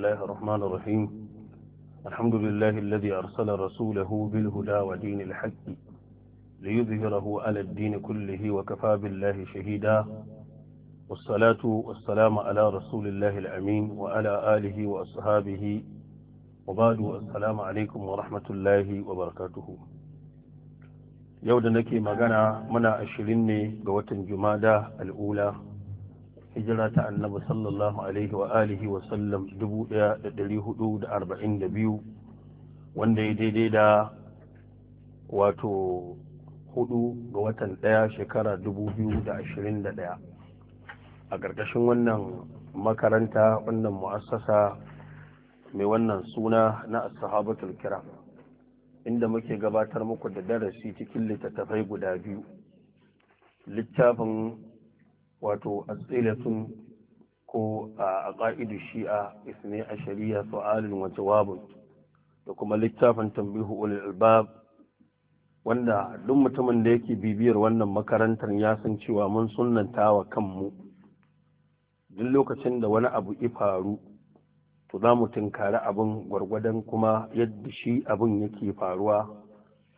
الله الرحمن الرحيم الحمد لله الذي أرسل رسوله بالهدى ودين الحق ليظهره على الدين كله وكفى بالله شهيدا والصلاة والسلام على رسول الله الأمين وعلى آله وأصحابه وبعد السلام عليكم ورحمة الله وبركاته يودنكي مغانا منا أشريني قوة جمادة الأولى hijira ta annabi sallallahu alaihi wa alihi wa sallam 1442 wanda ya daidai da wato hudu ga watan ɗaya shekara 2021 a ƙarƙashin wannan makaranta wannan mu'assasa mai wannan suna na ashabatul kira inda muke gabatar muku da darasi cikin littattafai guda biyu littafin wato asilatun ko a ƙa'idu shi'a isne a shari'a su'alin wa jawabin da kuma littafin tambihu ul albab wanda duk mutumin da yake bibiyar wannan makarantar ya san cewa mun sunnanta wa kanmu duk lokacin da wani abu ya faru to za mu tunkari abin gwargwadon kuma yadda shi abin yake faruwa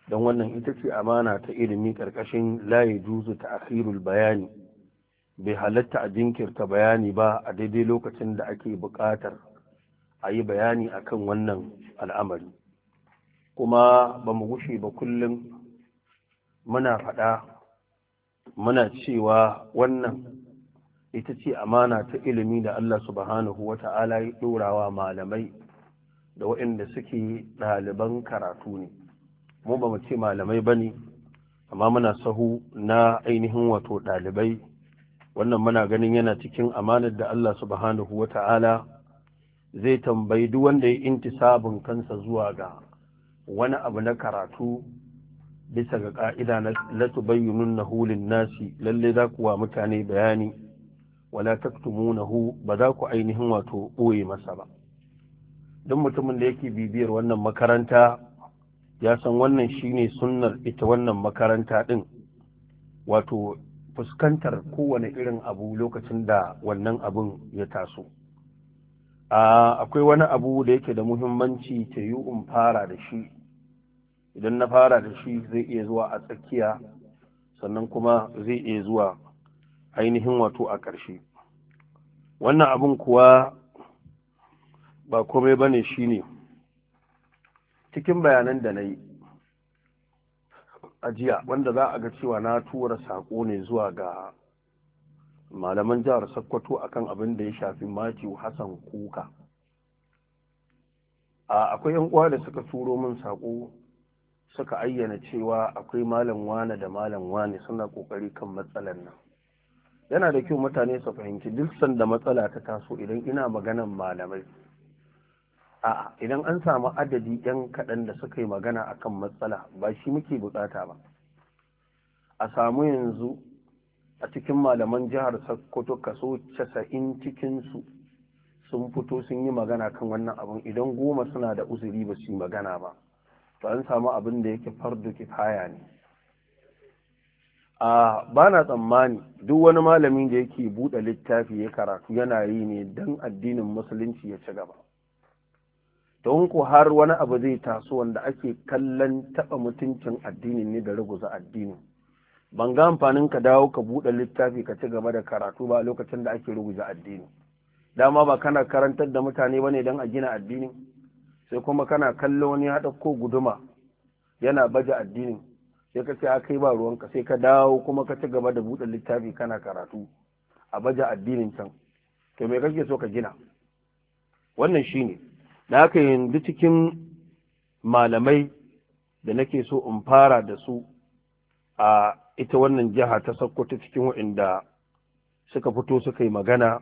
don wannan ita ce amana ta ilimi ƙarƙashin layi juzu ta akhirul bayani bai halatta a jinkirta bayani ba a daidai lokacin da ake buƙatar a yi bayani a kan wannan al'amari kuma ba mu gushe ba kullum muna faɗa muna cewa wannan ita ce amana ta ilimi da Allah subhanahu wa ta'ala ya ɗorawa malamai da waɗanda suke ɗaliban karatu ne mu ba mu ce malamai ba ne amma muna sahu na ainihin wato ɗalibai wannan muna ganin yana cikin amanar da Allah subhanahu wa ta'ala zai tambayi duk wanda ya intisabin kansa zuwa ga wani abu na karatu bisa ga ƙa'ida na tubayyunun na hulin nasi lalle za ku wa mutane bayani wala taktumunahu ba za ku ainihin wato ɓoye masa ba don mutumin da yake bibiyar wannan makaranta ya san wannan shine sunnar ita wannan makaranta ɗin wato fuskantar kowane irin abu lokacin da wannan abun ya taso akwai wani abu da yake da muhimmanci ta yi in fara da shi idan na fara da shi zai iya zuwa a tsakiya sannan kuma zai iya zuwa ainihin wato a ƙarshe wannan abun kuwa ba komai ba ne shi ne cikin bayanan da na yi ajiya wanda za a ga cewa na tura sako ne zuwa ga malaman jihar Sokoto akan abin da ya shafi Matthew Hassan Kuka. A akwai yan uwa da suka turo min sako suka ayyana cewa akwai malam wane da malam wane suna ƙoƙari kan matsalar nan. Yana da kyau mutane su fahimci duk sanda matsala ta taso idan ina maganan malamai. a'a idan an samu adadi yan kaɗan da suka yi magana akan matsala ba shi muke buƙata ba a samu yanzu a cikin malaman jihar sokoto kaso casa'in cikinsu sun fito sun yi magana kan wannan abin idan goma suna da uzuri ba su yi magana ba to an samu abin da yake fardu kifaya ne a ba na tsammani duk wani malamin da yake buɗe littafi ya karatu yana yi ne don addinin musulunci ya ci gaba don ku har wani abu zai taso wanda ake kallon taɓa mutuncin addini ne da ruguza addini ban ga amfanin ka dawo ka buɗe littafi ka ci gaba da karatu ba lokacin da ake ruguza addini dama ba kana karantar da mutane bane don a gina addini sai kuma kana kallon wani ya ko guduma yana baje addinin sai ka ce a ah, kai ba ruwanka sai ka dawo kuma ka ci gaba da buɗe littafi kana karatu a baje addinin can to me kake so ka gina wannan shine da aka yanzu cikin malamai da nake so in fara da su a ita wannan jiha ta Sokoto cikin waɗanda suka fito suka yi magana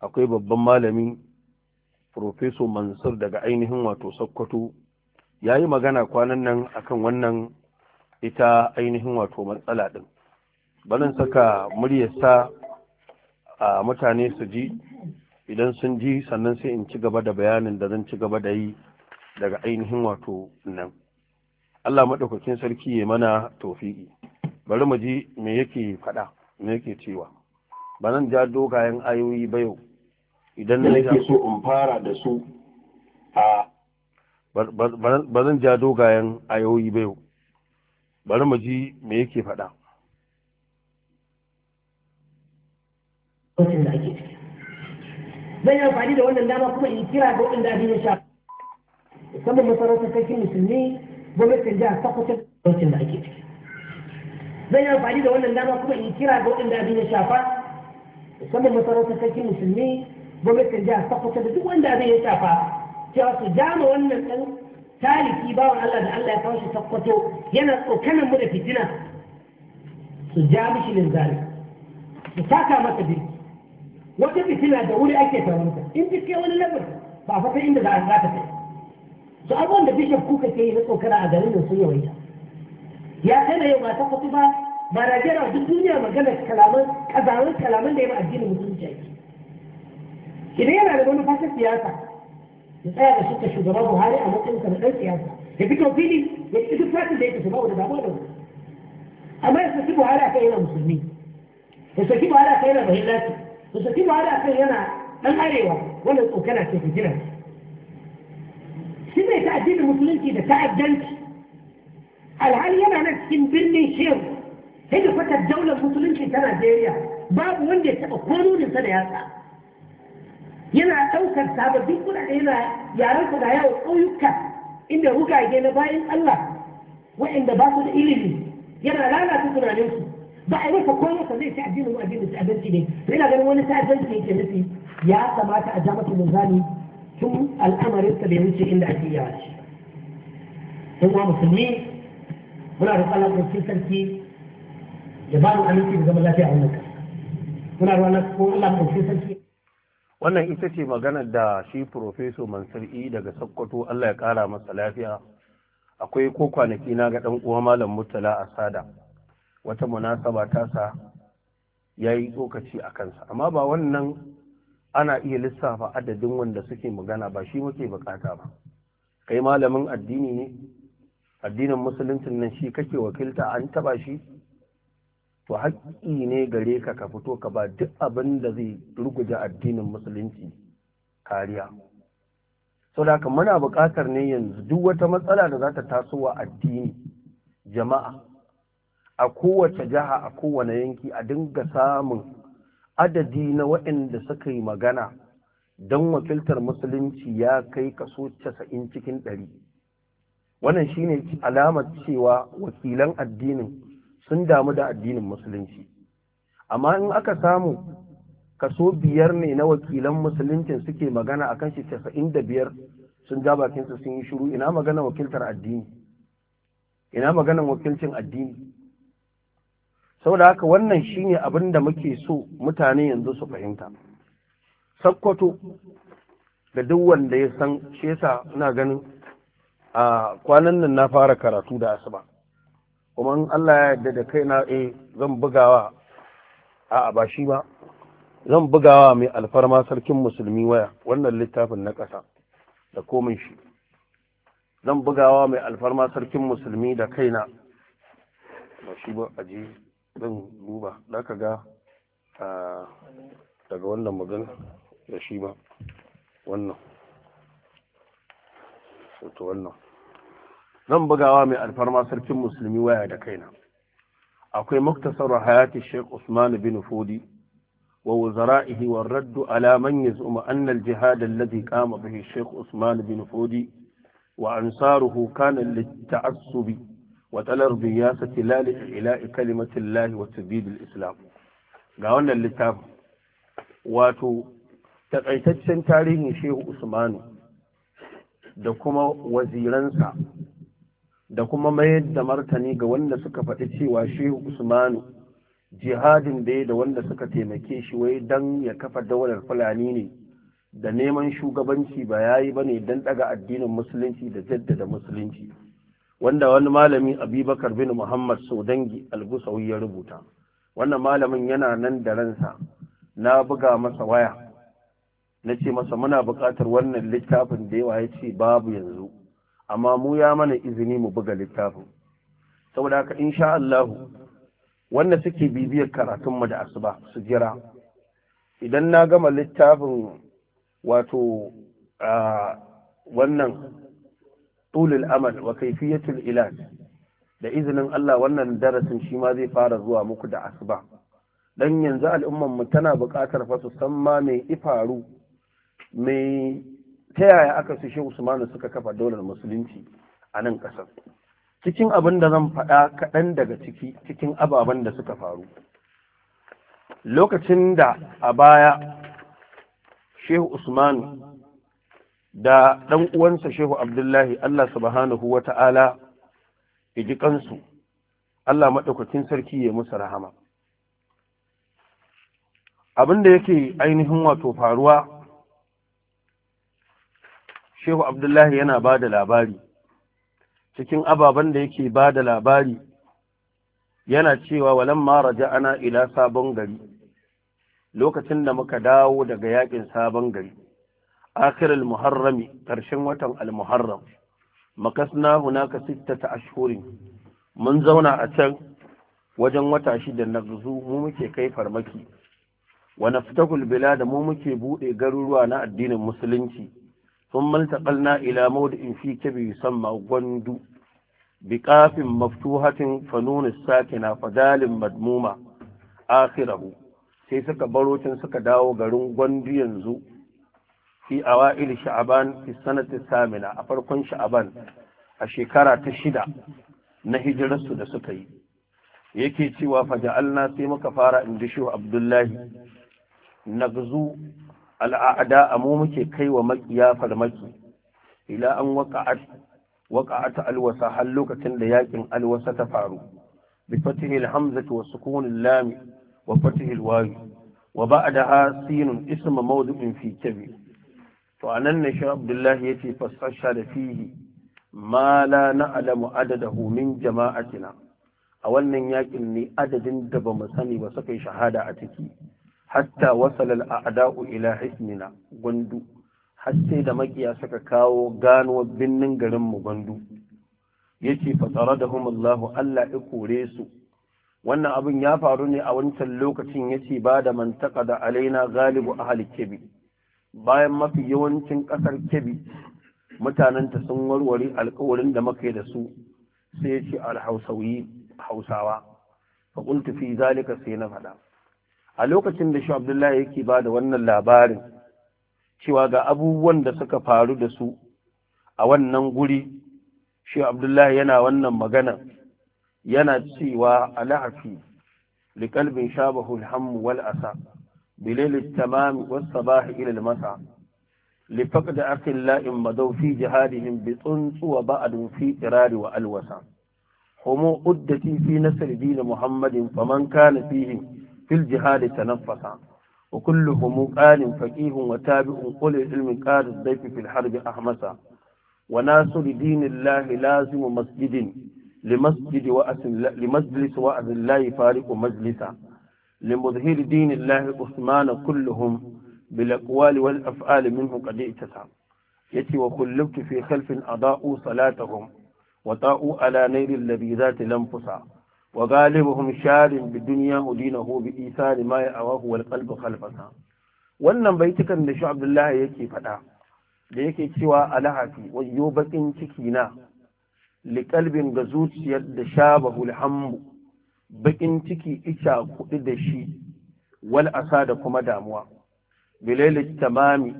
akwai babban malami Profeso Mansur daga ainihin wato Sokoto ya yi magana kwanan nan akan wannan ita ainihin wato matsala ɗin. Barin saka muryarsa a mutane su ji idan sun ji sannan sai in ci gaba da bayanin da zan ci gaba da yi daga ainihin wato nan Allah maɗaukakin sarki ya mana tofi'i bari mu ji me yake faɗa me yake cewa ba nan ja dogayen ayoyi ba yau idan na yi so in fara da su a ba zan ja dogayen ayoyi ba yau bari mu ji me yake faɗa. Wajen da ake zan yi amfani da wannan dama kuma in kira ga waɗanda abin ya shafa musamman masarautar sarkin musulmi gwamnatin jihar da ake ciki zan yi amfani da wannan dama kuma in kira abin ya shafa musamman masarautar sarkin musulmi gwamnatin jihar da duk wanda abin ya shafa cewa su jama wannan ɗan taliki bawan Allah da Allah ya kawo shi sakwato yana tsokanan mu da fitina su ja mishi linzali su taka masa birki wata fitina da wuri ake samun ta in ta kai wani labar ba a fata inda za a sata ta su abubuwan da bishop kuka ke yi na tsokana a garin nan sun yawaita ya kana yau mata kwatu ba ba na duk duniya magana kalaman kazawar kalaman da ya ba addinin musulunci ake idan yana da wani fashin siyasa ya tsaya da suka ta shugaban buhari a matsayin sa na ɗan siyasa ya fito fili ya ci duk fasin da ya tafi babu da damuwa da wani amma ya saki buhari a kai yana musulmi ya saki buhari a kai yana bahillaci da saki kan yana ɗan arewa wannan tsokana ce gina shi ne ta addinin musulunci da ta'addanci alhali yana nan cikin birnin shehu yadda fatar daular musulunci ta najeriya babu wanda ya taɓa konunin sa da yatsa yana ɗaukar sababbin kuɗaɗe yana yaran su da yawo ƙauyuka inda rugage na bayan Allah wa'inda ba su da ilimi yana lalata tunaninsu ba a rufe ko yasa zai ci addinin addinin su adalci ne to ina ganin wani ta'addanci ne ke nufi ya kamata a ja masa zani tun al'amarin sa bai wuce inda ake yawa shi sun kuma musulmi muna da Allah kwanci sarki ya ba mu aminci da zaman lafiya a wannan kasa muna da wannan ko Allah kwanci sarki wannan ita ce maganar da shi Profesor Mansur I daga Sokoto Allah ya kara masa lafiya akwai ko kwanaki na ga dan uwa Malam Murtala Asada wata munasaba tasa ya yi tsokaci a kansa amma ba wannan ana iya lissafa adadin wanda suke magana ba shi muke bukata ba kai malamin addini ne addinin musuluncin nan shi kake wakilta an taba shi to haƙƙi ne gare ka ka fito ka ba duk abin da zai ruguje addinin musulunci kariya sau da muna buƙatar ne yanzu duk wata matsala da za ta taso wa addini jama'a a kowace jiha a kowane yanki a dinga samun adadi na waɗanda suka yi magana don wakiltar musulunci ya kai kaso casa'in cikin ɗari wannan shine alamar cewa wakilan addinin sun damu da addinin musulunci amma in aka samu kaso biyar ne na wakilan musuluncin suke magana akan shi casa'in da biyar sun ja bakinsu sun yi shuru. ina magana wakiltar addini ina wakilcin addini saboda haka wannan shine abin da muke so mutane yanzu su fahimta sakkwato da duk wanda ya san shi yasa ina ganin a kwanan nan na fara karatu da asuba kuma in Allah ya yarda da kaina eh zan bugawa a ba shi ba zan bugawa mai alfarma sarkin musulmi waya wannan littafin na ƙasa da komin shi zan bugawa mai alfarma sarkin musulmi da kaina ba shi ba aji zan duba za ga daga wannan magana da shi ba wannan wannan zan bugawa mai alfarma sarkin musulmi waya da kaina akwai muktasar hayati sheikh usman bin fodi wa wuzara'ihi wa raddu ala man yaz'umu anna al-jihad alladhi qama bihi sheikh usman bin fodi wa ansaruhu kana lit-ta'assubi وطلر بياسة لالئ إلاء كلمة الله وتبيد الإسلام قاونا اللتاب واتو تقيتجسن tarihin Shehu Usmanu da kuma waziransa da kuma mayar da martani ga wanda suka faɗi cewa shehu usmanu jihadin da ya da wanda suka taimake shi wai dan ya kafa daular fulani ne da neman shugabanci ba ya yi ba ne don ɗaga addinin musulunci da jaddada musulunci wanda wani malami abubakar bin muhammad sodangi algusawi ya rubuta wannan malamin yana nan da ransa na buga masa waya na ce masa muna buƙatar wannan littafin da yawa ya ce babu yanzu amma mu ya mana izini mu buga littafin saboda haka insha Allah wanda suke bibiyar karatunmu da asuba su jira idan na gama littafin wato wannan Tulil amal wa kaifiyatul ilaj da izinin Allah wannan darasin shi ma zai fara zuwa muku da asuba dan yanzu al'umman mu tana buƙatar fa su san ma me ifaru me ta yaya aka su shehu usman suka kafa daular musulunci a nan ƙasar cikin abin da zan faɗa kaɗan daga ciki cikin ababen da suka faru lokacin da a baya Shehu Usmanu da ɗan uwansa shehu abdullahi Allah subhanahu wa ta'ala ji kansu Allah maɗaukakin sarki ya musu rahama abin da yake ainihin wato faruwa shehu abdullahi yana ba da labari cikin ababen da yake ba da labari yana cewa walan walamma Ana ila sabon gari lokacin da muka dawo daga yaƙin sabon gari akhir al-muharram karshen watan al-muharram makasna hunaka sittata ashhurin mun zauna a can wajen wata shida na guzu mu muke kai farmaki wa bila bilad mu muke bude garuruwa na addinin musulunci ثم التقلنا fi موضع في gwandu. يسمى غندو بقاف مفتوحة فنون الساكنة fadalin madmuma آخره sai suka baro can suka dawo garin gwandu yanzu في أوائل شعبان في السنة الثامنة أفرقن شعبان الشكارة تشدع نهج رسول سكي يكي تيوا فجعلنا سيما كفارة اندشو عبد الله نغزو الأعداء مومك كي ومكيا فالمكي إلى أن وقعت وقعت الوسا حلوكة لياكن الوسا تفارو بفتح الحمزة وسكون اللام وفتح الواو وبعدها سين اسم موضع في كبير to nan ne shi abdullahi yace fasasha da fihi ma la na'lamu adadahu min jama'atina a wannan yakin ne adadin da ba mu sani ba suka yi shahada a ciki hatta wasal al'ada'u ila hisnina gundu har sai da makiya suka kawo gano binnin garin mu gundu yace fa taradahum Allah Allah ya kore su wannan abin ya faru ne a wancan lokacin yace ba da mantaka da alaina galibu ahli kibi bayan mafi yawancin ƙasar kebi mutanenta sun warware alkawarin da muka da su sai ce alhausawi hausawa kuntu fi zalika sai na faɗa a lokacin da shi abdullahi yake ba da wannan labarin cewa ga abubuwan da suka faru da su a wannan guri shi abdullahi yana wannan magana yana cewa li kalbin shabahul hammu wal asa بليل التمام والصباح إلى المساء لفقد أخ الله مدوا في جهادهم بطنس وبعد في إرار وألوسا هم أدتي في نسر دين محمد فمن كان فيهم في الجهاد تنفسا وكلهم قال فقيه وتابع قل العلم قال الضيف في الحرب أحمسا وناس لدين الله لازم مسجد لمسجد وأسل لمجلس وأذ الله فارق مجلسا لمظهر دين الله عثمان كلهم بالأقوال والأفعال منه قد اتسع يتي وكلبت في خلف أضاءوا صلاتهم وطاءوا على نير الذي ذات لنفسع وغالبهم شار بالدنيا ودينه بإيثار ما يأواه والقلب خلفها wannan baitukan da shi Abdullahi yake faɗa da yake cewa alhafi wayo bakin ciki na liƙalbin ga zuciyar da sha bahul hammu bakin ciki isha kuɗi da shi wal asa da kuma damuwa bilailit tamami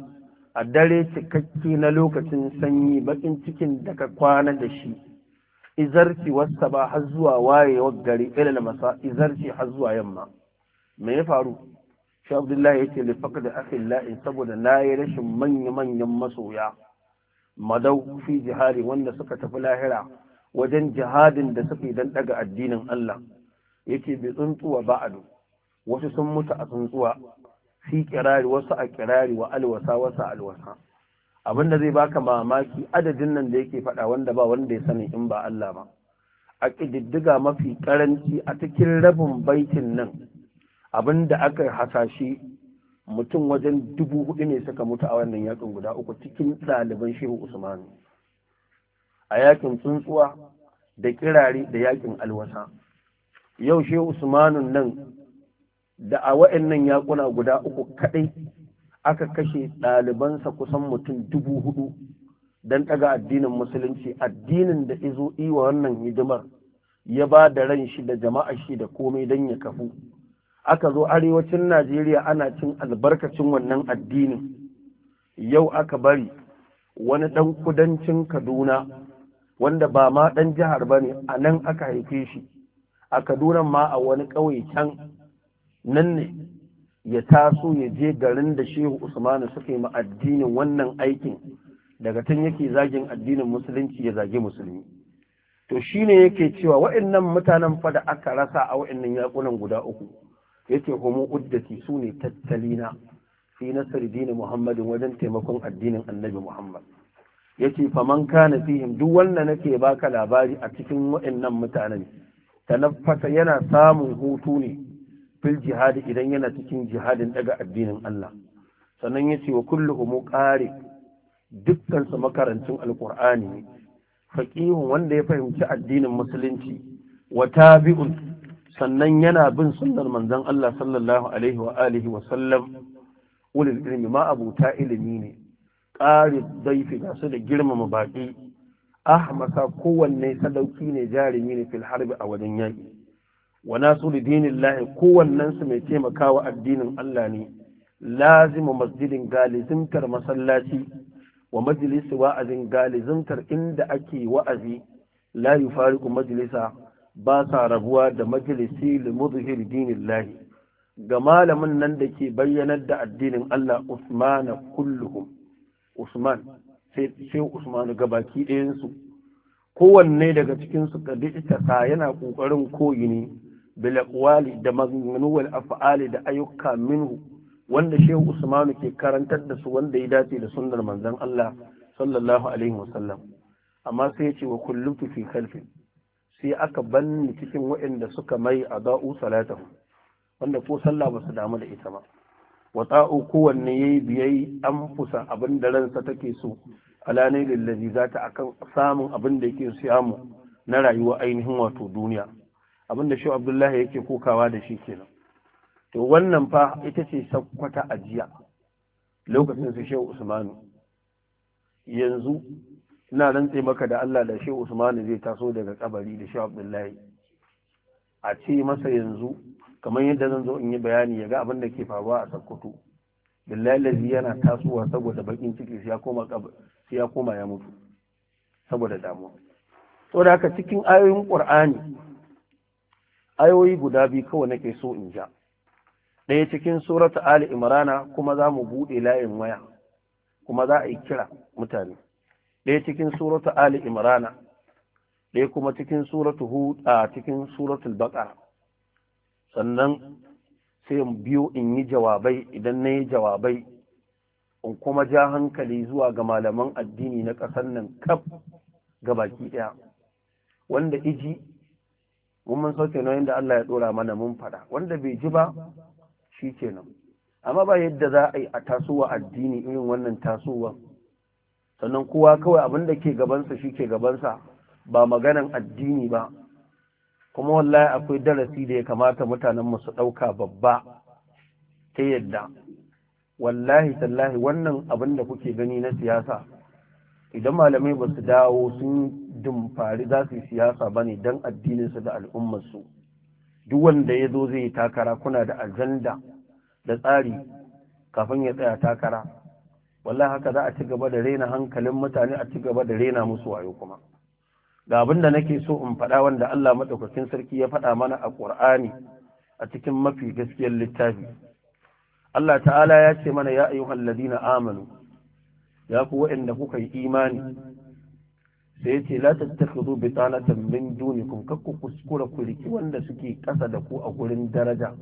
a dare cikakke na lokacin sanyi bakin cikin daga kwana da shi izarci wasta ba har zuwa wayewar gari ilil masa izarci har zuwa yamma me ya faru shi abdullahi ya ce lifaka da akhil la'in saboda na yi rashin manya-manyan masoya madau fi jihari wanda suka tafi lahira wajen jihadin da suka yi don daga addinin Allah yace bi tsuntsuwa ba do? wasu sun mutu a tsuntsuwa fi kirari wasu a kirari wa alwasa wasu alwasa abinda zai baka mamaki adadin nan da yake faɗa wanda ba wanda ya sani in ba Allah ba a ƙididdiga mafi ƙaranci a cikin rabin baitin nan abin da aka hasashe mutum wajen dubu hudu ne suka mutu a wannan yakin guda uku cikin ɗaliban shehu usmanu a yakin tsuntsuwa da kirari da yakin alwasa yau shi usmanun nan da a wa'annan yakuna guda uku kaɗai, aka kashe ɗalibansa kusan mutum dubu hudu don ɗaga addinin musulunci addinin da izo iwa wannan hidimar ya ba da ran shi da jama'a shi da komai don ya kafu aka zo arewacin najeriya ana cin albarkacin wannan addinin yau aka bari wani ɗan kudancin kaduna wanda ba ma ɗan jihar ba ne a nan aka haife shi a kaduna ma a wani ƙauye can nan ne ya taso ya je garin da shehu usmanu suka yi ma addinin wannan aikin daga tun yake zagin addinin musulunci ya zage musulmi to shine yake cewa wa'annan mutanen fa da aka rasa a wa'annan yakunan guda uku yake homo uddati su ne tattalina fi nasar dini muhammadin wajen taimakon addinin annabi muhammad yace faman kana fihim duk wanda nake baka labari a cikin wa'annan mutanen tanaffasa yana samun hutu ne fil jihadi idan yana cikin jihadin daga addinin Allah sannan yace wa kulluhum qari dukkan su makarantun alqur'ani ne faqihun wanda ya fahimci addinin musulunci wa tabi'un sannan yana bin sunnar manzon Allah sallallahu alaihi wa alihi wa sallam ulil ilmi ma abuta ilimi ne qari daifi fi su da girmama baki ahmaka kowanne sadauki ne jarumi ne fil harbi a wajen yaƙi wa nasiru dinillahi kowannen su mai taimakawa addinin Allah ne lazimu masjidin galizimtar masallaci wa majalisi wa'azin galizimtar inda ake wa'azi la yufariqu majlisa ba sa rabuwa da majalisi li mudhhir dinillahi ga malamin nan da ke bayyanar da addinin Allah Usman kulluhum Usman sai shehu usman gabaki ɗayansu kowanne daga cikin su kadi yana ƙoƙarin koyi ne bil da maganganu wal af'ali da ayyuka minhu wanda shehu usman ke karantar da su wanda ya dace da sunnar manzon Allah sallallahu alaihi wasallam amma sai ya ce wa kullum fi khalfi sai aka banni cikin waɗanda suka mai adau salatahu wanda ko sallah ba su damu da ita ba wa ta'u kowanne yayi biyayi an fusa abin da ransa take so ala ne za zata akan samun abin da yake samu na rayuwa ainihin wato duniya abin da shi Abdullahi yake kokawa da shi kenan to wannan fa ita ce sakkwata ajiya lokacin su Shehu Usmanu yanzu ina rantse maka da Allah da Shehu Usmanu zai taso daga kabari da Shehu Abdullahi a ce masa yanzu kamar yadda zan zo in yi bayani ya ga abin da ke faruwa a sakkwato billahi lazi yana tasowa saboda bakin ciki sai ya koma sai ya koma ya mutu saboda damuwa saboda haka cikin ayoyin qur'ani ayoyi guda biyu kawai nake so in ja ɗaya cikin surata ali imrana kuma za mu buɗe layin waya kuma za a yi kira mutane ɗaya cikin surata ali imrana ɗaya kuma cikin suratu hud a cikin suratul baqara sannan sai in biyo in yi jawabai idan na yi jawabai in kuma ja hankali zuwa ga malaman addini na ƙasar nan kaf ga baki ɗaya wanda iji mun mun sauke na yadda Allah ya ɗora mana mun faɗa wanda bai ji ba shi kenan amma ba yadda za a yi a tasowa addini irin wannan tasowa sannan kowa kawai abin da ke gabansa shi ke gabansa ba maganan addini ba kuma wallahi akwai darasi da ya kamata mutanen su ɗauka babba ta yadda wallahi tallahi wannan abin da kuke gani na siyasa idan malamai ba su dawo sun dumfari za su yi siyasa ba ne don addininsu da al'ummarsu duk wanda ya zo zai yi takara kuna da aljanda da tsari kafin ya tsaya takara wallahi haka za a ci gaba da rena hankalin mutane a ci gaba da rena musu wayo kuma ga abin da nake so in faɗa wanda Allah madaukakin sarki ya faɗa mana a Ƙur'ani a cikin mafi gaskiyar littafi Allah ta'ala ya ce mana ya ayyuhal ladina amanu ya ku waɗanda kuka yi imani sai yace la tattakhudhu bitanatan min dunikum kakku kuskura ku riki wanda suke ƙasa da ku a gurin daraja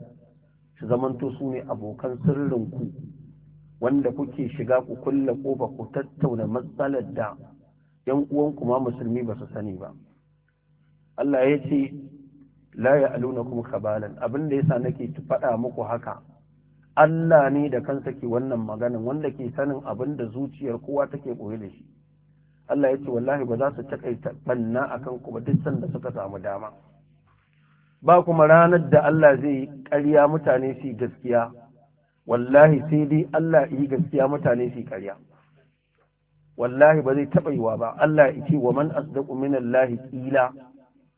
su zamanto su ne abokan ku wanda kuke shiga ku kulle kofa ku tattauna matsalar da yan uwan kuma musulmi ba su sani ba Allah ya ce la kuma khabalan abin da yasa nake faɗa muku haka Allah ne da kansa ke wannan maganin wanda ke sanin abin da zuciyar kowa take koyi da shi Allah ya ce wallahi ba za su takaita banna akan ku ba duk sanda suka samu dama ba kuma ranar da Allah zai ƙarya mutane su gaskiya wallahi sai dai Allah yi gaskiya mutane su ƙarya wallahi ba zai taɓa yiwa ba Allah ya ce wa man asdaqu minallahi qila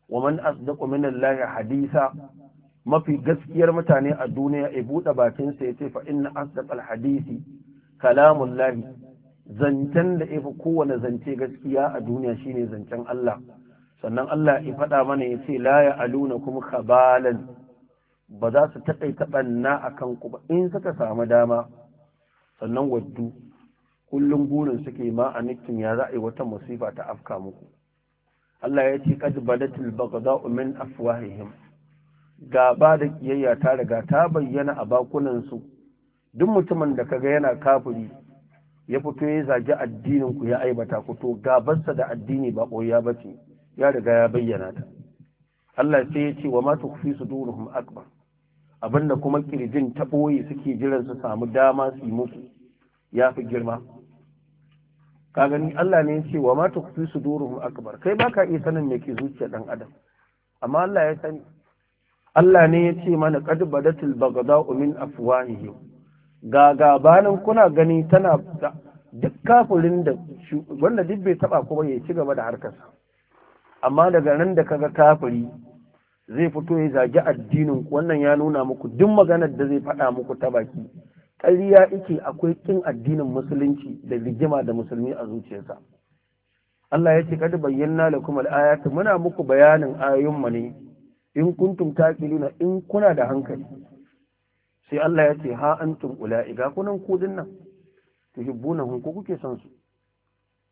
wa man asdaqu minallahi hadisa mafi gaskiyar mutane a duniya ya buɗe bakin sa yace fa inna asdaqal hadisi kalamullahi zancen da yafi kowane zance gaskiya a duniya shine zancen Allah sannan Allah ya faɗa mana ya ce la ya aluna kuma khabalan ba za su taƙaita ɓanna a kanku ba in suka samu dama sannan waddu kullum burin suke ma a nikin ya za a yi wata musifa ta afka muku Allah ya ce qad badatil baghdha'u min afwahihim gaba da kiyayya ta riga ta bayyana a bakunan su duk mutumin da kaga yana kafiri ya fito ya zagi addinin ku ya aibata ku to gabarsa da addini ba koya bace ya riga ya bayyana ta Allah sai ya ce wa ma tukfi suduruhum akbar abinda kuma kirjin ta boye suke jiran su samu dama su yi musu ya fi girma ka gani Allah ne ya ce wa ma tukhfi suduruhum akbar kai baka iya sanin me ke zuciyar dan adam amma Allah ya sani Allah ne ya ce mana qad badatil baghda'u min afwahihim ga gabanin kuna gani tana duk kafirin da wanda duk bai taba kuma ya ci gaba da harkarsa amma daga nan da kaga kafiri zai fito ya zagi addinin wannan ya nuna muku duk maganar da zai faɗa muku ta baki ƙarya ike akwai ƙin addinin musulunci da rigima da musulmi a zuciyarsa Allah ya ce kada bayyana da kuma al'ayata muna muku bayanin ayoyin mu ne in kuntum taqiluna in kuna da hankali sai Allah ya ce ha antum ula'i ga kunan ku dinnan tuhibbunahum ku kuke son su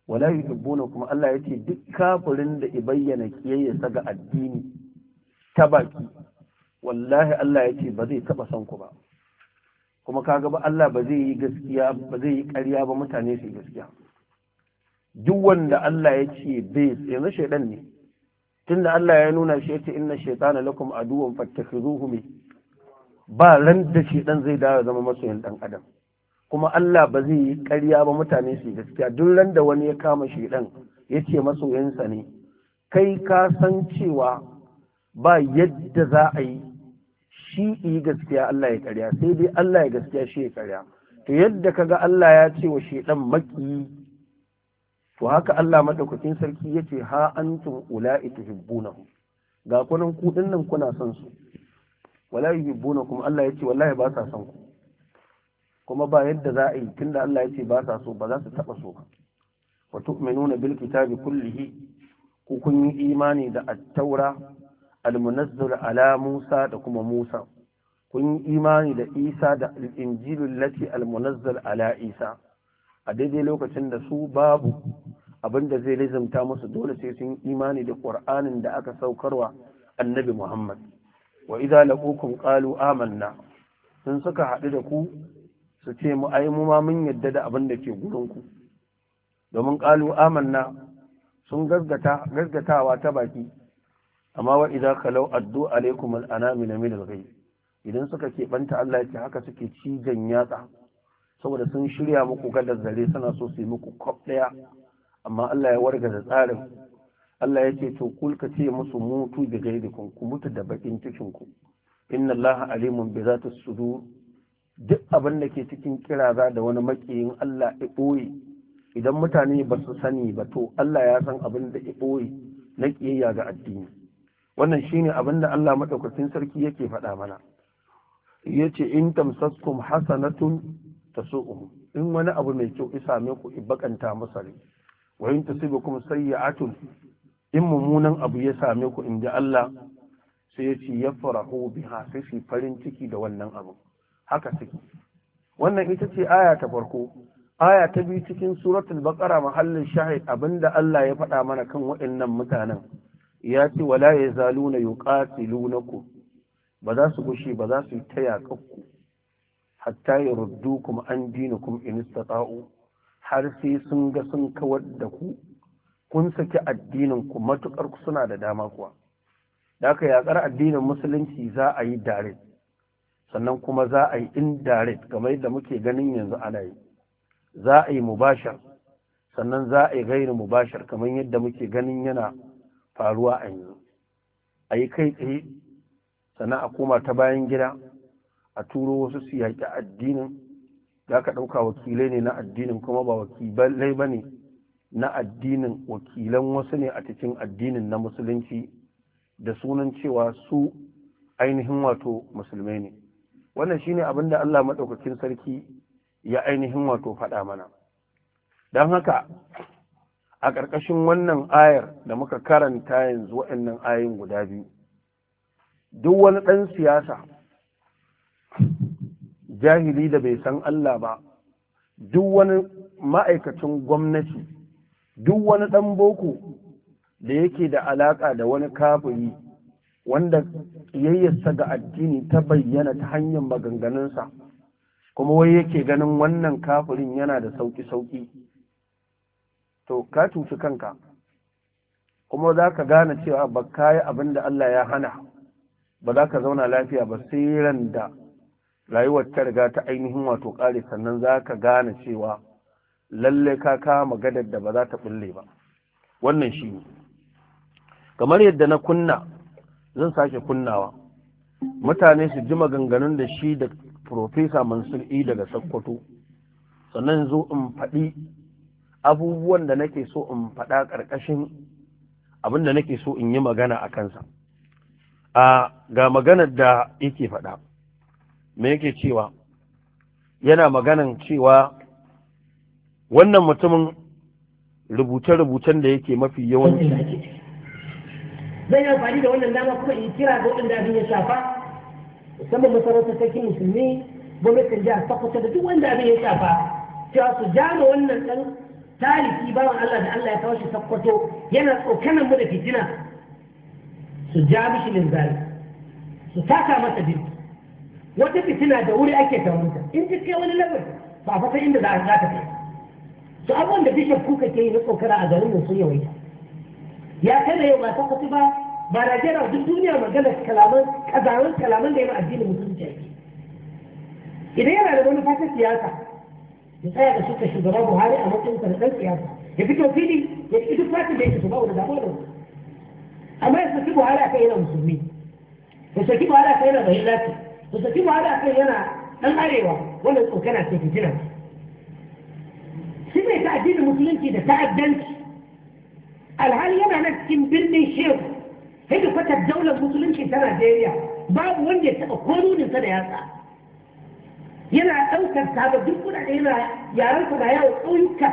wala yuhibbuna kuma Allah ya ce duk kafirin da i bayyana kiyayyarsa ga addini ta baki wallahi Allah ya ce ba zai taɓa son ku ba kuma kaga ba Allah ba zai yi gaskiya ba zai yi ƙarya ba mutane su yi gaskiya duk wanda Allah ya ce bai yanzu shaidan ne tunda Allah ya nuna shi yace inna shaytana lakum aduwwan fattakhizuhu min ba ran da shaidan zai dawo zama masoyin dan adam kuma Allah ba zai yi ƙarya ba mutane su yi gaskiya duk ran wani ya kama shaidan yace masoyinsa ne kai ka san cewa ba yadda za a yi shi yi gaskiya Allah ya karya sai dai Allah ya gaskiya shi ya karya to yadda kaga Allah ya ce wa shedan maki to haka Allah madaukakin sarki yace ha antum ula'i tuhibbunahum ga kunan ku dinnan kuna son su wallahi yuhibbunakum Allah yace wallahi ba sa son ku kuma ba yadda za a yi tunda Allah yace ba sa so ba za su taba so ba wa tu'minuna bil kitabi kullihi ku kun yi imani da at-taura almunazzul ala Musa da kuma Musa kun yi imani da Isa da injilul lati almunazzal ala Isa a daidai lokacin da su babu abin da zai lizamta musu dole sai sun imani da Qur'anin da aka saukarwa annabi Muhammad wa idza laqukum ƙalu amanna sun suka haɗu da ku su ce mu ai mu ma mun yadda da abin da ke gurin ku domin ƙalu amanna sun gaggata gaggatawa ta baki amma wa idza kalau addu alaikum al-anamina min al-ghayb idan suka ke banta Allah yake haka suke cijan yatsa saboda sun shirya muku gadar zare suna so su yi muku kwaf daya amma Allah ya warga da tsarin Allah yake to kul ka ce musu mutu bi ghayrikum ku mutu da bakin cikin ku inna Allah alimun bi zati sudur duk abin da ke cikin kiraza da wani makiyin Allah ya boye idan mutane ba su sani ba to Allah ya san abin da ya boye na kiyayya ga addini wannan shine abin da Allah madaukakin sarki yake faɗa mana yace in tamsaskum hasanatun tasu'um in wani abu mai kyau isa same ku ibakanta masa ne wa in tusibukum sayyi'atun in mummunan abu ya same ku ji Allah sai ya ce yafrahu biha sai farin ciki da wannan abu haka suke wannan ita ce aya ta farko aya ta biyu cikin suratul baqara mahallin shahid abinda Allah ya faɗa mana kan waɗannan mutanen ya ce wala ya zalu na yi ba za su gushe ba za su yi ta yaƙakku hatta ya ruddu kuma an dina kuma inistata'u har sai sun ga sun kawar da ku kun saki addinin ku matuƙar ku suna da dama kuwa da aka yaƙar addinin musulunci za a yi direct sannan kuma za a yi indirect kamar yadda muke ganin yanzu ana yi za a yi mubashar sannan za a yi gairi mubashar kamar yadda muke ganin yana faruwa a yanzu a yi kai tsaye sannan a koma ta bayan gida a turo wasu su yaƙi addinin za ka ɗauka wakilai ne na addinin kuma ba wakilai ba ne na addinin wakilan wasu ne a cikin addinin na musulunci da sunan cewa su ainihin wato musulmai ne wannan shine abin da Allah maɗaukakin sarki ya ainihin wato faɗa mana don haka a ƙarƙashin wannan ayar da muka karanta yanzu waɗannan ayin guda biyu duk wani ɗan siyasa jahili da bai san Allah ba duk wani ma'aikacin gwamnati duk wani ɗan boko da yake da alaƙa da wani kafiri wanda yayyarsa ga addini ta bayyana ta hanyar maganganunsa kuma wai yake ganin wannan kafirin yana da sauƙi-sauƙi to ka cuci kanka kuma za ka gane cewa ba ka yi abin da Allah ya hana ba za ka zauna lafiya ba sai ran da rayuwar ta riga ta ainihin wato ƙare sannan za ka gane cewa lalle ka kama gadar da ba za ta bulle ba wannan shi ne kamar yadda na kunna zan sake kunnawa mutane su ji maganganun da shi da profesa mansur i e daga sakkwato sannan zo in faɗi abubuwan da nake so in faɗa ƙarƙashin abin da nake so in yi magana a kansa a ga maganar da yake faɗa me yake cewa yana maganan cewa wannan mutumin rubuce-rubucen da yake mafi yawanci zan yi amfani da wannan dama kuma in kira ga waɗanda abin ya shafa musamman masarautar sarkin musulmi gwamnatin jihar sokoto da duk wanda abin ya shafa cewa su jana wannan ɗan taliki bawan Allah da Allah ya kawo shi sakkwato yana tsokanan mu da fitina su ja mishi linzali su taka masa birki wata fitina da wuri ake taunta in ta kai wani labar ba fata inda za a za ta kai su abubuwan da kuka ke yi na tsokara a garin sun yawaita ya kada yau ba sakkwato ba ba Najeriya duk duniya magana kalaman kalaman da idan yana da wani siyasa بسبب السكر في الضراب وهذا ممكن انت بتنسى يعني الفكره في دي يكتبوا فاكر بيكتبوا ولا ده ولا اما يرتكبوا على كاينه مسلمين يرتكبوا على كاينه ضهيلات يرتكبوا على كاينه الاريوه ولا الكنه سيكتنا سمع تعديل المسلمين كده تعدلت الهال يما نكتم بالمي شيخ هيدو فتح دولة المسلمين كده سنة ديريا باب وين يتبقى قولون سنة يسعى yana ɗaukar ta ga duk kuɗaɗe yana yaran ku na yawo ƙauyuka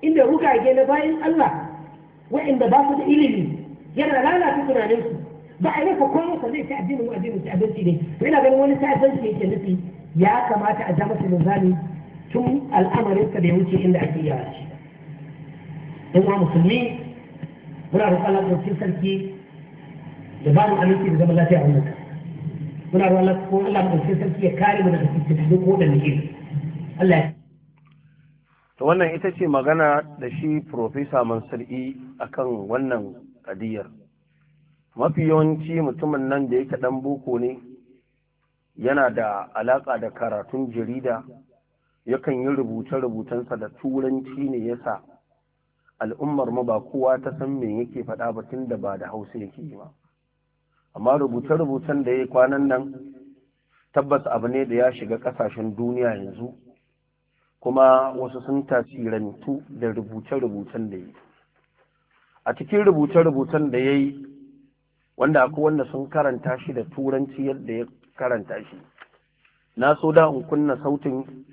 inda rugage na bayan Allah waɗanda ba su da ilimi yana lalata tunaninsu ba a rasa kowa ka zai ci addinin addinin ci abinci ne to ina ganin wani ta'addanci ne ke nufi ya kamata a ja masa linzami tun al'amarin ka da ya wuce inda ake yawa shi in wa musulmi muna roƙon Allah sarki da ba mu aminci da zaman lafiya a wannan muna ko Allah sarki ya kare mu daga cikin duk ke Allah to wannan ita ce magana da shi Profesa Mansuri akan wannan kadiyar mafi yawanci mutumin nan da yake dan boko ne yana da alaka da karatun jarida yakan yi rubuce sa da turanci ne yasa al'ummar mu ba kowa ta san me yake faɗa ba tun da ba da hausa yake yi ba amma rubuce-rubucen da ya yi kwanan nan tabbas abu ne da ya shiga kasashen duniya yanzu kuma wasu sun tasirantu da rubuce-rubucen da ya yi a cikin rubuce-rubucen da ya yi wanda akwai wanda sun karanta shi da turanci yadda ya karanta shi na so da in kunna sautin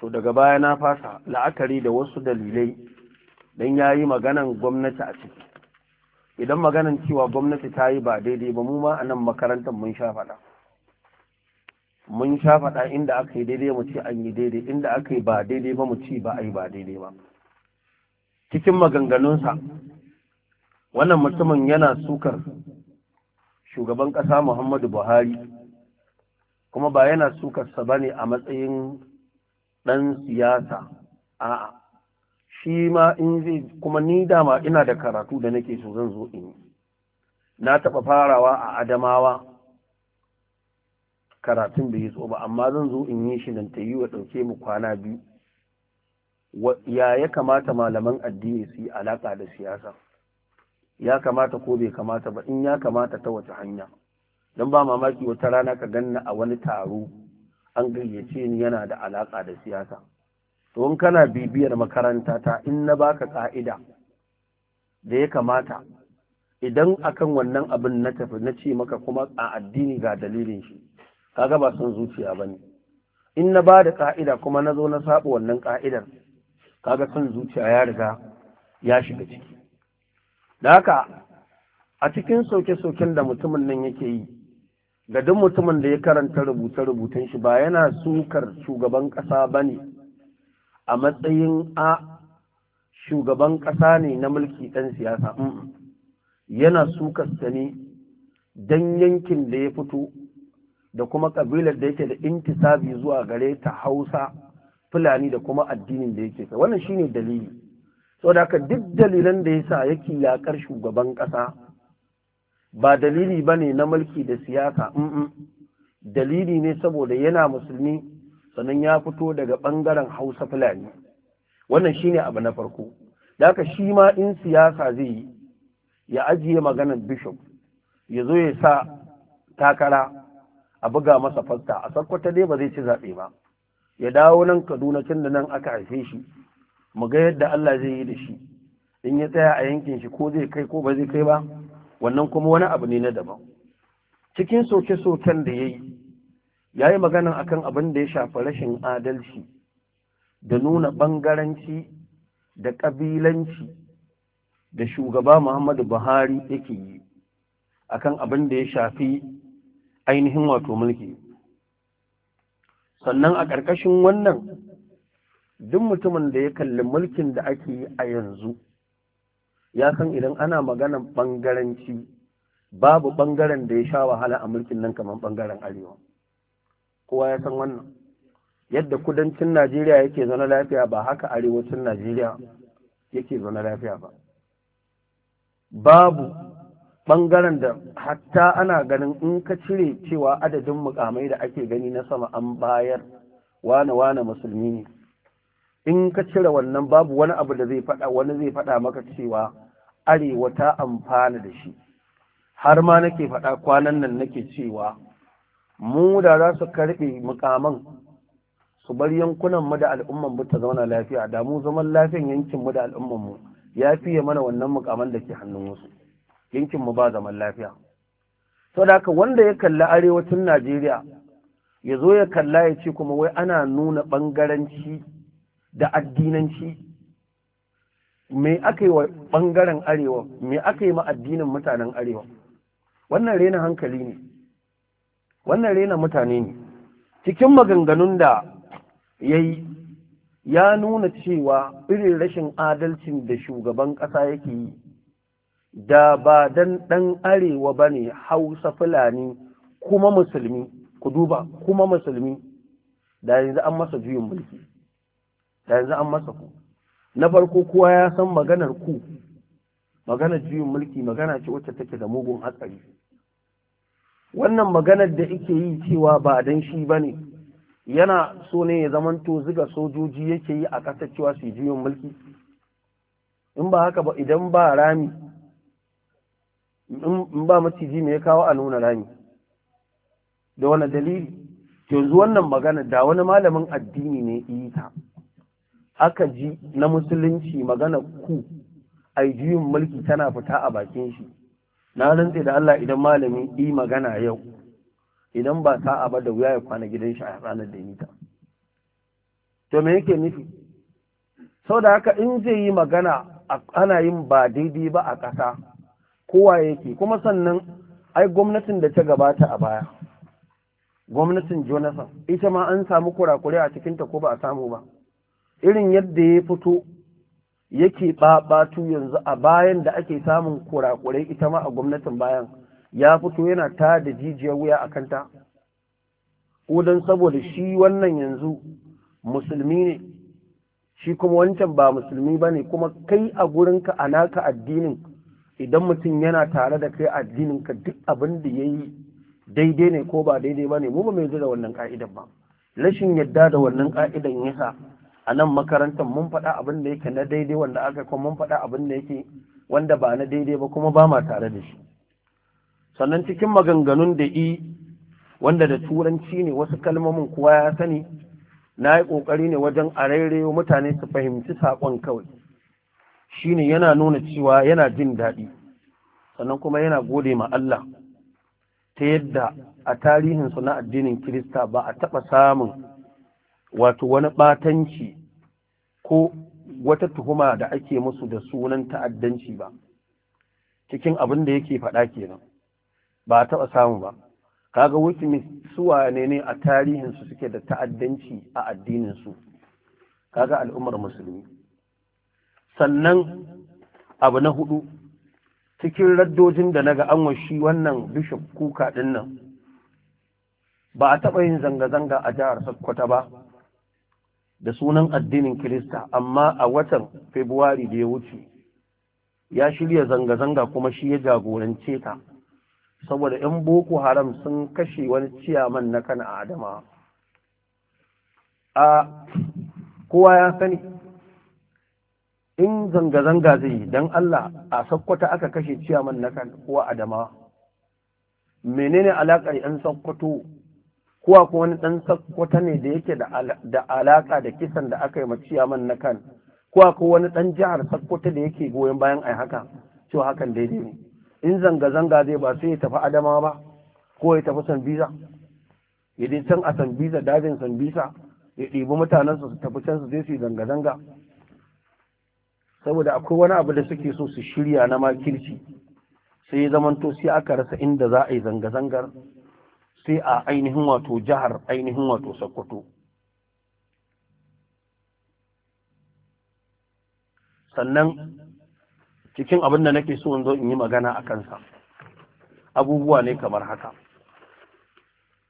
to daga baya na fasa la'akari da wasu dalilai don ya yi maganan gwamnati a ciki idan maganan cewa gwamnati ta yi ba daidai ba mu ma a nan makarantar mun sha faɗa mun sha faɗa inda aka yi daidai mu ce an yi daidai inda aka yi ba daidai ba mu ce, ba a yi ba daidai ba cikin maganganunsa wannan mutumin yana sukar shugaban ƙasa muhammadu buhari kuma ba yana sukarsa ba ne a matsayin ɗan siyasa a'a shi ma in zai kuma ni dama ina da karatu da nake so zan zo in na taɓa farawa a adamawa karatun bai yi so ba amma zan zo in yi shi nan ta yi wa ɗauke mu kwana biyu ya ya kamata malaman addini su yi alaƙa da siyasa ya kamata ko bai kamata ba in ya kamata ta wace hanya don ba mamaki wata rana ka ganna a wani taro an gayyace ni yana da alaƙa da siyasa to in kana bibiyar makaranta ta in na baka ka'ida da ya kamata idan akan wannan abin na tafi na ce maka kuma a addini ga dalilin shi kaga ba son zuciya bane in na bada ka'ida kuma na zo na saba wannan ka'idar kaga son zuciya ya riga ya shiga ciki da haka a cikin sauke-sauken da mutumin nan yake yi ga duk mutumin da ya karanta rubuce-rubucen shi ba yana sukar shugaban ƙasa ba ne a matsayin a shugaban ƙasa ne na mulki ɗan siyasa yana sukasta ne don yankin da ya fito da kuma ƙabilar da yake da intisabi zuwa gare ta hausa fulani da kuma addinin da yake sa wannan shine dalili saboda haka duk dalilan da ya sa yake yaƙar shugaban ƙasa ba dalili ba ne na mulki da siyasa dalili ne saboda yana musulmi sannan ya fito daga ɓangaren hausa fulani wannan shine abu na farko da aka shi ma in siyasa zai yi ya ajiye maganar bishop ya zo ya sa takara a buga masa fasta a sakkwata dai ba zai ci zaɓe ba ya dawo nan kaduna tun da nan aka haife shi mu ga yadda Allah zai yi da shi in ya tsaya a yankin shi ko zai kai ko ba zai kai ba wannan kuma wani abu ne na daban cikin soke-soken da ya yi ya yi magana akan abin da ya shafi rashin adalci da nuna ɓangaranci da ƙabilanci da shugaba muhammadu buhari yake yi akan abin da ya shafi ainihin wato mulki sannan a ƙarƙashin wannan duk mutumin da ya kalli mulkin da ake yi a yanzu ya kan idan ana maganan ɓangaranci babu ɓangaren da ya sha wahala a mulkin nan kamar ɓangaren arewa kowa ya san wannan yadda kudancin najeriya yake zaune lafiya ba haka arewacin najeriya yake zaune lafiya ba babu ɓangaren da hatta ana ganin in ka cire cewa adadin mukamai da ake gani na sama an bayar wane-wane musulmi ne in ka cire wannan babu wani abu da zai faɗa wani zai faɗa maka cewa arewa ta amfana da shi har ma nake faɗa kwanan nan nake cewa mu da za su karɓe mukaman su bar yankunan mu da al'umman mu ta zauna lafiya da mu zaman lafiyan yankin mu da al'umman mu ya fiye mana wannan mukaman da ke hannun wasu yankin mu ba zaman lafiya da ka wanda ya kalli arewacin Najeriya ya zo ya kalla ya ce kuma wai ana nuna ɓangaranci da addinanci me aka yi wa ɓangaren arewa me aka yi ma addinin mutanen arewa wannan rena hankali ne wannan rena mutane ne cikin maganganun da ya yi ya nuna cewa irin rashin adalcin da shugaban ƙasa yake yi da ba dan ɗan arewa ba ne hausa fulani kuma musulmi ku duba kuma musulmi da yanzu an masa juyin mulki da yanzu an masa ku na farko kowa ya san maganar ku maganar juyin mulki magana ce wacce take da mugun hatsari wannan maganar da ike yi cewa ba dan shi ba ne yana so ne ya zamanto ziga sojoji yake yi a ƙasar cewa su juyin mulki in ba haka ba idan ba rami in ba maciji mai ya kawo a nuna rami da wani dalili yanzu wannan maganar da wani malamin addini ne yi ta aka ji na musulunci magana ku a juyin mulki tana fita a bakin shi na rantse da Allah idan malami yi magana yau idan ba sa'a ba da wuya ya kwana gidan shi a ranar da nita to me yake nufi sau da haka in zai yi magana ana yin ba daidai ba a ƙasa kowa yake kuma sannan ai gwamnatin da ta gabata a baya gwamnatin jonathan ita ma an samu kurakure a cikinta ko ba a samu ba irin yadda ya fito yake babatu yanzu a bayan da ake samun kurakurai ita ma a gwamnatin bayan ya fito yana ta da jijiyar wuya a kanta don saboda shi wannan yanzu musulmi ne shi kuma wancan ba musulmi ba ne kuma kai a gurinka a naka addinin idan mutum yana tare da kai addininka duk abin da ya yi daidai ne ko ba daidai ba ne mu ba mai da wannan ka'idan ba rashin yadda da wannan ka'idan yasa a nan makarantar mun faɗa abin da yake na daidai wanda aka kuma mun faɗa abin da yake wanda ba na daidai ba kuma ba ma tare da shi sannan cikin maganganun da i wanda da turanci ne wasu kalmomin kowa ya sani na yi ƙoƙari ne wajen a rairayo mutane su fahimci saƙon kawai shine yana nuna cewa yana jin daɗi sannan kuma yana gode ma Allah ta yadda a tarihinsu na addinin Kirista ba a taɓa samun wato wani batanci ko wata tuhuma da ake musu da sunan ta'addanci ba cikin abin da yake faɗa kenan ba a taɓa samu ba kaga wikimis suwa ne ne a tarihinsu suke da ta'addanci a addininsu kaga al'ummar musulmi sannan abu na hudu cikin raddojin da naga an shi wannan bishop kuka dinnan. ba a taɓa yin zanga-zanga a jihar sakkwata ba da sunan addinin Kirista amma a watan Februari da ya wuce ya shirya zanga-zanga kuma shi ya jagorance ta saboda 'yan Boko Haram sun kashe wani ciyaman na kan Adama. A kowa ya sani in zanga-zanga zai yi don Allah a sakkwata aka kashe ciyaman na kan kowa Adama. Menene alaƙar 'yan sakkwato kuwa ko wani ɗan sakkwata ne da yake da alaƙa da kisan da aka yi ma man na kan kuwa ko wani ɗan jihar sakkwata da yake goyon bayan ai haka cewa hakan daidai ne in zanga-zanga zai ba sai ya tafi adama ba ko ya tafi Sambisa? ya dai can a Sambisa, dajin Sambisa ya ɗibi mutanen su tafi can su zai su zanga-zanga saboda akwai wani abu da suke so su shirya na makirci sai ya zamanto sai aka rasa inda za a yi zanga-zangar sai a ainihin wato jihar ainihin wato sokoto sannan cikin abin da nake so in zo in yi magana a kansa abubuwa ne kamar haka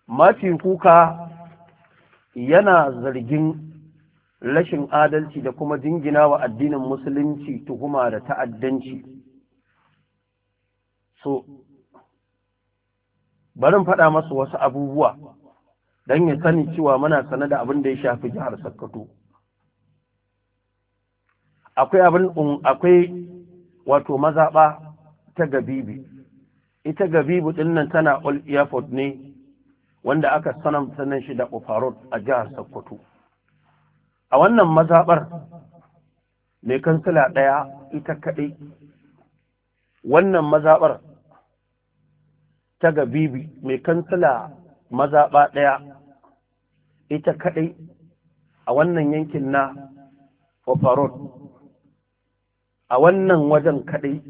mafi kuka yana zargin rashin adalci da kuma jingina wa addinin musulunci tuhuma da ta'addanci so barin faɗa masa wasu abubuwa don ya sani cewa muna sane da abin da ya shafi jihar Sokoto. Akwai abin akwai wato mazaɓa ta Gabibi. Ita Gabibu ɗin nan tana Old Airport ne wanda aka sanar sanan shi da Ofarot a jihar Sokoto. A wannan mazaɓar mai kansila ɗaya ita kaɗai. Wannan mazaɓar ta ga bibi mai kansila mazaɓa ɗaya ita kaɗai a wannan yankin na Oparon, a wannan wajen kaɗai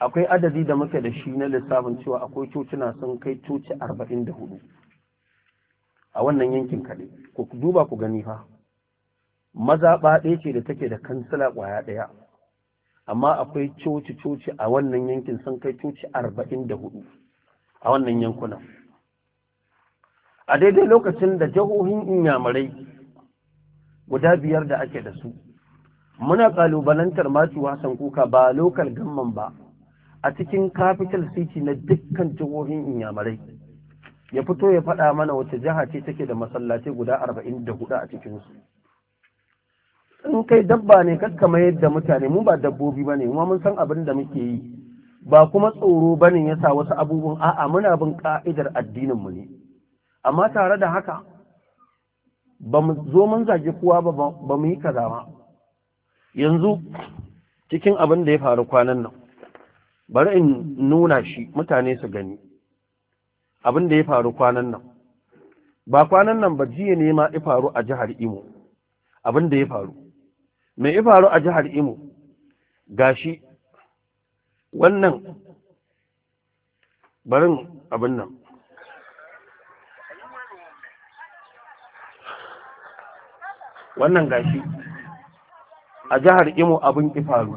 akwai adadi da muke da shi na lissafin cewa akwai cocina sun kai coci arba'in da hudu a wannan yankin kaɗai ku duba ku gani fa mazaɓa ɗaya ce da take da kansila ƙwaya ɗaya amma akwai coci-coci a wannan yankin sun kai coci arba'in da hudu a wannan yankunan a daidai lokacin da jihohin inyamurai guda biyar da ake da su muna kalubalantar masu wasan kuka ba lokal gamman ba a cikin capital city na dukkan jihohin inyamurai ya fito ya fada mana wace jiha ce take da masallaci guda arba'in da hudu a cikinsu in kai dabba ne mai yadda mutane mu ba dabbobi ba ne kuma mun san abin da muke yi ba kuma tsoro ba ne ya sa wasu abubuwan a'a muna bin ka'idar addininmu ne amma tare da haka ba mu zo mun zagi kowa ba ba mu yi kaza ba yanzu cikin abin da ya faru kwanan nan bari in nuna shi mutane su gani abin da ya faru kwanan nan ba kwanan nan ba jiya ne ma ya faru a jihar Imo abin da ya faru me ya faru a jihar imo gashi wannan barin abin nan wannan gashi a jihar imo abin faru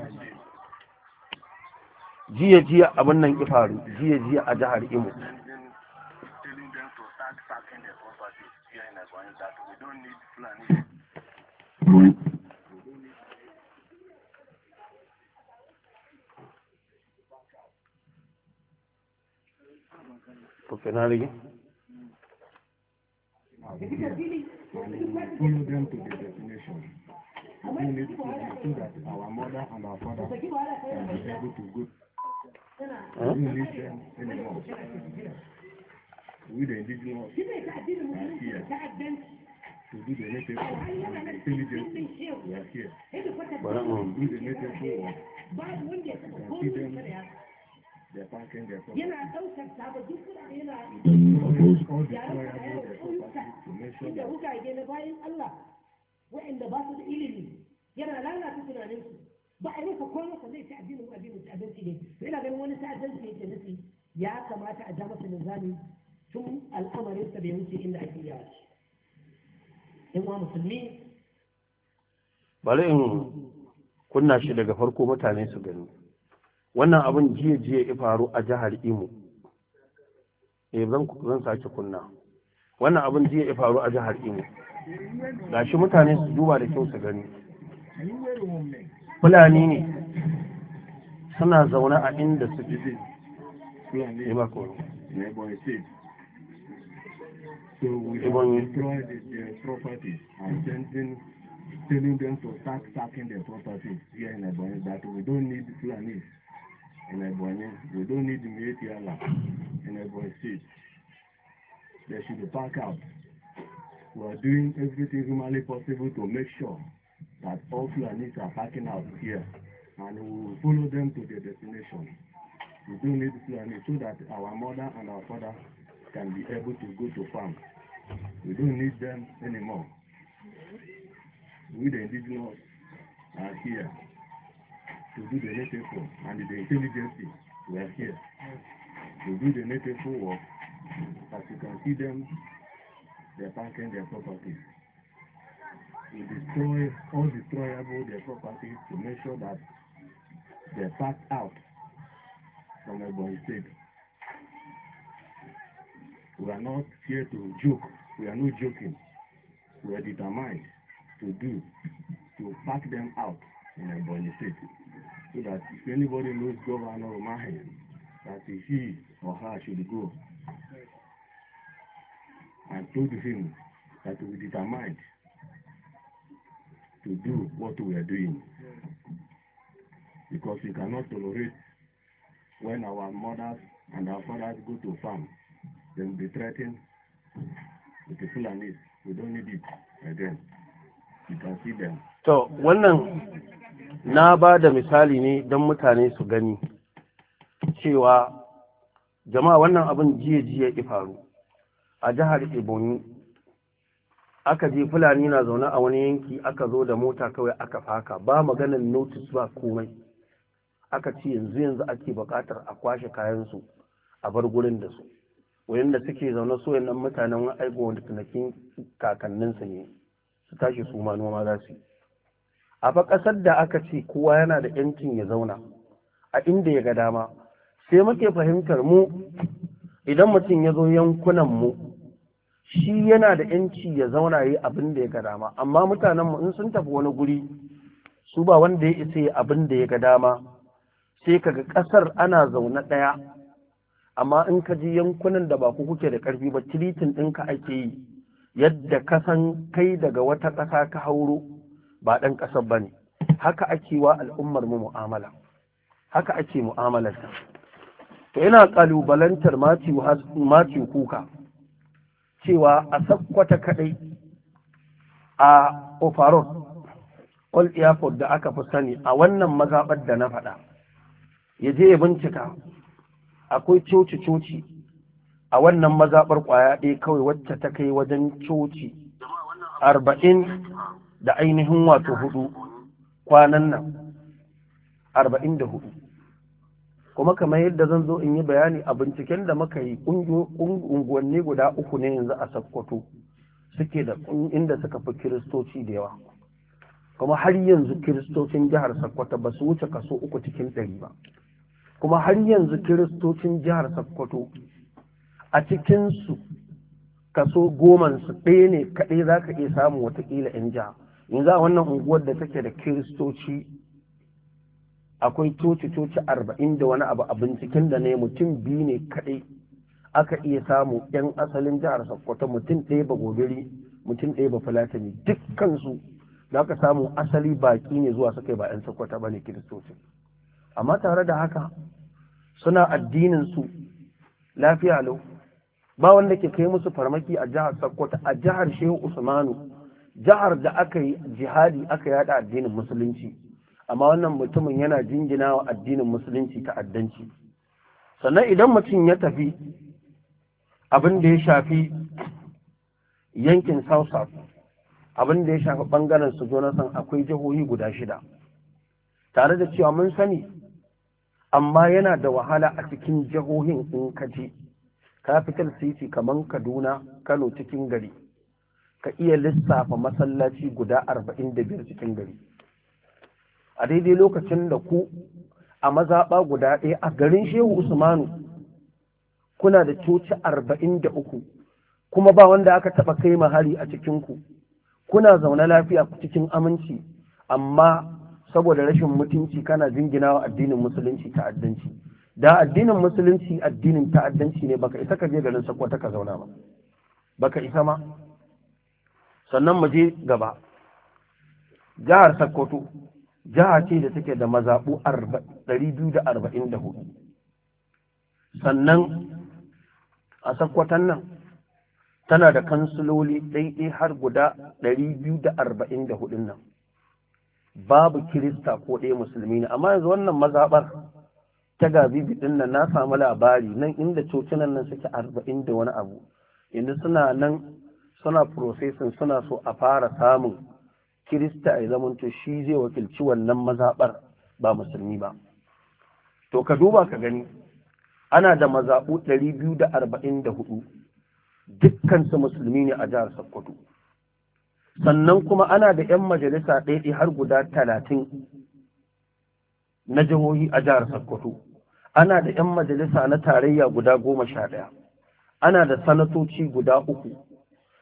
jiya jiya abin nan faru jiya jiya a jihar imo Thank you. Propenari. Kneel down to the destination. We yana ɗaukar sabo duk kuɗaɗe na da wugage na bayan Allah waɗanda ba su da ilimi yana lalata tunaninsu ba a rasa ko masa zai ci addinin addinin ci abinci ne to ina ganin wani ta'addanci yake nufi ya kamata a ja masa nizami tun al'amarinsa bai wuce inda ake yawa shi in wa musulmi bari in kunna shi daga farko mutane su gani wannan abin jiya jiya ya faru a jihar Imo eh zan sake kunna wannan abin jiya ya faru a jihar Imo gashi mutane su duba da kyau su gani Fulani ne suna zaune a inda ji ne eh, ba ko them to start sacking their properties here in Ebonyi that we don't need in Ebonyi. They don't need the military alarm in Ebonyi State. They should back up. We are doing everything humanly possible to make sure that all Fulanis are packing out here and we will follow them to their destination. We don't need Fulanis so that our mother and our father can be able to go to farm. We don't need them anymore. We the indigenous are here to do the necessary and the intelligence we are here to do the necessary work as you can see them they are banking their properties to destroy all destroyable their properties to make sure that they pass out from Ebonyi State. We are not here to joke. We are not joking. We are determined to do, to pack them out in Ebonyi State so that if anybody knows Governor Umahi, that he or her should go. I told him that we determined to do what we are doing because we cannot tolerate when our mothers and our fathers go to farm, then be threatened with the Fulanis. We don't need it again. You can see them. So, when na ba da misali ne don mutane su gani cewa jama'a wannan abin jiye-jiye ya faru a jihar ebonyi aka je fulani na zaune a wani yanki aka zo da mota kawai aka faka ba maganin Notis ba komai aka ce yanzu yanzu ake bukatar a kwashe kayansu a bar gurin da su da suke zaune su nan mutanen aiko wanda tunakin kakanninsu ne su tashi su ma noma za su yi a fa ƙasar da aka ce kowa yana da ‘yancin ya zauna a inda ya ga dama sai muke fahimtar mu idan mutum ya zo yankunan mu shi yana da ‘yanci ya zauna yi abin da ya ga dama amma mutanen mu in sun tafi wani guri su ba wanda ya isa abin da ya ga dama sai kaga ƙasar ana zaune ɗaya amma in ka ji yankunan da ba ku kuke da ƙarfi ba tilitin ɗinka ake yi yadda ka san kai daga wata ƙasa ka hauro ba ɗan ƙasar ba ne haka ake wa al'ummar mu mu'amala haka ake ta to yana ƙalubalantar mati kuka cewa a sakkwata kaɗai a ofarot all airport da aka fi sani a wannan mazaɓar da na faɗa ya je ya bincika akwai coci-coci a wannan mazaɓar ƙwaya ɗaya kawai wacce ta kai wajen coci arba'in da ainihin wato hudu kwanan nan arba'in da hudu kuma kamar yadda zan zo in yi bayani a binciken da muka yi unguwanni guda uku ne yanzu a sakkwato suke da inda suka fi kiristoci da yawa kuma har yanzu kiristocin jihar sakkwato ba su wuce kaso uku cikin ɗari ba kuma har yanzu kiristocin jihar sakkwato a cikinsu kaso goma su ɗaya ne kaɗai za ka iya samun watakila 'yan jiha yanzu a wannan unguwar da take da kiristoci akwai coci-coci arba'in da wani abu a binciken da ne mutum biyu ne kaɗai aka iya samu 'yan asalin jihar sokoto mutum ɗaya ba gobiri mutum ɗaya ba fulatani dukkansu da aka samu asali baƙi ne zuwa suka ba 'yan sokoto ba ne kiristoci amma tare da haka suna addinin su lafiya lau ba wanda ke kai musu farmaki a jihar sokoto a jihar shehu usmanu jihar da aka yi jihadi aka yada addinin musulunci amma wannan mutumin yana jingina wa addinin musulunci ta addanci. sannan idan mutum ya tafi abin da ya shafi yankin south south abin da ya shafi bangaren su jonathan akwai jihohi guda shida tare da cewa mun sani amma yana da wahala a cikin jihohin in kaji capital city kamar kaduna kano cikin gari ka iya lissafa masallaci guda arba'in da biyar cikin gari a daidai lokacin da ku a mazaɓa guda ɗaya a garin shehu usmanu kuna da coci arba'in da uku kuma ba wanda aka taɓa kai mahari a cikinku kuna zaune lafiya cikin aminci amma saboda rashin mutunci kana jinginawa addinin musulunci ta'addanci da addinin musulunci addinin ta'addanci ne baka isa ka je garin sakwata ka zauna ba baka isa ma sannan mu je gaba jihar Sokoto jiha ce da take da mazaɓu 244 sannan a Sakkwatan nan tana da kansiloli ɗaiɗai har guda 244 nan babu kirista ko ɗaya musulmi ne amma yanzu wannan mazaɓar ta gabibi ɗin nan na samu labari nan inda cocinan nan suke arba'in da wani abu yanzu suna nan suna processing suna so a fara samun kirista a zaman to shi zai wakilci wannan mazaɓar ba musulmi ba to ka duba ka gani ana da mazaɓu 244 dukkansu musulmi ne a jihar sokoto sannan kuma ana da 'yan majalisa ɗaiɗi har guda 30 na jihohi a jihar sokoto ana da 'yan majalisa na tarayya guda 11 ana da sanatoci guda uku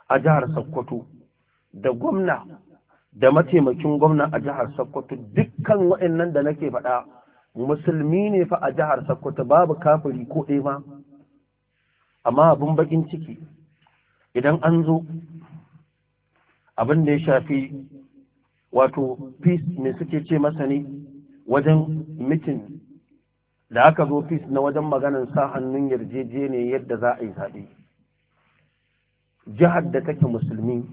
a jihar Sokoto da gwamna da mataimakin gwamna a jihar Sokoto dukkan waɗannan da nake faɗa musulmi ne fa a jihar Sokoto babu kafiri ko ɗaya ma amma abin bakin ciki idan an zo abin da ya shafi wato peace ne suke ce masa ne wajen mitin da aka zo peace na wajen maganin sa hannun ne yadda za a yi zaɓe. jihar da take musulmi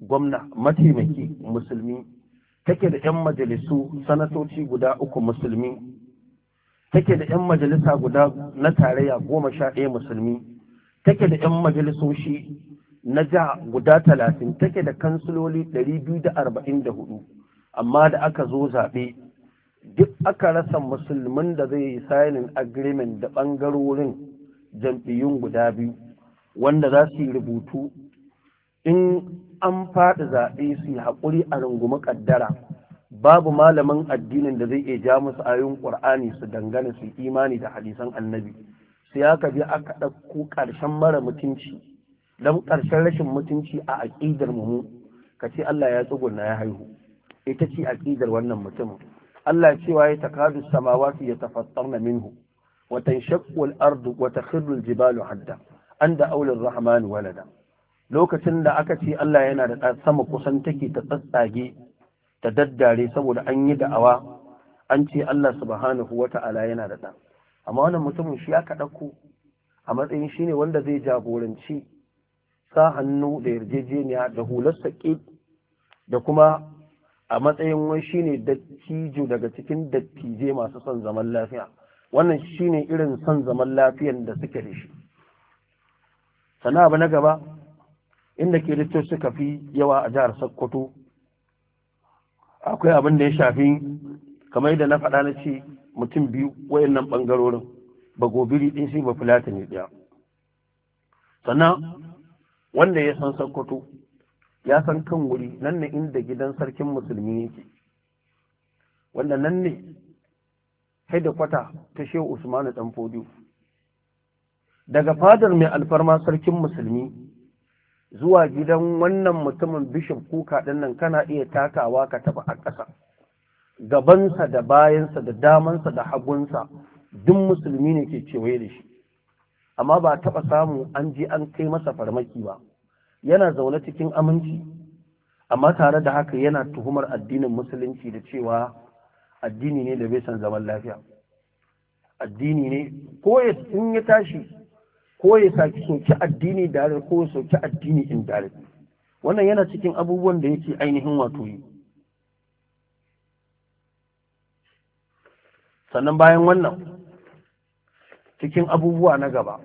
gwamna mataimaki musulmi take da 'yan majalisu sanatoci guda uku musulmi take da 'yan majalisa guda na tarayya goma sha ɗaya musulmi take da 'yan majalisoshi na jiha guda talatin take da kansiloli ɗari biyu da arba'in da hudu amma da aka zo zaɓe duk aka rasa musulmin da zai yi signing agreement da ɓangarorin jam'iyyun guda biyu wanda za su yi rubutu in an faɗi zaɓe su yi haƙuri a rungumi ƙaddara babu malamin addinin da zai iya ja musu ayoyin ƙur'ani su dangana su imani da hadisan annabi sai aka je aka ɗauko ƙarshen mara mutunci don ƙarshen rashin mutunci a aƙidar mu ka ce Allah ya tsugunna ya haihu ita ce aƙidar wannan mutumin Allah cewa ya takadu samawati ya tafattarna minhu wa tanshaqqu al-ardu wa takhirru al-jibalu hadda an da aulin rahmanu walada lokacin da aka ce Allah yana da sama kusan take ta tsatsage ta daddare saboda an yi da'awa an ce Allah subhanahu wata'ala yana da ɗa amma wannan mutumin shi aka ɗauko a matsayin shine wanda zai jagoranci sa hannu da yarjejeniya da hular saƙi da kuma a matsayin wani shi dattijo daga cikin dattijai masu son zaman lafiya wannan shine irin son zaman lafiyan da suke da shi sana abu na gaba inda ke kiristoci suka fi yawa a jihar sokoto akwai abin da ya shafi kamar yadda na faɗa na ce mutum biyu wayannan bangarorin ba gobiri ɗin shi ba ne ɗaya sannan wanda ya san sokoto ya san kan wuri nan ne inda gidan sarkin musulmi yake wanda nan ne kwata ta shehu usmanu ɗan fodiyo daga fadar mai alfarma sarkin musulmi zuwa gidan wannan mutumin bishop kuka nan kana iya takawa ka tafi a ƙasa gabansa da bayansa da damansa da hagunsa duk musulmi ne ke cewaye da shi amma ba taɓa samu an je an kai masa farmaki ba yana zaune cikin aminci amma tare da haka yana tuhumar addinin musulunci da cewa addini ne da bai san zaman lafiya addini ne ko sun ya tashi ko ya saki soki addini dare ko ya addini in dare wannan yana cikin abubuwan da yake ainihin wato yi sannan bayan wannan cikin abubuwa na gaba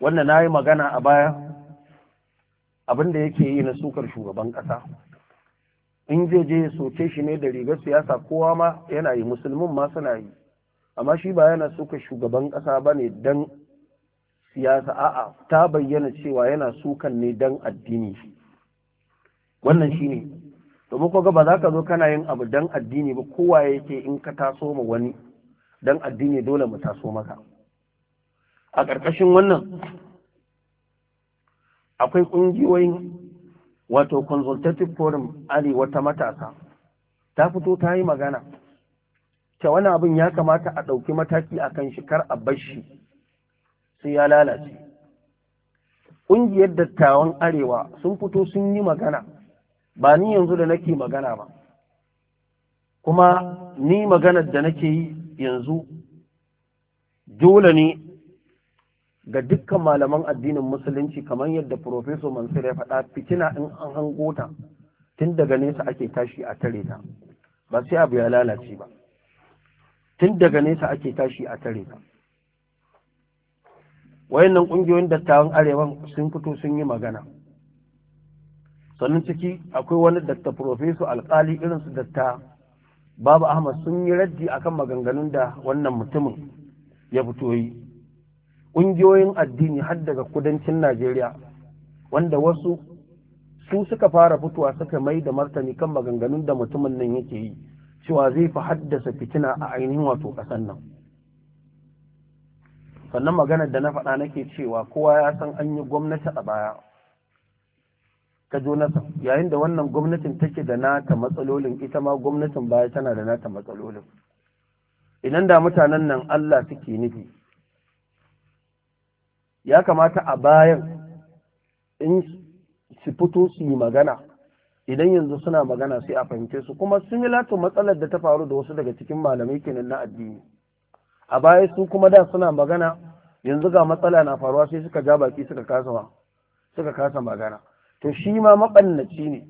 wannan na yi magana a baya abin da yake yi na sukar shugaban ƙasa in zai je soke shi ne da rigar siyasa kowa ma yana yi musulmin ma suna yi amma shi ba yana suka shugaban ƙasa ba ne don siyasa a'a ta bayyana cewa yana sukan ne dan addini wannan shine domin ko ga ba za ka zo kana yin abu dan addini ba kowa yake in ka taso ma wani dan addini dole mu taso maka a ƙarƙashin wannan akwai ƙungiyoyin wato consultative forum arewa ta matasa ta fito ta yi magana ta wani abin ya kamata a ɗauki mataki akan kan shi kar a bar shi sai ya lalace ƙungiyar dattawan arewa sun fito sun yi magana ba ni yanzu da nake magana ba kuma ni maganar da nake yi yanzu dole ne ga dukkan malaman addinin musulunci kamar yadda Profeso Mansur ya faɗa fitina in an hango ta tun daga nesa ake tashi a tare ta ba sai abu ya lalace ba tun daga nesa ake tashi a tare ta wayannan kungiyoyin dattawan arewa sun fito sun yi magana sannan ciki akwai wani dakta profeso alkali irinsu datta babu ahmad sun yi raddi akan maganganun da wannan mutumin ya fito yi ƙungiyoyin addini har daga kudancin najeriya wanda wasu su suka fara fitowa suka mai da martani kan maganganun da mutumin nan yake yi cewa zai fi haddasa fitina a ainihin wato ƙasar nan sannan maganar da na faɗa nake cewa kowa ya san an yi gwamnati a baya ta jonathan yayin da wannan gwamnatin take da nata matsalolin ita ma gwamnatin baya tana da nata matsalolin idan da mutanen nan allah suke nufi ya kamata a bayan in su fito su yi magana idan yanzu suna magana sai a fahimce su kuma sun matsalar da ta faru da wasu daga cikin malamai kenan na addini a baya su kuma da suna magana yanzu ga matsala na faruwa sai suka ja baki suka kasa suka kasa magana to shi ma mabannaci ne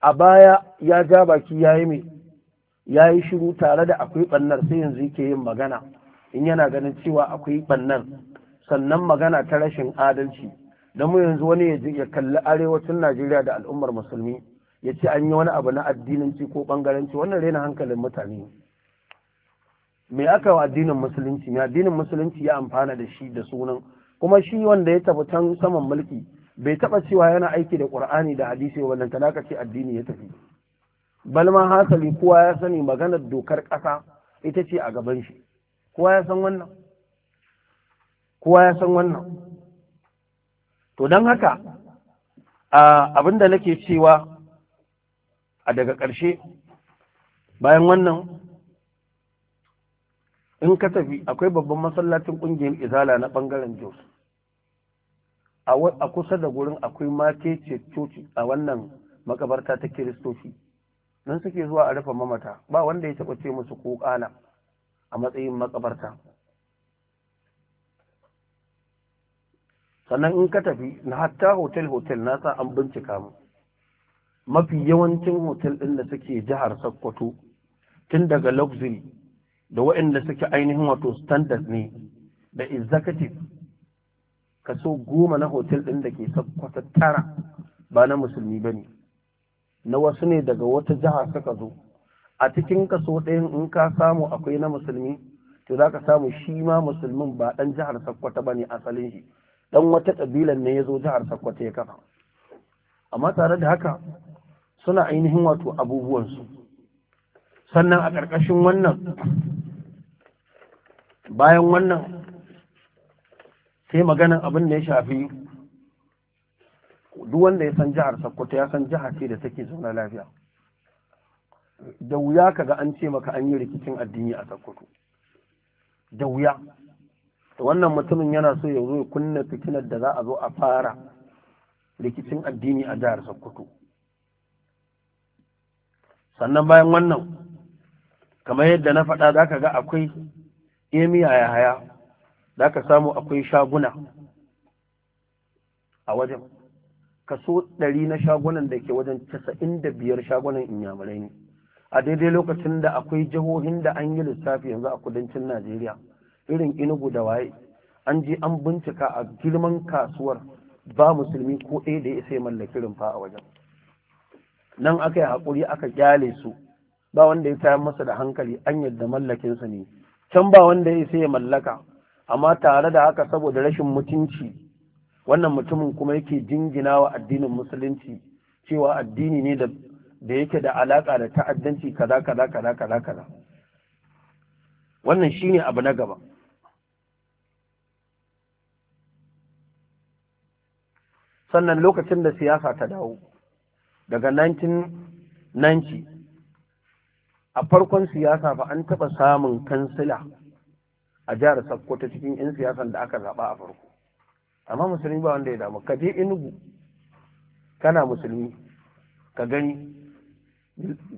a baya ya ja baki yayi mai yayi shiru tare da akwai bannar sai yanzu yake yin magana in yana ganin cewa akwai bannar sannan magana ta rashin adalci don mu yanzu wani ya kalli arewacin Najeriya da al'ummar musulmi ya ce an yi wani abu na addinanci ko bangaranci wannan rena hankalin mutane me aka wa addinin musulunci ne addinin musulunci ya amfana da shi da sunan kuma shi wanda ya tafi can saman mulki bai taba cewa yana aiki da qur'ani da hadisi ba, wannan talaka ce addini ya tafi balma hasali kowa ya sani maganar dokar kasa ita ce a gaban shi kowa ya san wannan kowa ya san wannan to don haka abinda nake cewa a daga ƙarshe bayan wannan in ka tafi akwai babban masallacin ƙungiyar izala na ɓangaren jos a kusa da gurin akwai mace ce coci a wannan makabarta ta kiristoci nan suke zuwa a rufe mamata ba wanda ya taɓa ce musu ko kana a matsayin makabarta sannan in ka tafi na hatta hotel-hotel na sa an bincika mu mafi yawancin hotel ɗin da suke jihar sokoto tun daga luxury da waɗanda suke ainihin wato standard ne da executive kaso goma na hotel ɗin da ke sakwata tara ba na musulmi ba ne na wasu ne daga wata jiha suka zo a cikin kaso ɗayan in ka samu akwai na musulmi to za ka samu shi ma musulmin ba ɗan jihar sakwata ba ne asalin shi ɗan wata ƙabilan ne ya zo jihar sakwata ya kafa amma tare da haka suna ainihin wato abubuwansu sannan a ƙarƙashin wannan bayan wannan sai maganan abin da ya shafi duk wanda ya san jihar Sokoto ya san jihar ce da take zauna lafiya da wuya kaga an ce maka an yi rikicin addini a Sokoto da wuya to wannan mutumin yana so ya zo ya kunna fitinar da za a zo a fara rikicin addini a jihar Sokoto sannan bayan wannan kamar yadda na faɗa za ka ga akwai emiya ya haya da ka samu akwai shaguna a wajen kaso ɗari na shagunan da ke wajen casa'in da biyar shagunan inyamurai ne a daidai lokacin da akwai jihohin da an yi lissafi yanzu a kudancin najeriya irin inugu da waye an je an bincika a girman kasuwar ba musulmi ko ɗaya da ya sai mallaki rumfa a wajen nan aka yi haƙuri aka kyale su ba wanda ya tayar masa da hankali an yadda mallakinsa ne can ba wanda ya sai ya mallaka amma tare da haka saboda rashin mutunci wannan mutumin kuma yake jingina wa addinin musulunci cewa addini ne da yake da alaka da ta'addanci kaza kaza kaza kaza kaza wannan shine abu na gaba sannan lokacin da siyasa ta dawo daga 1990 a farkon siyasa ba an taɓa samun kansila a jihar Sokoto cikin 'yan siyasan da aka zaɓa a farko amma musulmi ba wanda ya damu ka je inugu kana musulmi ka gani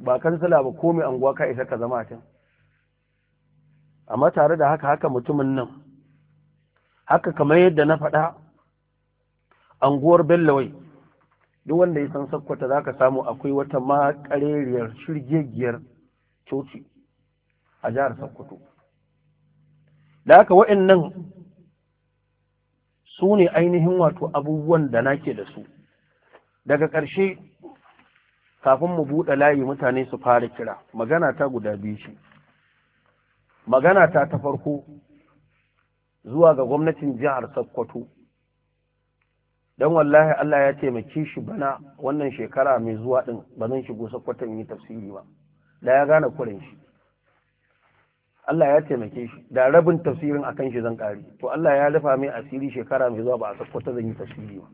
ba kansila ba komai anguwa ka isa ka zama a can amma tare da haka haka mutumin nan haka kamar yadda na faɗa anguwar bellawai duk wanda ya san Sokoto za ka samu akwai wata makareriyar shirgegiyar coci a jihar Sokoto. Da haka waɗannan su ne ainihin wato abubuwan da nake da su. Daga ƙarshe, kafin mu buɗe layi mutane su fara kira, magana ta guda biyu shi Magana ta ta farko zuwa ga gwamnatin jihar Sokoto. Don wallahi Allah ya taimake shi bana wannan shekara mai zuwa ɗin ba zan shigo Sokoton yi tafsiri ba. da ya gane kurin shi Allah ya taimake shi da rabin tafsirin akan shi zan kare to Allah ya rufa mai asiri shekara mai zuwa ba a sakkwata zan yi tafsiri ba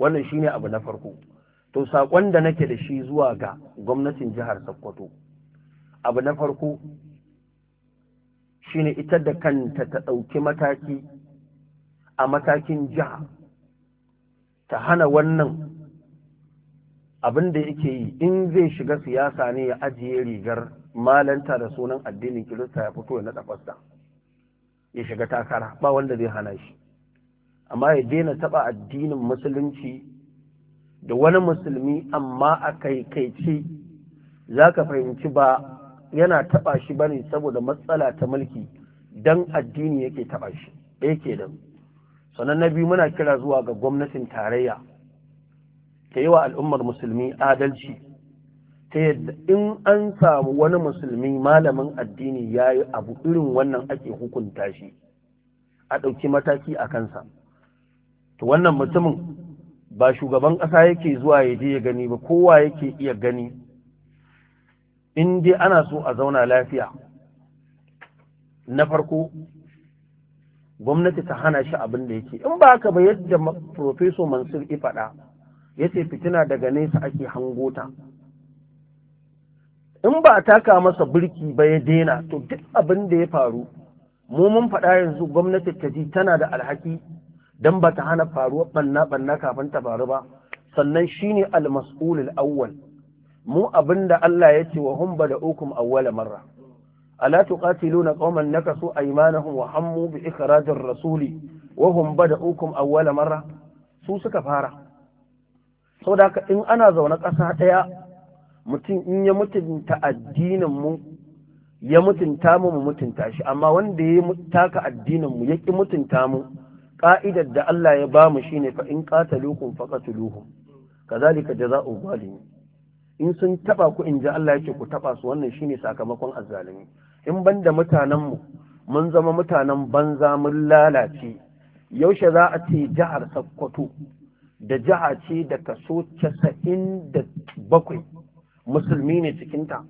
wannan shine abu na farko to sakon da nake da shi zuwa ga gwamnatin jihar Sokoto abu na farko shine ita da kanta ta ɗauki mataki a matakin jiha ta hana wannan abin da yake yi in zai shiga siyasa ne ya ajiye rigar malanta da sunan addinin kirista ya fito ya naɗa fasta ya shiga takara ba wanda zai hana shi amma ya daina taɓa addinin musulunci da wani musulmi amma a ce za ka fahimci ba yana taɓa shi ba ne saboda matsala ta mulki don addini yake taɓa shi yake da sannan na biyu muna kira zuwa ga gwamnatin tarayya ta yi wa al'ummar musulmi adalci ta yadda in an samu wani musulmi malamin addini ya yi abu irin wannan ake hukunta shi a ɗauki mataki a kansa to wannan mutumin ba shugaban ƙasa yake zuwa ya je ya gani ba kowa yake iya gani in dai ana so a zauna lafiya na farko gwamnati ta hana shi abin da yake in ba haka ba yadda profeso mansur ifaɗa yace fitina daga nesa ake hangota in ba a taka masa birki ba ya dena to duk abin da ya faru mu mun faɗa yanzu gwamnati ta ji tana da alhaki dan ba ta hana faruwar banna banna kafin ta faru ba sannan shine ne masul awwal mu abinda Allah ya ce wa hum bada'ukum awwala marra ألا تقاتلون قوما bi أيمانهم rasuli بإخراج da وهم awwala marra su suka fara. saboda haka in ana zaune ƙasa ɗaya mutum in ya mutunta addinin mu ya mutunta mu mu mutunta shi amma wanda ya taka addinin mu ya ki mutunta mu ka'idar da Allah ya ba mu shine fa in qataluhum faqatuluhum kazalika jazaa'u zalimin in sun taba ku in ji Allah yake ku taba su wannan shine sakamakon azzalimi in banda mutanen mu mun zama mutanen banza mun lalace yaushe za a ce jihar Sakkwato? da jiha ce da kaso casa'in da bakwai musulmi ne cikinta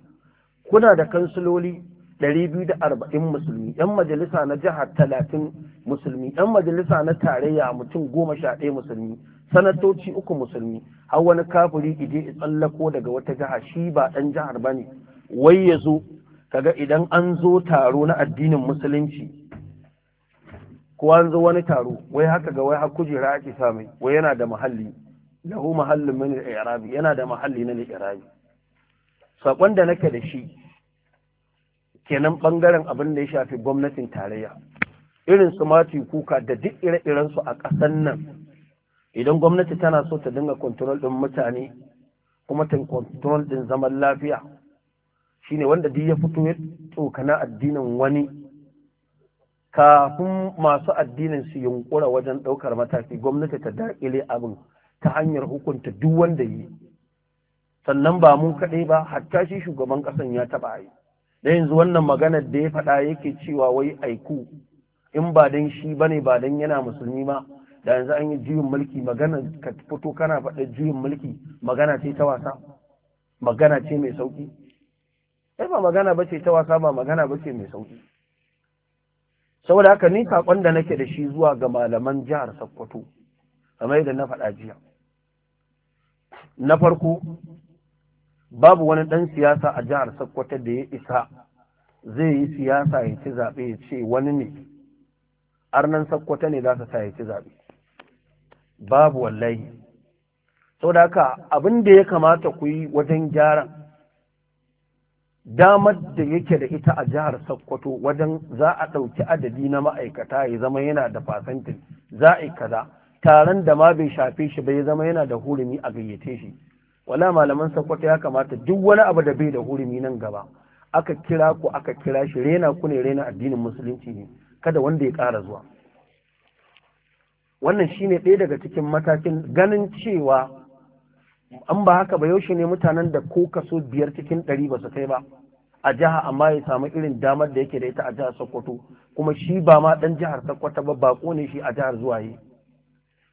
kuna da kansiloli ɗari biyu da arba'in musulmi ‘yan majalisa na jiha talatin musulmi ‘yan majalisa na tarayya mutum goma sha ɗaya musulmi sanatoci uku musulmi har wani kafiri ije ya tsallako daga wata jiha shi ba ɗan jihar ba ne wai ya zo kaga idan an zo taro na addinin musulunci ko an zo wani taro wai haka ga wai har kujera ake sa wai yana da mahalli lahu mahallin min al-i'rabi yana da mahalli na al-i'rabi sakon da nake da shi kenan bangaren abin da ya shafi gwamnatin tarayya irin su mati kuka da duk ire-iren su a ƙasar nan idan gwamnati tana so ta dinga control din mutane kuma ta control din zaman lafiya shine wanda duk ya fito ya tsokana addinin wani kafin masu addinin su yunkura wajen ɗaukar mataki gwamnati ta daƙile abin ta hanyar hukunta duk wanda yi sannan ba mu kaɗai ba hatta shi shugaban ƙasan ya taɓa yi da yanzu wannan maganar da ya faɗa yake cewa wai aiku in ba dan shi ba ne ba dan yana musulmi ba da yanzu an yi juyin mulki magana ka fito kana faɗa juyin mulki magana ce ta wasa magana ce mai sauki ba magana ce ta wasa ba magana ba ce mai sauki saboda haka ni sakon da nake da shi zuwa ga malaman jihar Sokoto kamar yadda na faɗa jiya na farko babu wani ɗan siyasa a jihar Sokoto da ya isa zai yi siyasa ya ci zaɓe ya ce wani ne arnan Sokoto ne za su sa ya ci zaɓe babu wallahi saboda haka abin da ya kamata ku yi wajen gyaran damar da yake da ita a jihar Sokoto wajen za a ɗauki adadi na ma'aikata ya zama yana da fasantin za a yi kaza taron da ma bai shafe shi ba ya zama yana da hurumi a gayyace shi wala malaman Sokoto ya kamata duk wani abu da bai da hurumi nan gaba aka kira ku aka kira shi rena ku ne rena addinin musulunci ne kada wanda ya ƙara zuwa wannan shine ɗaya daga cikin matakin ganin cewa an ba haka ba yaushe ne mutanen da ko kaso biyar cikin ɗari ba su kai ba a jiha amma ya samu irin damar da yake da ita a jihar Sokoto kuma shi ba ma ɗan jihar Sokoto ba bako ne shi a jihar zuwa yi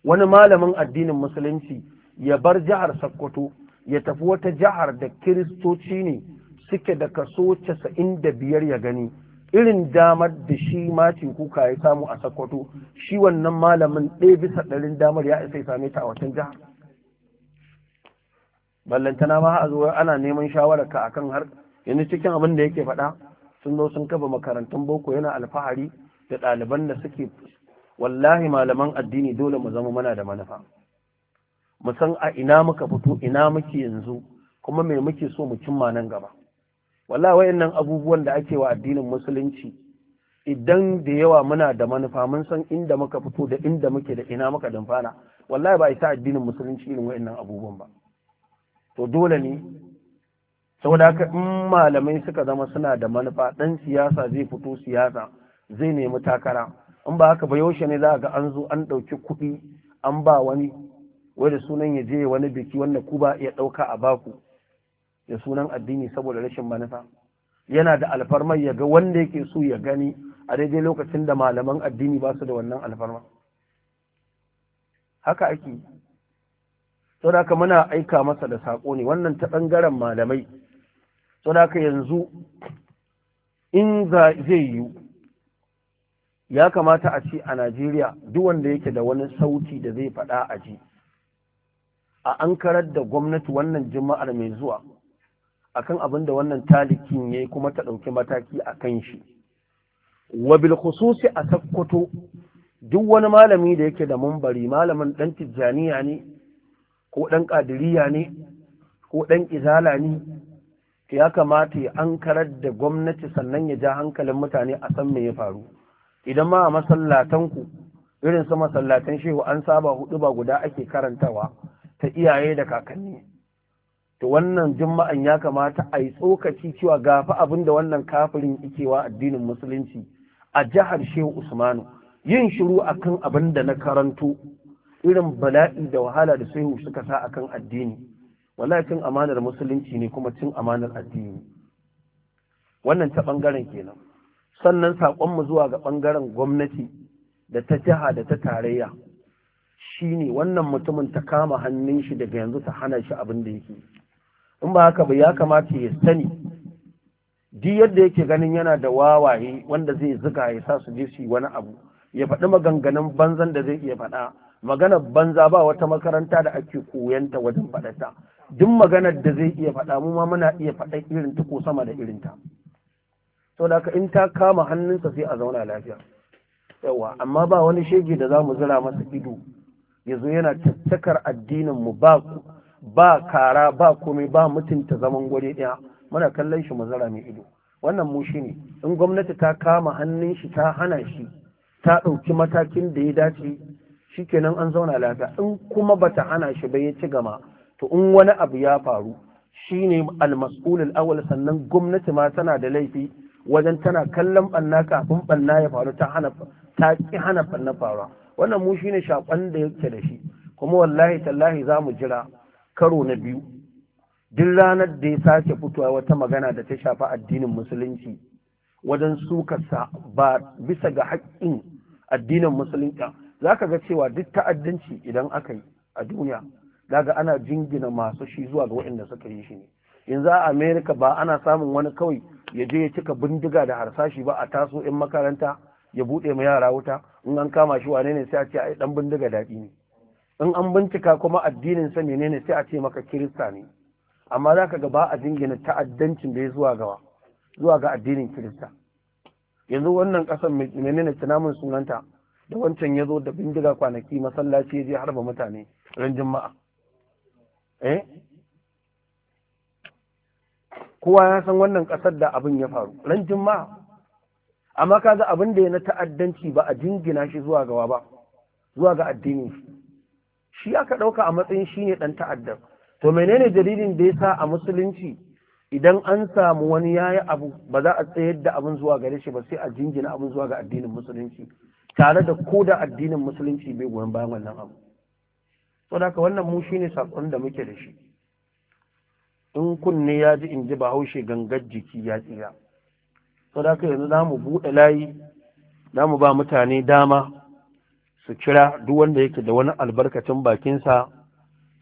wani malamin addinin musulunci ya bar jihar Sokoto ya tafi wata jihar da kiristoci ne suke da kaso casa'in da biyar ya gani irin damar da shi macin kuka ya samu a Sokoto shi wannan malamin ɗaya bisa ɗarin damar ya isa ya same ta a wata jihar ballantana ma a zuwa ana neman shawarar ka akan har yanzu cikin abin da yake faɗa sun zo sun kafa makarantun boko yana alfahari da ɗaliban da suke wallahi malaman addini dole mu zama muna da manufa mu san a ina muka fito ina muke yanzu kuma me muke so mu cimma nan gaba wallahi wayannan abubuwan da ake wa addinin musulunci idan da yawa muna da manufa mun san inda muka fito da inda muke da ina muka dumfana? wallahi ba isa addinin musulunci irin wayannan abubuwan ba to dole ne saboda haka in malamai suka zama suna da manufa dan siyasa zai fito siyasa zai nemi takara in ba haka ba yaushe ne za ga an zo an ɗauki kuɗi an ba wani wai sunan ya je wani biki wanda ku ba ya ɗauka a baku da sunan addini saboda rashin manufa yana da alfarmar ya ga wanda yake so ya gani a daidai lokacin da malaman addini ba su da wannan alfarma haka ake saboda ka muna aika masa da saƙo ne wannan ta ɓangaren malamai saboda ka yanzu in zai yi ya kamata a ce a Najeriya duk wanda yake da wani sauti da zai faɗa a ji a an karar da gwamnati wannan juma'ar mai zuwa a kan abin da wannan talikin ya yi kuma ta ɗauki mataki a kan shi wabil khususi a sakkwato duk wani malami da yake da mumbari malamin ɗan tijjaniya ne ko ɗan ƙadiriya ne ko ɗan izala ne ya kamata ya ankarar da gwamnati sannan ya ja hankalin mutane a san me ya faru idan ma a masallatanku irin su masallatan shehu an saba hudu ba guda ake karantawa ta iyaye da kakanni to wannan juma'an ya kamata a yi tsokaci cewa gafi abin da wannan kafirin ikewa addinin musulunci a jihar shehu usmanu yin shiru akan abin da na karanto irin bala'i da wahala da sai suka sa akan addini wallahi cin amanar musulunci ne kuma cin amanar addini wannan ta bangaren kenan sannan sakon mu zuwa ga ɓangaren gwamnati da ta jiha da ta tarayya shine wannan mutumin ta kama hannun shi daga yanzu ta hana shi abin da yake in ba haka ba ya kamata ya sani duk yadda yake ganin yana da wawaye wanda zai zuga ya sa su je su yi wani abu ya faɗi maganganun banzan da zai iya faɗa maganar banza ba wata makaranta da ake koyanta wajen faɗata duk maganar da zai iya faɗa mu ma muna iya faɗa irin ta ko sama da irin ta sau da in ta kama hannunsa sai a zauna lafiya yawa amma ba wani shege da za mu zira masa ido ya zo yana tattakar addinin mu ba ba kara ba komai ba mutunta zaman gwari ɗaya muna kallon shi mu zira mai ido wannan mu shi ne in gwamnati ta kama hannun shi ta hana shi ta ɗauki matakin da ya dace shikenan an zauna lafiya in kuma bata hana shi ba ya ci gama to in wani abu ya faru shine al-mas'ul sannan gwamnati ma tana da laifi wajen tana kallon banna kafin banna ya faru ta hana ta ki hana banna faruwa wannan mu shine shakon da yake da shi kuma wallahi tallahi za mu jira karo na biyu duk ranar da ya sake fitowa wata magana da ta shafi addinin musulunci wajen sukarsa ba bisa ga haƙƙin addinin musulunci za ka ga cewa duk ta'addanci idan aka yi a duniya daga ana jingina masu shi zuwa ga waɗanda suka yi shi ne yanzu a Amerika ba ana samun wani kawai ya je ya cika bindiga da harsashi ba a taso in makaranta ya buɗe ma yara wuta in an kama shi wane ne sai a ce a ɗan bindiga daɗi ne in an bincika kuma addinin sa ne sai a ce maka kirista ne amma za ka ga ba a jingina ta'addancin da ya zuwa gawa zuwa ga addinin kirista yanzu wannan ƙasar menene tunamin sunanta da wancan ya zo da bindiga kwanaki masallaci ya je harba mutane ran juma'a eh kowa ya san wannan kasar da abin ya faru ran juma'a amma ga abin da ya na ta'addanci ba a jingina shi zuwa gawa ba zuwa ga addini shi aka ɗauka a matsayin shi ne ɗan ta'addar to menene dalilin da ya sa a musulunci idan an samu wani yayi abu ba za a tsayar da abin zuwa gare shi ba sai a jingina abin zuwa ga addinin musulunci tare da ko da addinin musulunci bai goyon bayan wannan abu so da wannan mu shine sakon da muke da shi in kunne ya ji in ji bahaushe gangar jiki ya tsira so da yanzu zamu mu buɗe layi zamu ba mutane dama su kira duk wanda yake da wani albarkacin bakinsa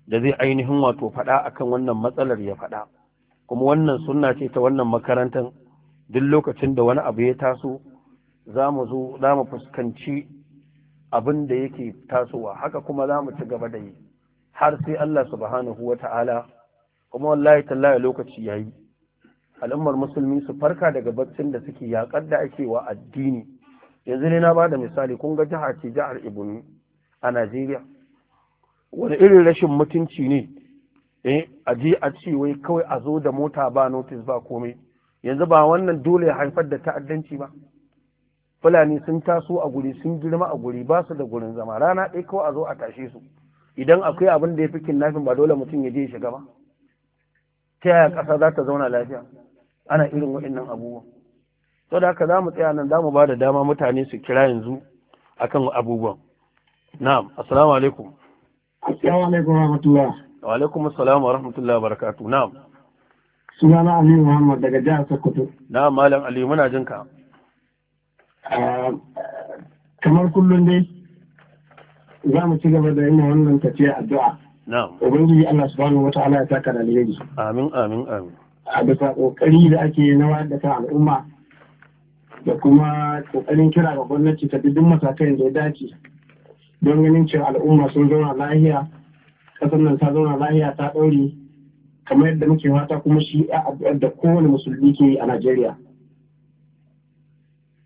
da zai ainihin wato faɗa akan wannan matsalar ya faɗa kuma wannan sunna ce ta wannan makarantar duk lokacin da wani abu ya taso za mu zo za mu fuskanci abin da yake tasowa haka kuma za mu ci gaba da yi har sai Allah subhanahu wa ta'ala kuma wallahi tallahi lokaci ya yi al'ummar musulmi su farka daga baccin da suke yaƙar da ake wa addini yanzu ne na ba da misali kun ga jihar ce jihar ibnu a najeriya wani irin rashin mutunci ne eh a je a ce wai kawai a zo da mota ba notice ba komai yanzu ba wannan dole ya haifar da ta'addanci ba fulani sun taso a guri sun girma a guri ba su da gurin zama rana ɗaya kawai a zo a tashe su idan akwai abin da ya fi kidnapping ba dole mutum ya je ya shiga ba ta yaya ƙasa za ta zauna lafiya ana irin waɗannan abubuwa to da haka za mu tsaya nan za mu ba da dama mutane su kira yanzu akan abubuwan na'am assalamu alaikum assalamu alaikum rahmatullah wa alaikum assalam wa rahmatullah barakatuh na'am sunana aliyu muhammad daga jihar sokoto na'am malam aliyu muna jinka kamar kullum dai za mu ci gaba da yin wannan tafiya addu'a ubangiji Allah subhanahu wataala ya taka da alheri amin amin amin a bisa kokari da ake na wayar da kan al'umma da kuma kokarin kira ga gwamnati ta duk matakai da ya dace don ganin cewa al'umma sun zauna lahiya kasar nan ta zauna lahiya ta ɗaure kamar yadda muke fata kuma shi a da kowane musulmi ke yi a Najeriya.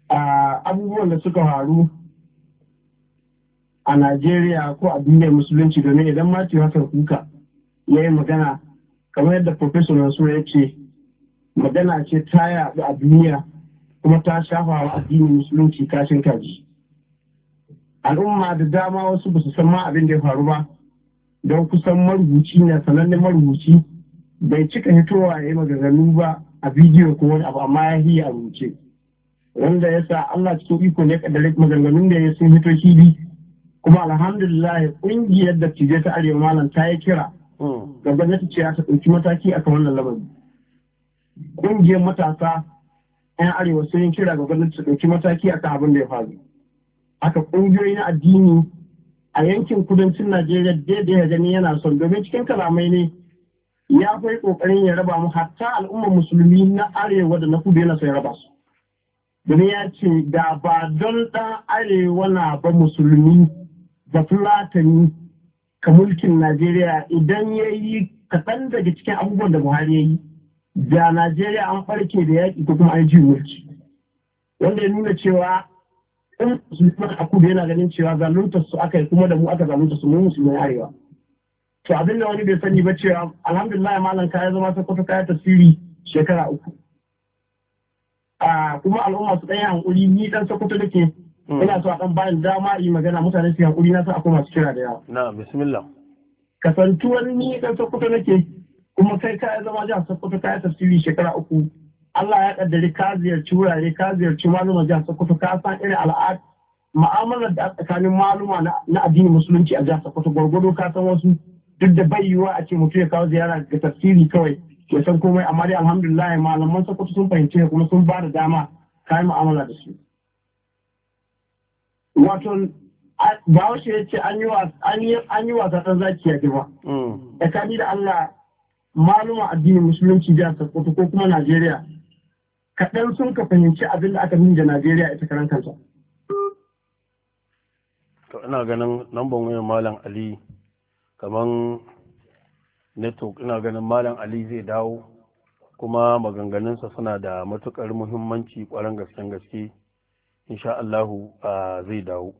abubuwan da suka faru a Najeriya ko a duniyar musulunci domin idan Matthew Hassan Kuka ya yi magana kamar yadda Profesor Mansur ya ce magana ce ta yaɗu a duniya kuma ta shafa wa addinin musulunci kashin kaji. Al'umma da dama wasu ba su san ma abin da ya faru ba don kusan marubuci na sanannen marubuci bai cika hitowa ya yi maganganu ba a bidiyo ko wani abu amma ya yi a rubuce. wanda ya sa Allah cikin iko ne rikin maganganun da ya sun hito shi bi kuma alhamdulillah ƙungiyar da cije ta arewa malam ta yi kira ga gwamnati ce ta ɗauki mataki kan wannan lamari. ƙungiyar matasa 'yan arewa sun yi kira ga gwamnati ta ɗauki mataki kan abin da ya faru aka ƙungiyoyi na addini a yankin kudancin Najeriya daidai ya gani yana son domin cikin kalamai ne ya fai kokarin ya raba mu hatta al'ummar musulmi na arewa da na kudu yana son ya raba su domin ya ce da ba don ɗan arewa na ba musulmi da fulatani ka mulkin najeriya idan ya yi kaɗan daga cikin abubuwan da buhari ya yi da najeriya an farke da yaƙi ko kuma an ji mulki wanda ya nuna cewa in musulman a kudu yana ganin cewa zaluntar su aka yi kuma da mu aka zalunta su mu musulman arewa to abin da wani bai sani ba cewa alhamdulillah malam ya zama ta kwata kaya tasiri shekara uku kuma al'umma su ɗaya hankuri ni dan sokoto nake mm. ina so a ɗan bayan dama yi magana mutane su hankuri na a akwai masu kira da yawa na bismillah kasantuwar ni dan sokoto nake kuma kai ka ya zama jihar sokoto ka yi tafsiri shekara uku Allah ya kaddari ka ziyarci wurare ka ziyarci maluma jihar sokoto ka san irin al'ad ma'amalar da tsakanin maluma na addinin musulunci a jihar sokoto gwargwado ka san wasu duk da bai yiwuwa a ce mutum ya kawo ziyara ga tafsiri kawai ke san komai amma dai alhamdulillah malaman sokoto sun fahimce kuma sun ba da dama kayan yi mu'amala da su wato ba wace ya ce an yi wasa ɗan zaki ya ba mm. kani da allah maluma addinin musulunci jihar sokoto ko kuma najeriya kaɗan sun ka fahimci abin da aka nuna da najeriya ita karan kanta to ina ganin lambar wuyan malam ali kaman network ina ganin malam ali zai dawo kuma maganganunsa suna da matukar muhimmanci ƙwarar gasken gaske insha Allahu zai dawo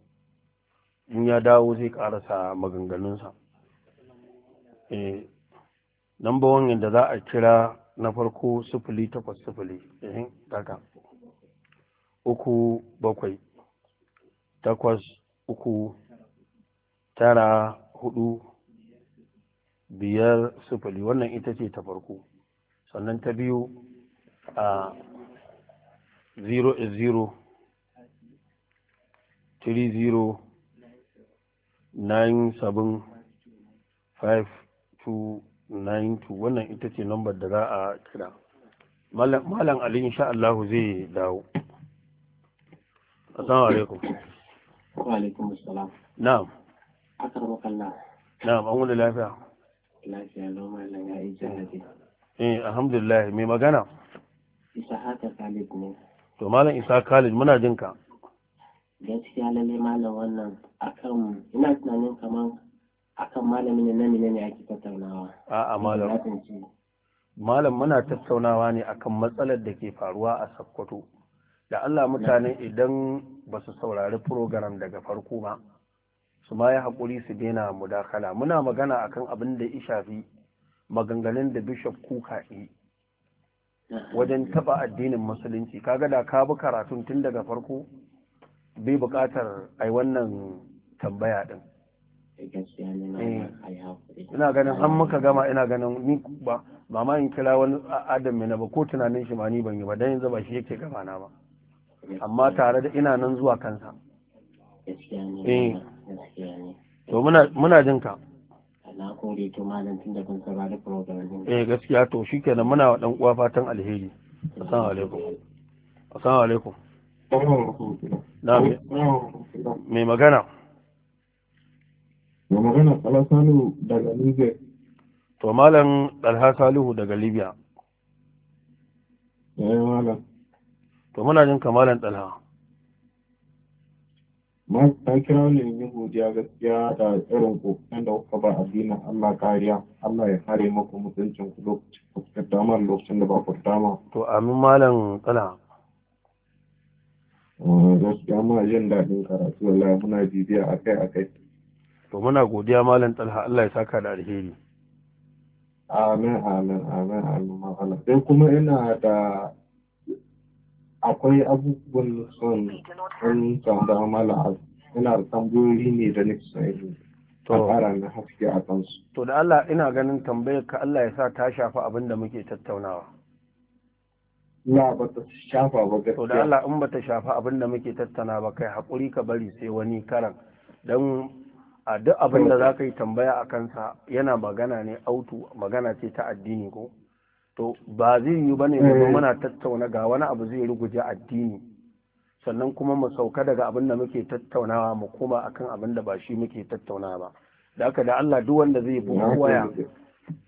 in ya dawo zai karasa maganganunsa eh, number one yadda za a kira na farko sufuli takwas sufuli daga eh, uku bakwai takwas uku tara hudu biyar sufuli wannan ita ce ta farko sannan ta biyu a 0 wannan ita ce lambar da za a kira malam ali insha Allah zai dawo assalamu alaikum wa alaikum assalam na'am akarwa kallah na'am an wani lafiya Eh, alhamdulillah, mai magana? To, Malam Isa Khalid, muna jin ka. tattaunawa. A'a Malam. muna tattaunawa ne akan matsalar da ke faruwa a Sokoto. Da Allah mutane idan ba su saurari program daga farko ba. su ma ya haƙuri su daina mudakala muna magana akan abin da ya shafi maganganun da bishop kuka yi wajen taba addinin musulunci kaga da ka bi karatun tun daga farko bai buƙatar yi wannan tambaya ɗin eh, ina ganin an muka gama ina ganin ni ba ba in kila wani adam na ba ko tunanin shi ma ni ban yi ba dan yanzu ba shi yake gama na ba amma tare da ina nan zuwa kansa eh, to muna muna jin ka na kore to malam tun da kun program eh gaskiya to shikenan muna wa dan uwa fatan alheri assalamu alaikum assalamu alaikum na Me magana magana Salihu daga Libya to malam Dalha Salihu daga Libya eh malam to muna jin kamalan Dalha na kira ne yin godiya gaskiya da irin kokarin da kuka ba addinin Allah kariya Allah ya kare muku mutuncin ku lokacin ku dama lokacin da ba ku dama to amin malam tsala ah, gaskiya ma jin daɗin karatu wallahi muna bibiya akai akai to muna godiya malam talha Allah ya saka da alheri amin amin amin amin malam sai kuma ina da akwai abubuwan son an da mala ina da tambayoyi ne da nake son yi to na haske a kansu to da Allah ina ganin tambayar ka Allah ya sa ta shafa abin da muke tattaunawa na ba ta shafa ba gaskiya to da Allah in ba ta shafa abin da muke tattauna ba kai hakuri ka bari sai wani karan dan a duk abin da za ka yi tambaya a kansa yana magana ne autu magana ce ta addini ko to ba zai yi ba ne eh. muna tattauna ga wani abu zai ruguje addini sannan kuma mu sauka daga abin da muke tattaunawa mu koma akan abin da ba shi muke tattaunawa ba da haka da Allah duk wanda zai bu waya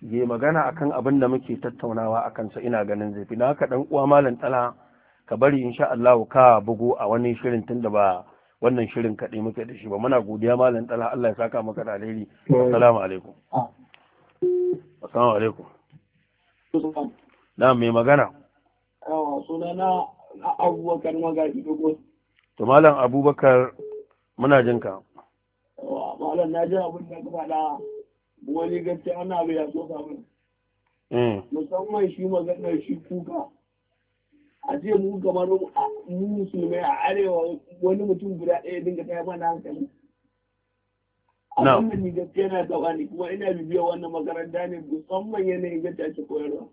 yayi magana akan abin da muke tattaunawa akan sa ina ganin zai fi na haka dan uwa malam tsala ka bari insha Allah ka bugu a wani shirin tunda ba wannan shirin kaɗai muke da shi ba muna godiya malam tsala Allah ya saka maka da alheri eh. assalamu alaikum ah. assalamu alaikum na mai magana sunana abubakar magaji dogo to malam abubakar muna jin ka malam na ji abin da ka faɗa wani gaske ana bai ya so samun. Eh. musamman shi maganar shi kuka a ce mu kamar mu musulmai a arewa wani mutum guda ɗaya dinga ta yi mana hankali abin da ni gaske yana taɓa ni kuma ina bibiyar wannan makaranta ne musamman yanayin yadda ake koyarwa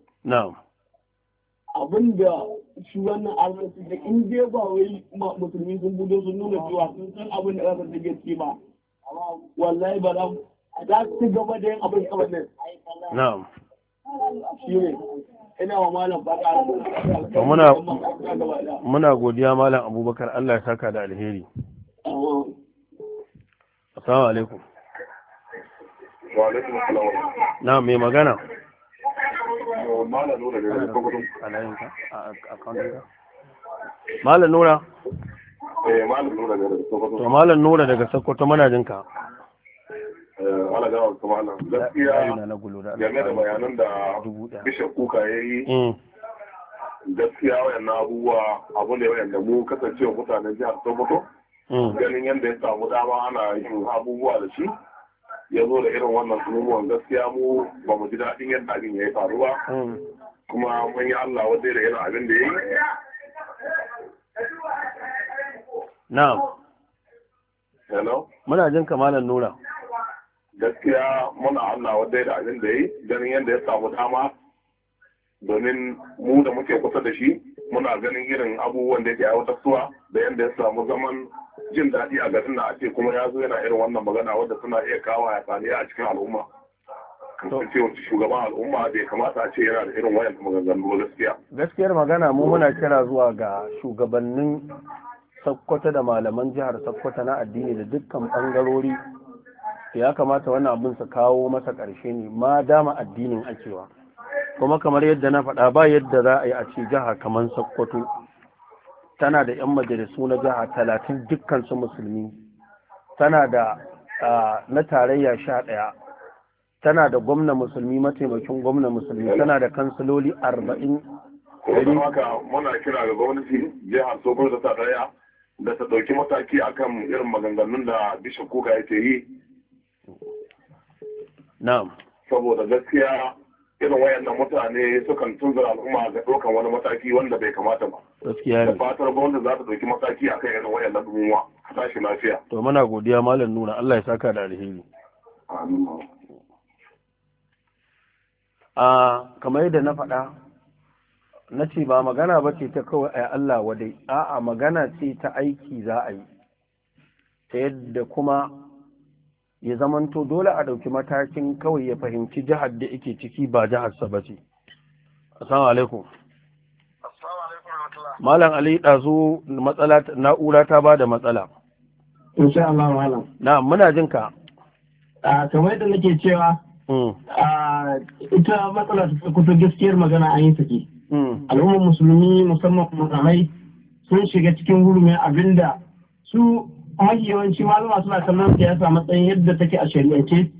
abin da shi wannan arziki da in dai ba wai musulmi sun budo sun nuna cewa sun san abin da ƙasar take ci ba wallahi ba za su gaba da yin abin kamar nan na'am shi ne ina wa malam fata to muna muna godiya malam abubakar Allah ya saka da alheri assalamu alaikum na mai magana malam nura to eh, malam nura daga sokoto mana jinka ala gaskiya game da bayanan da kuka ya yi mm. gaskiya wayan abubuwa abu ne wayan da mu kasancewa mutanen jihar sokoto mm. ganin yadda ya samu dama ana yin abubuwa da shi ya zo da irin wannan sunubuwan gaskiya mu ba mu ji daɗin yadda abin ya yi faruwa hmm. kuma mun yi Allah wajen da irin abin da ya yi na'am hello muna jin kamalan nura gaskiya muna Allah wajen da abin da ya yi ganin yadda ya samu dama domin mu da muke kusa da shi muna ganin irin abubuwan da yake suwa, da yadda ya samu zaman jin daɗi a garin na a ce kuma ya zo yana irin wannan magana wadda suna iya kawo ya sani a cikin al'umma kasancewar shugaban al'umma bai kamata a ce yana da irin wayan maganganu gaskiya gaskiyar magana mu muna kira zuwa ga shugabannin sakkwata da malaman jihar sakkwata na addini da dukkan bangarori ya kamata wannan abin su kawo masa ƙarshe ne ma dama addinin akewa kuma kamar yadda na faɗa ba yadda za a yi a ce jiha kamar sakkwato tana da 'yan majalisu na jiha talatin su musulmi tana da na tarayya sha ɗaya tana da gwamna musulmi mataimakin gwamna musulmi tana da kansiloli arba'in ɗari haka muna kira ga gwamnati jihar da ta tarayya da ta ɗauki mataki akan irin maganganun da bishop kuka yake yi na'am saboda gaskiya irin wayannan mutane sukan tunza al'umma ga ɗaukan wani mataki wanda bai kamata ba. Gaskiya ne. Da fatar gwamnati za ta ɗauki mataki a kan irin wayannan ɗumuwa a tashi lafiya. To muna godiya malam nuna Allah ya saka da alheri. Amin. Ah, kamar yadda na faɗa na ce ba magana ba ce ta kawai a Allah wadai a'a magana ce ta aiki za a yi ta yadda kuma ya zamanto dole a ɗauki matakin kawai ya fahimci jihar da yake ciki ba jihar sa ba ce. Assalamu alaikum. Malam Ali ɗazu matsala na'ura ta ba da matsala. Insha Allah malam. Na muna jin ka. kamar yadda nake cewa hmm. ita matsala ta kusa gaskiyar magana an yi saki. Hmm. Al'ummar musulmi musamman musulmai sun shiga cikin hurumin abinda su mafi yawanci malama suna kallon siyasa matsayin yadda take a shari'ance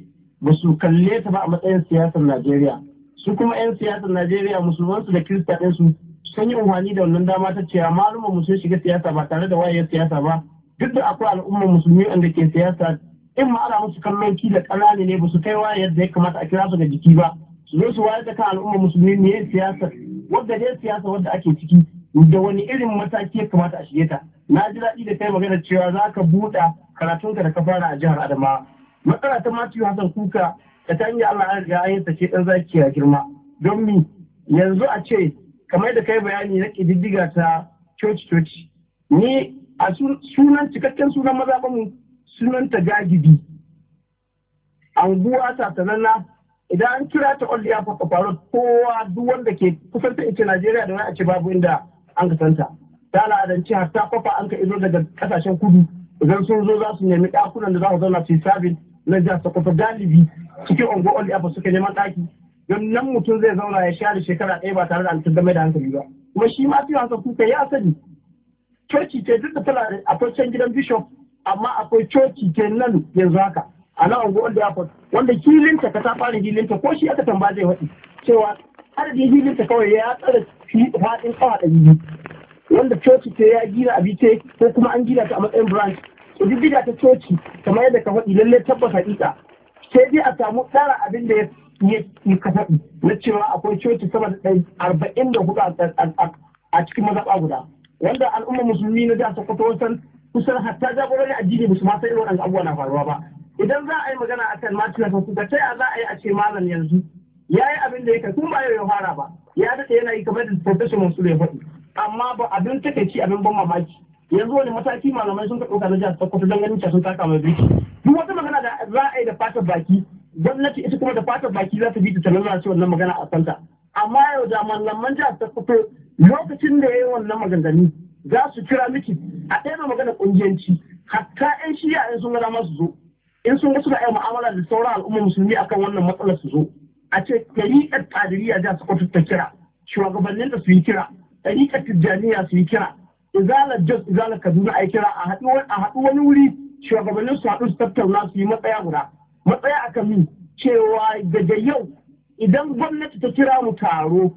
ba su kalle ta ba a matsayin siyasar Najeriya. Su kuma 'yan siyasar Najeriya musulmansu da kirista su sun yi umarni da wannan dama ta cewa malumar mu sun shiga siyasa ba tare da wayar siyasa ba duk da akwai al'ummar musulmi wanda ke siyasa in ma ana musu kallon ki da ƙanani ne ba su kai wayar yadda ya kamata a kira su ga jiki ba su zo su wayar da kan al'ummar musulmi ne siyasa wadda dai siyasa wadda ake ciki da wani irin mataki ya kamata a shige ta na ji daɗi da kai magana cewa za ka buɗa karatunka da ka fara a jihar adamawa matsala ta matiyu hassan kuka da ta hanyar allah an riga an ce ɗan zaki ya girma don mi yanzu a ce kamar da kai bayani na ƙididdiga ta coci coci ni a sunan cikakken sunan mu sunan ta gagibi anguwa sasanana idan an kira ta olli ya faɗa kowa duk wanda ke kusan ta ita najeriya da wani a ce babu inda an ka santa ta har ta kwafa an ka izo daga kasashen kudu idan sun zo za su nemi ɗakunan da za su zauna su yi sabin na jihar sokoto galibi cikin ungo oli abu suka neman ɗaki don nan mutum zai zauna ya share shekara ɗaya ba tare da an game da hankali ba kuma shi ma fiye haka kuka ya sani coci ce duk da tana akwai can gidan bishop amma akwai coci ke nan yanzu haka a nan ungo oli abu wanda hilinta ka ta fara hilinta ko shi aka tambaya zai faɗi cewa adadin hilinta kawai ya tsara faɗin ƙawa ɗari biyu wanda coci ce ya gina a bice ko kuma an gina ta a matsayin branch ƙididdiga ta coci kamar yadda ka faɗi lallai tabbas haƙiƙa sai dai a samu tsara abin da ya ka faɗi na cewa akwai coci sama da ɗari arba'in da hudu a cikin mazaɓa guda wanda al'ummar musulmi na da sokoto wasan kusan hatta jagorori addini musu ma sai irin wannan abubuwa na faruwa ba idan za a yi magana a akan matan da ta za a yi a ce malam yanzu ya yi abin da ya kai kuma ba yau ya fara ba ya daɗe yana yi kamar da professor Mansur ya faɗi amma ba abin ci abin ban mamaki yanzu wani mataki malamai sun ka ɗauka na jihar Sokoto don ganin sun taka mai biki duk wata magana da za a yi da fatar baki gwamnati ita kuma da fatar baki za ta bi ta talalla ce wannan magana a santa amma yau da malaman jihar Sokoto lokacin da ya yi wannan maganganu za su kira miki a ɗaya magana ƙungiyanci hatta ƴan shi'a in sun gada masu zo in sun ga suna yi mu'amala da sauran al'ummar musulmi akan wannan matsalar su zo a ce tariƙar ƙadiriya za su kwatu ta kira shugabannin da su yi kira tariƙar tijjaniya su yi kira izalar jos izalar kaduna a yi kira a haɗu wani wuri shugabannin su haɗu su tattauna su yi matsaya guda matsaya a kami cewa daga yau idan gwamnati ta kira mu taro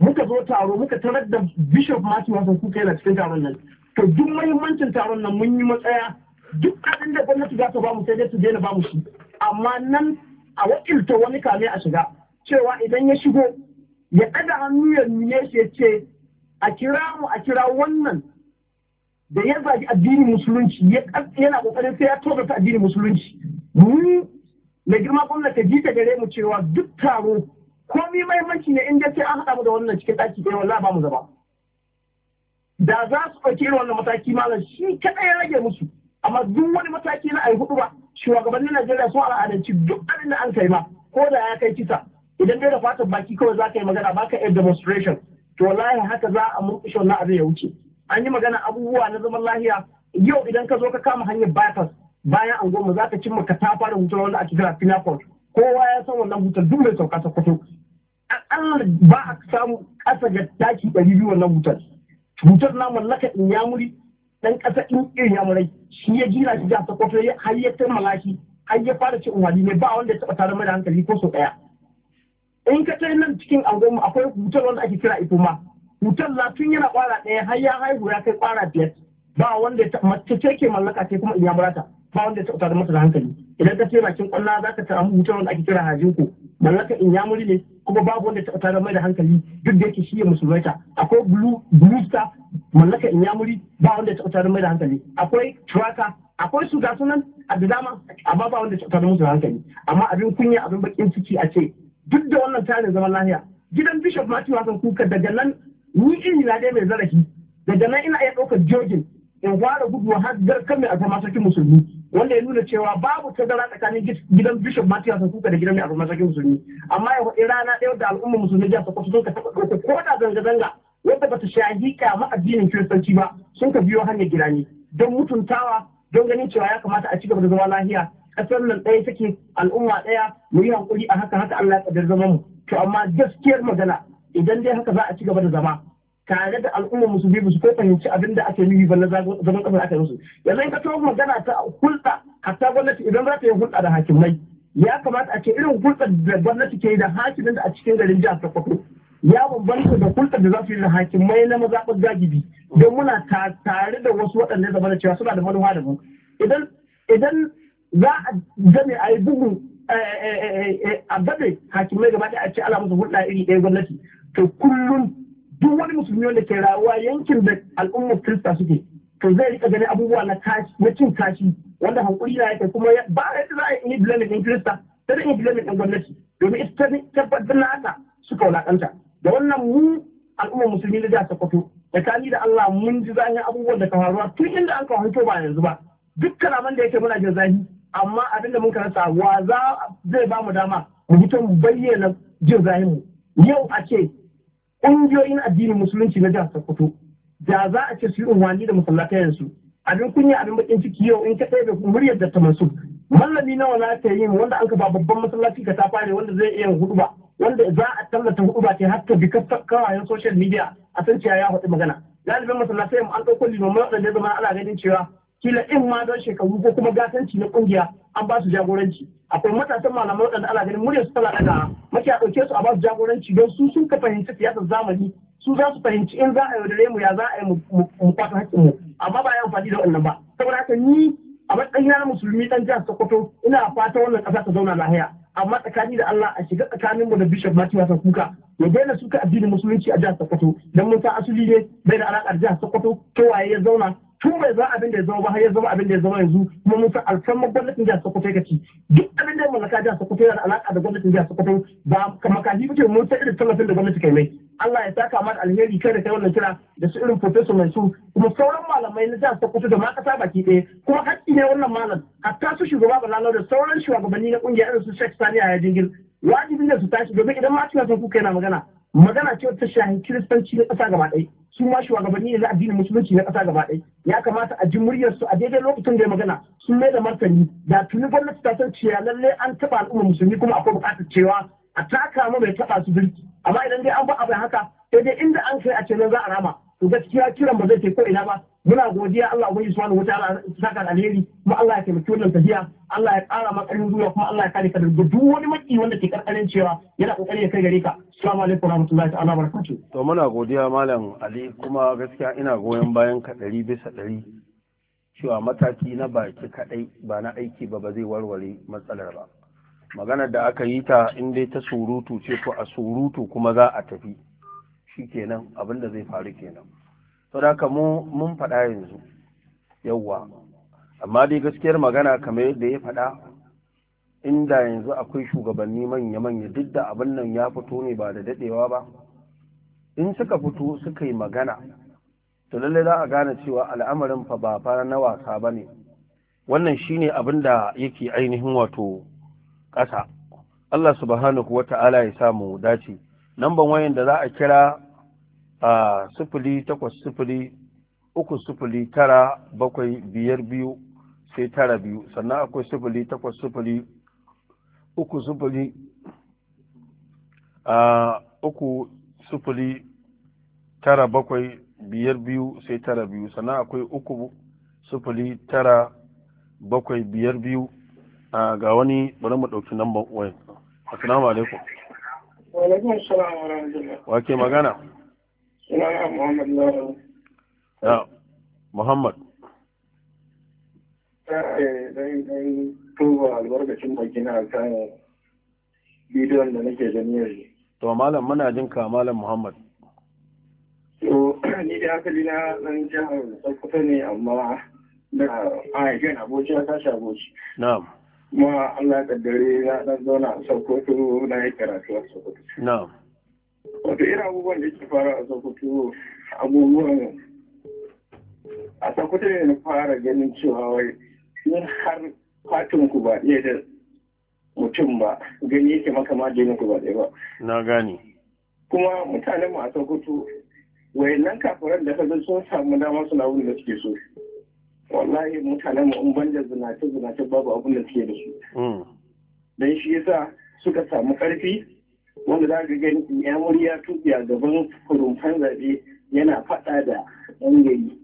muka zo taro muka tarar da bishop masu masu kuka yana cikin taron nan to duk mahimmancin taron nan mun yi matsaya duk abin da gwamnati za ta ba mu sai dai su daina ba mu shi amma nan a wakilta wani kame a shiga cewa idan ya shigo ya ɗaga hannu ya nune shi ya ce a kira mu a kira wannan da ya zagi addinin musulunci yana kokarin sai ya tobe ta addinin musulunci mu da girma gwamnati ta jita gare mu cewa duk taro ko mi mahimmanci ne inda sai an haɗa mu da wannan cikin ɗaki ɗaya wallahi ba mu zama da za su ɗauki irin wannan mataki malam shi kaɗai ya rage musu amma duk wani mataki na ayi hudu ba shugabannin Najeriya sun al'adanci duk abin da an kai ma ko da ya kai kisa idan dai da fatan baki kawai za ka yi magana ba ka yi demonstration to wallahi haka za a murƙushe wannan abin ya wuce an yi magana abubuwa na zaman lahiya yau idan ka zo ka kama hanyar bypass bayan an goma za ka cimma ka ta da hutar wanda ake kira pinafort kowa ya san wannan hutar duk mai sauka ta kwato Allah ba a samu kasa ga taki ɗari biyu wannan hutar hutar na mallaka in muri dan ƙasa in irin yamurai shi ya gina shi jihar ta har ya hayyata shi har ya fara cin wani ne ba wanda ya taɓa tare mai da hankali ko so ɗaya in ka tare nan cikin angonmu akwai hutar wanda ake kira ifoma hutar tun yana kwara ɗaya har ya haihu ya kai kwara biyar ba wanda ya mace ce ke mallaka ce kuma iyamurata ba wanda ya taɓa tare mata da hankali idan ka tai bakin kwalla za ka samu hutar wanda ake kira hajinko don haka in ya ne kuma babu wanda ta tara mai da hankali duk da yake shi ya musulmai ta akwai blue star mallaka in ya muri ba wanda ta tara mai da hankali akwai tracker akwai su ga sunan a da dama amma ba wanda ta tara musu hankali amma abin kunya abin bakin ciki a ce duk da wannan tarin zaman lafiya gidan bishop Matthew Hassan kuka daga nan ni iri na dai mai zarafi daga nan ina iya ɗaukar jogin in fara guduwa har garkar mai a masaukin musulmi wanda ya nuna cewa babu tazara tsakanin gidan bishop Matiya sun kuka da gidan mai al'umma sarkin musulmi amma ya faɗi rana ɗaya da al'umma musulmi saka su kwasu sun ka ko da zanga-zanga Wanda ba su shahi kama addinin kiristanci ba sun ka biyo hanyar gidani don mutuntawa don ganin cewa ya kamata a ci gaba da zama lahiya ƙasar nan ɗaya take al'umma ɗaya mu yi hankuri a haka haka Allah ya ƙaddar zama mu to amma gaskiyar magana idan dai haka za a ci gaba da zama tare da al'ummar musu ba su ko fahimci abin da ake nufi balle zaman kasar aka yi musu yanzu in ka tawo magana ta hulɗa hatta gwamnati idan za ta yi hulɗa da hakimai ya kamata a ce irin hulɗar da gwamnati ke yi da hakimin da a cikin garin jihar Sokoto ya bambanta da hulɗa da za su yi da hakimai na mazaɓar gagibi don muna tare da wasu waɗanda ya zama cewa suna da manufa da mu idan idan za a gane a yi bugu eh, eh, eh, a bade hakimai gaba ɗaya a ce ala musu hulɗa iri ɗaya gwamnati to kullum duk wani musulmi wanda ke rayuwa yankin da al'ummar kirista suke to zai rika ganin abubuwa na tashi na cin kashi wanda hankuri na yake kuma ba yadda za a yi blaming ɗin kirista sai da implement ɗin gwamnati domin ita tabbatar na haka suka wulaƙanta da wannan mu al'ummar musulmi na jihar Sokoto da kani da Allah mun ji a abubuwan da ka faruwa tun inda an kawo hito ba yanzu ba duk kalaman da yake muna jin zafi, amma abin da mun karanta wa za zai ba mu dama mu fito mu bayyana jin zahin mu yau a ce ƙungiyoyin addinin musulunci na jihar Sokoto da za a ce su yi unwani da masallatayansu. abin kunya abin bakin ciki yau in ka ku muryar da ta masu mallami nawa na ta yi wanda an ka ba babban masallaci ka ta fare wanda zai iya huduba wanda za a tallata huduba ta har ta bi kawayen social media a san cewa ya faɗi magana galibin masallatayen an ɗauko limamai waɗanda zama ana ganin cewa kila in ma don shekaru ko kuma gatanci na kungiya an ba su jagoranci akwai matasan malamai waɗanda ana ganin muryar su tana daga maki a ɗauke su a ba su jagoranci don su sun ka fahimci siyasar zamani su za su fahimci in za a yaudare mu ya za a yi mu kwata haƙƙin mu amma ba ya amfani da wannan ba saboda haka ni a matsayina na musulmi ɗan jihar Sokoto ina fata wannan ƙasa ta zauna lahiya amma tsakani da Allah a shiga tsakanin mu da Bishop Matthew Hassan Kuka ya daina suka addinin musulunci a jihar Sokoto dan mun san asali ne bai da alaƙar jihar Sokoto to waye ya zauna tun bai zama abin da ya zama ba har ya zama abin da ya zama yanzu kuma mun san alfarmar gwamnatin jihar Sokoto ya kaci duk abin da mallaka jihar Sokoto yana da alaka da gwamnatin jihar Sokoto ba kamakashi mutum mun san irin tallafin da gwamnati kai mai Allah ya saka mata alheri kai da kai wannan kira da su irin professor su kuma sauran malamai na jihar Sokoto da ma kasa baki ɗaya kuma haƙƙi ne wannan malam hatta su shugaba Balalo da sauran shugabanni na kungiya irin su Sheikh Sani ya jingil wajibi ne su tashi domin idan ma cikin kuka yana magana magana ce ta shahin kiristanci na ƙasa gaba ɗaya su ma shugabanni ne na addinin musulunci na ƙasa gaba ɗaya ya kamata a ji muryar su a daidai lokacin da ya magana sun mai da martani da tuni gwamnati ta san cewa lallai an taɓa al'ummar musulmi kuma akwai buƙatar cewa a taka ma mai taɓa su birki amma idan dai an ba abin haka sai dai inda an kai a ce nan za a rama gaskiya kiran ba zai kai ko ina ba muna godiya Allah ubangi subhanahu wataala saka alheri kuma Allah ya taimaki wannan tafiya Allah ya ƙara maka ƙarfin gwiwa kuma Allah ya kare ka daga duk wani maki wanda ke karkarin cewa yana kokari ya kai gare ka assalamu alaikum warahmatullahi ta'ala barakatuh to muna godiya malam Ali kuma gaskiya ina goyon bayan ka ɗari bisa ɗari cewa mataki na baki kaɗai ba na aiki ba ba zai warware matsalar ba maganar da aka yi ta in dai ta surutu ce ko a surutu kuma za a tafi shi kenan abin da zai faru kenan to da mu mun faɗa yanzu yawwa amma dai gaskiyar magana kamar yadda ya faɗa inda yanzu akwai shugabanni manya-manya duk da abin nan ya fito ne ba da daɗewa ba in suka fito suka yi magana to lallai za a gane cewa al'amarin fa ba fa na wasa ba ne wannan shine abin da yake ainihin wato ƙasa Allah subhanahu wa ta'ala ya samu dace ban wayan da za a kira a sifili takwas sufuri uku sufuri tara bakwai biyar biyu sai tara biyu sannan akwai sufuri takwas sufuri uku sufuri uku sifili tara bakwai biyar biyu sai tara biyu sannan akwai uku sufuri tara bakwai biyar biyu a ga wani bari mu ɗauki lambar wayan assalamu alaikum wa alaikum assalam wa rahmatullah wa ke magana Sunana Muhammad Lawal. Ya, albarkacin bakina kan bidiyon da da To malam muna jin ka malam Muhammad. To ni da asali na nan jihar Sokoto ne amma da aikin aboci ta tashi aboci. Na'am. Allah ya kaddare na dan zauna a Sokoto na yi karatu a Sokoto. Na'am. wato irin abubuwan yake fara a sokoto abubuwan a sokoto ne na fara ganin cewa wai in har fatin ku ba ɗaya da mutum ba gani yake maka ku ba ɗaya ba na gane kuma mutanen mu a sokoto nan kafiran da kaga sun samu dama suna abin da suke so wallahi mutanen mu in banjar zinace zinace babu abin da suke da su mm. dan shi yasa suka samu ƙarfi wanda za ka gani ya murya tuki a gaban rumfan zaɓe yana faɗa da ɗan gari.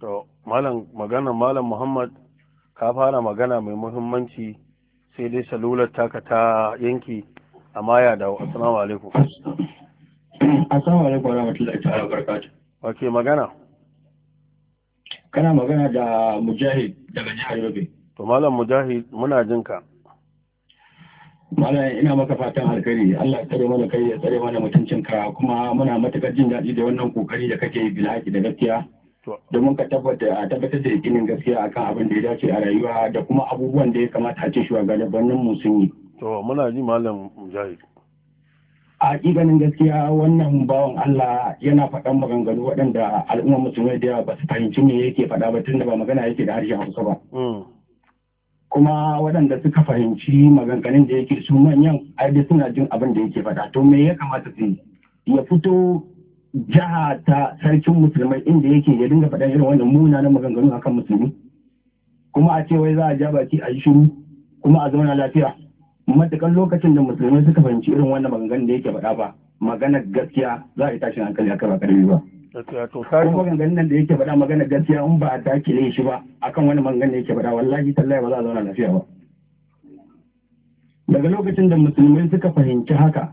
To, malam magana malam Muhammad ka fara magana mai muhimmanci sai dai salular taka ta yanki a maya da assalamu alaikum assalamu alaikum wa rahmatullahi ta'ala barakatuh wake magana kana magana da mujahid daga jihar yobe to malam mujahid muna jinka mana ina maka fatan alkhairi Allah ya tsare mana kai ya tsare mana mutuncinka kuma muna matukar jin daɗi da wannan kokari da kake haƙi da gaskiya domin ka tabbata a tabbatar da yakinin gaskiya akan abin da ya dace a rayuwa da kuma abubuwan da ya kamata a ce shugabannin mu sun yi to muna ji malam mujahid a ganin gaskiya wannan bawan Allah yana faɗan maganganu waɗanda al'ummar musulmai da yawa ba su fahimci me yake faɗa ba tunda ba magana yake da harshen Hausa ba hmm. kuma waɗanda suka fahimci maganganun da yake su manyan dai suna jin abin da yake faɗa to me ya kamata su yi ya fito jiha ta sarkin musulmai inda yake ya dinga faɗan irin wannan munanan maganganu akan musulmi kuma a ce wai za a ja baki a yi shiru kuma a zauna lafiya Matakan lokacin da musulmai suka fahimci irin wannan maganganun da yake faɗa ba maganar gaskiya za a yi tashin hankali a ba karfi ba kuma gangan nan da yake faɗa magana gaskiya in ba a dakile shi ba akan wani mangan da yake faɗa wallahi tallahi ba za a zauna lafiya ba daga lokacin da musulmai suka fahimci haka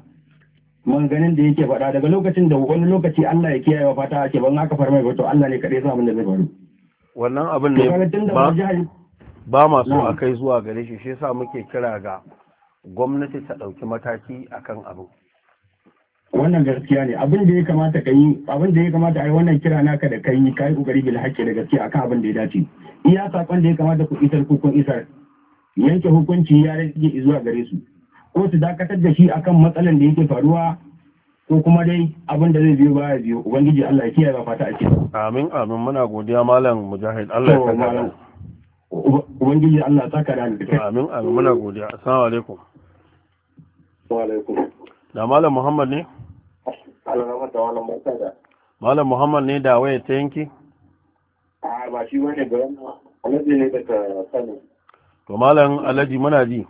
manganin da yake faɗa daga lokacin da wani lokaci Allah ya kiyaye wa fata ake ban haka farmai ba to Allah ne kaɗai sa abin da zai faru wannan abin ne ba ba ma so a kai zuwa gare shi shi yasa muke kira ga gwamnati ta ɗauki mataki akan abu. wannan gaskiya ne abin da ya kamata ka yi abin da ya kamata ai wannan kira naka da kai yi kai kokari bil haƙƙi da gaskiya akan abin da ya dace iya sakon da ya kamata ku isar ku kun isar yanke hukunci ya rage zuwa gare su ko su dakatar da shi akan matsalan da yake faruwa ko kuma dai abin da zai biyo baya biyo ubangiji Allah ya kiyaye ba fata ake amin amin muna godiya malam mujahid Allah ya saka ubangiji Allah ya saka da amin amin muna godiya assalamu alaikum wa alaikum da malam muhammad ne Malam Muhammad ne da waya ta yanki? A ba shi wani ga alaji ne daga sani. To malam alaji muna ji.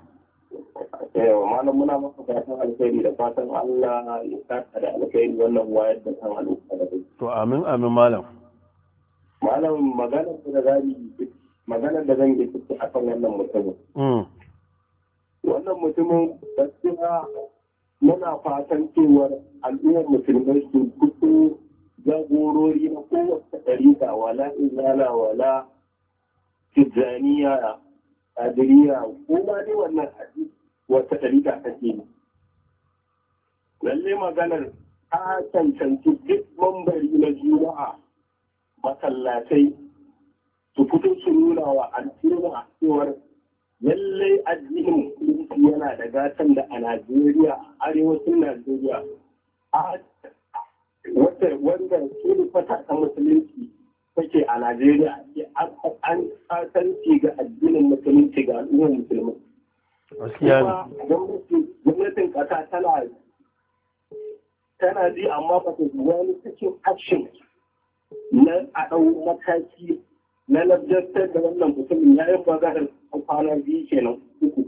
Yau malam muna maka fatan alkhairi da fatan Allah ya saka da alkhairi wannan wayar da kan al'umma To amin amin malam. Malam maganar da zari maganar da zan yi akan wannan mutumin. Mm. Wannan mutumin gaskiya muna fatan cewar al'ummar musulmai su fito jagorori na kowace ɗariƙa wala izala wala tijjaniya adiriya ko ma dai wannan wata ɗariƙa kake ne lalle maganar ta cancanci duk mambari na juma'a masallatai su fito su nuna wa al'umma cewar lallai addinin musulunci yana da gatan da a Najeriya a arewacin Najeriya a wata wanda ke fata ta musulunci take a Najeriya an tsatanci ga addinin musulunci ga al'ummar musulmi. Gwamnatin ƙasa tana tana ji amma ba ta ni cikin action na a ɗau mataki na lafjartar da wannan mutumin ya yi maganar kwana biyu kenan uku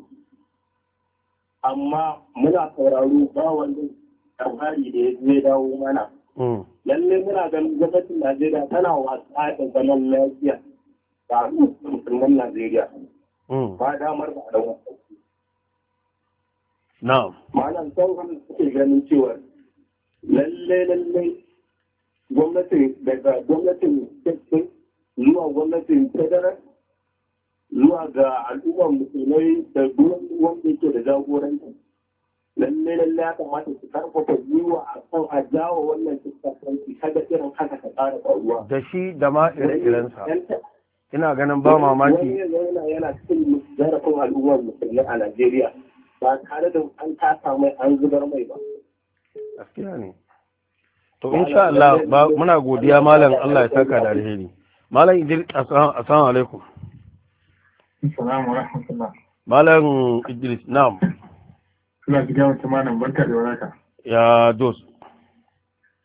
amma muna sauraro ba wani labari da ya zai dawo mana hmm. lalle muna ganin gwamnatin najeriya tana wasa da zaman lafiya da al'ummar musulman najeriya hmm. ba damar ba da wasu na'am son sauran suke ganin cewa lalle lalle gwamnatin daga gwamnatin state zuwa gwamnatin federal zuwa ga al'ummar musulmai da duk wanda yake da jagoranci lallai lallai ya kamata su karfafa gwiwa a kan a jawo wannan cikakkanci kada irin haka ka tsara faruwa da shi da ma ire-irensa ina ganin ba mamaki yana yana cikin zarafin al'ummar musulmai a Najeriya ba tare da an kasa mai an zubar mai ba gaskiya ne to insha Allah muna godiya malam Allah ya saka da alheri malam Idris assalamu alaikum Malam Idris, na'am. Suna shiga wata malam barka da waraka. Ya dos.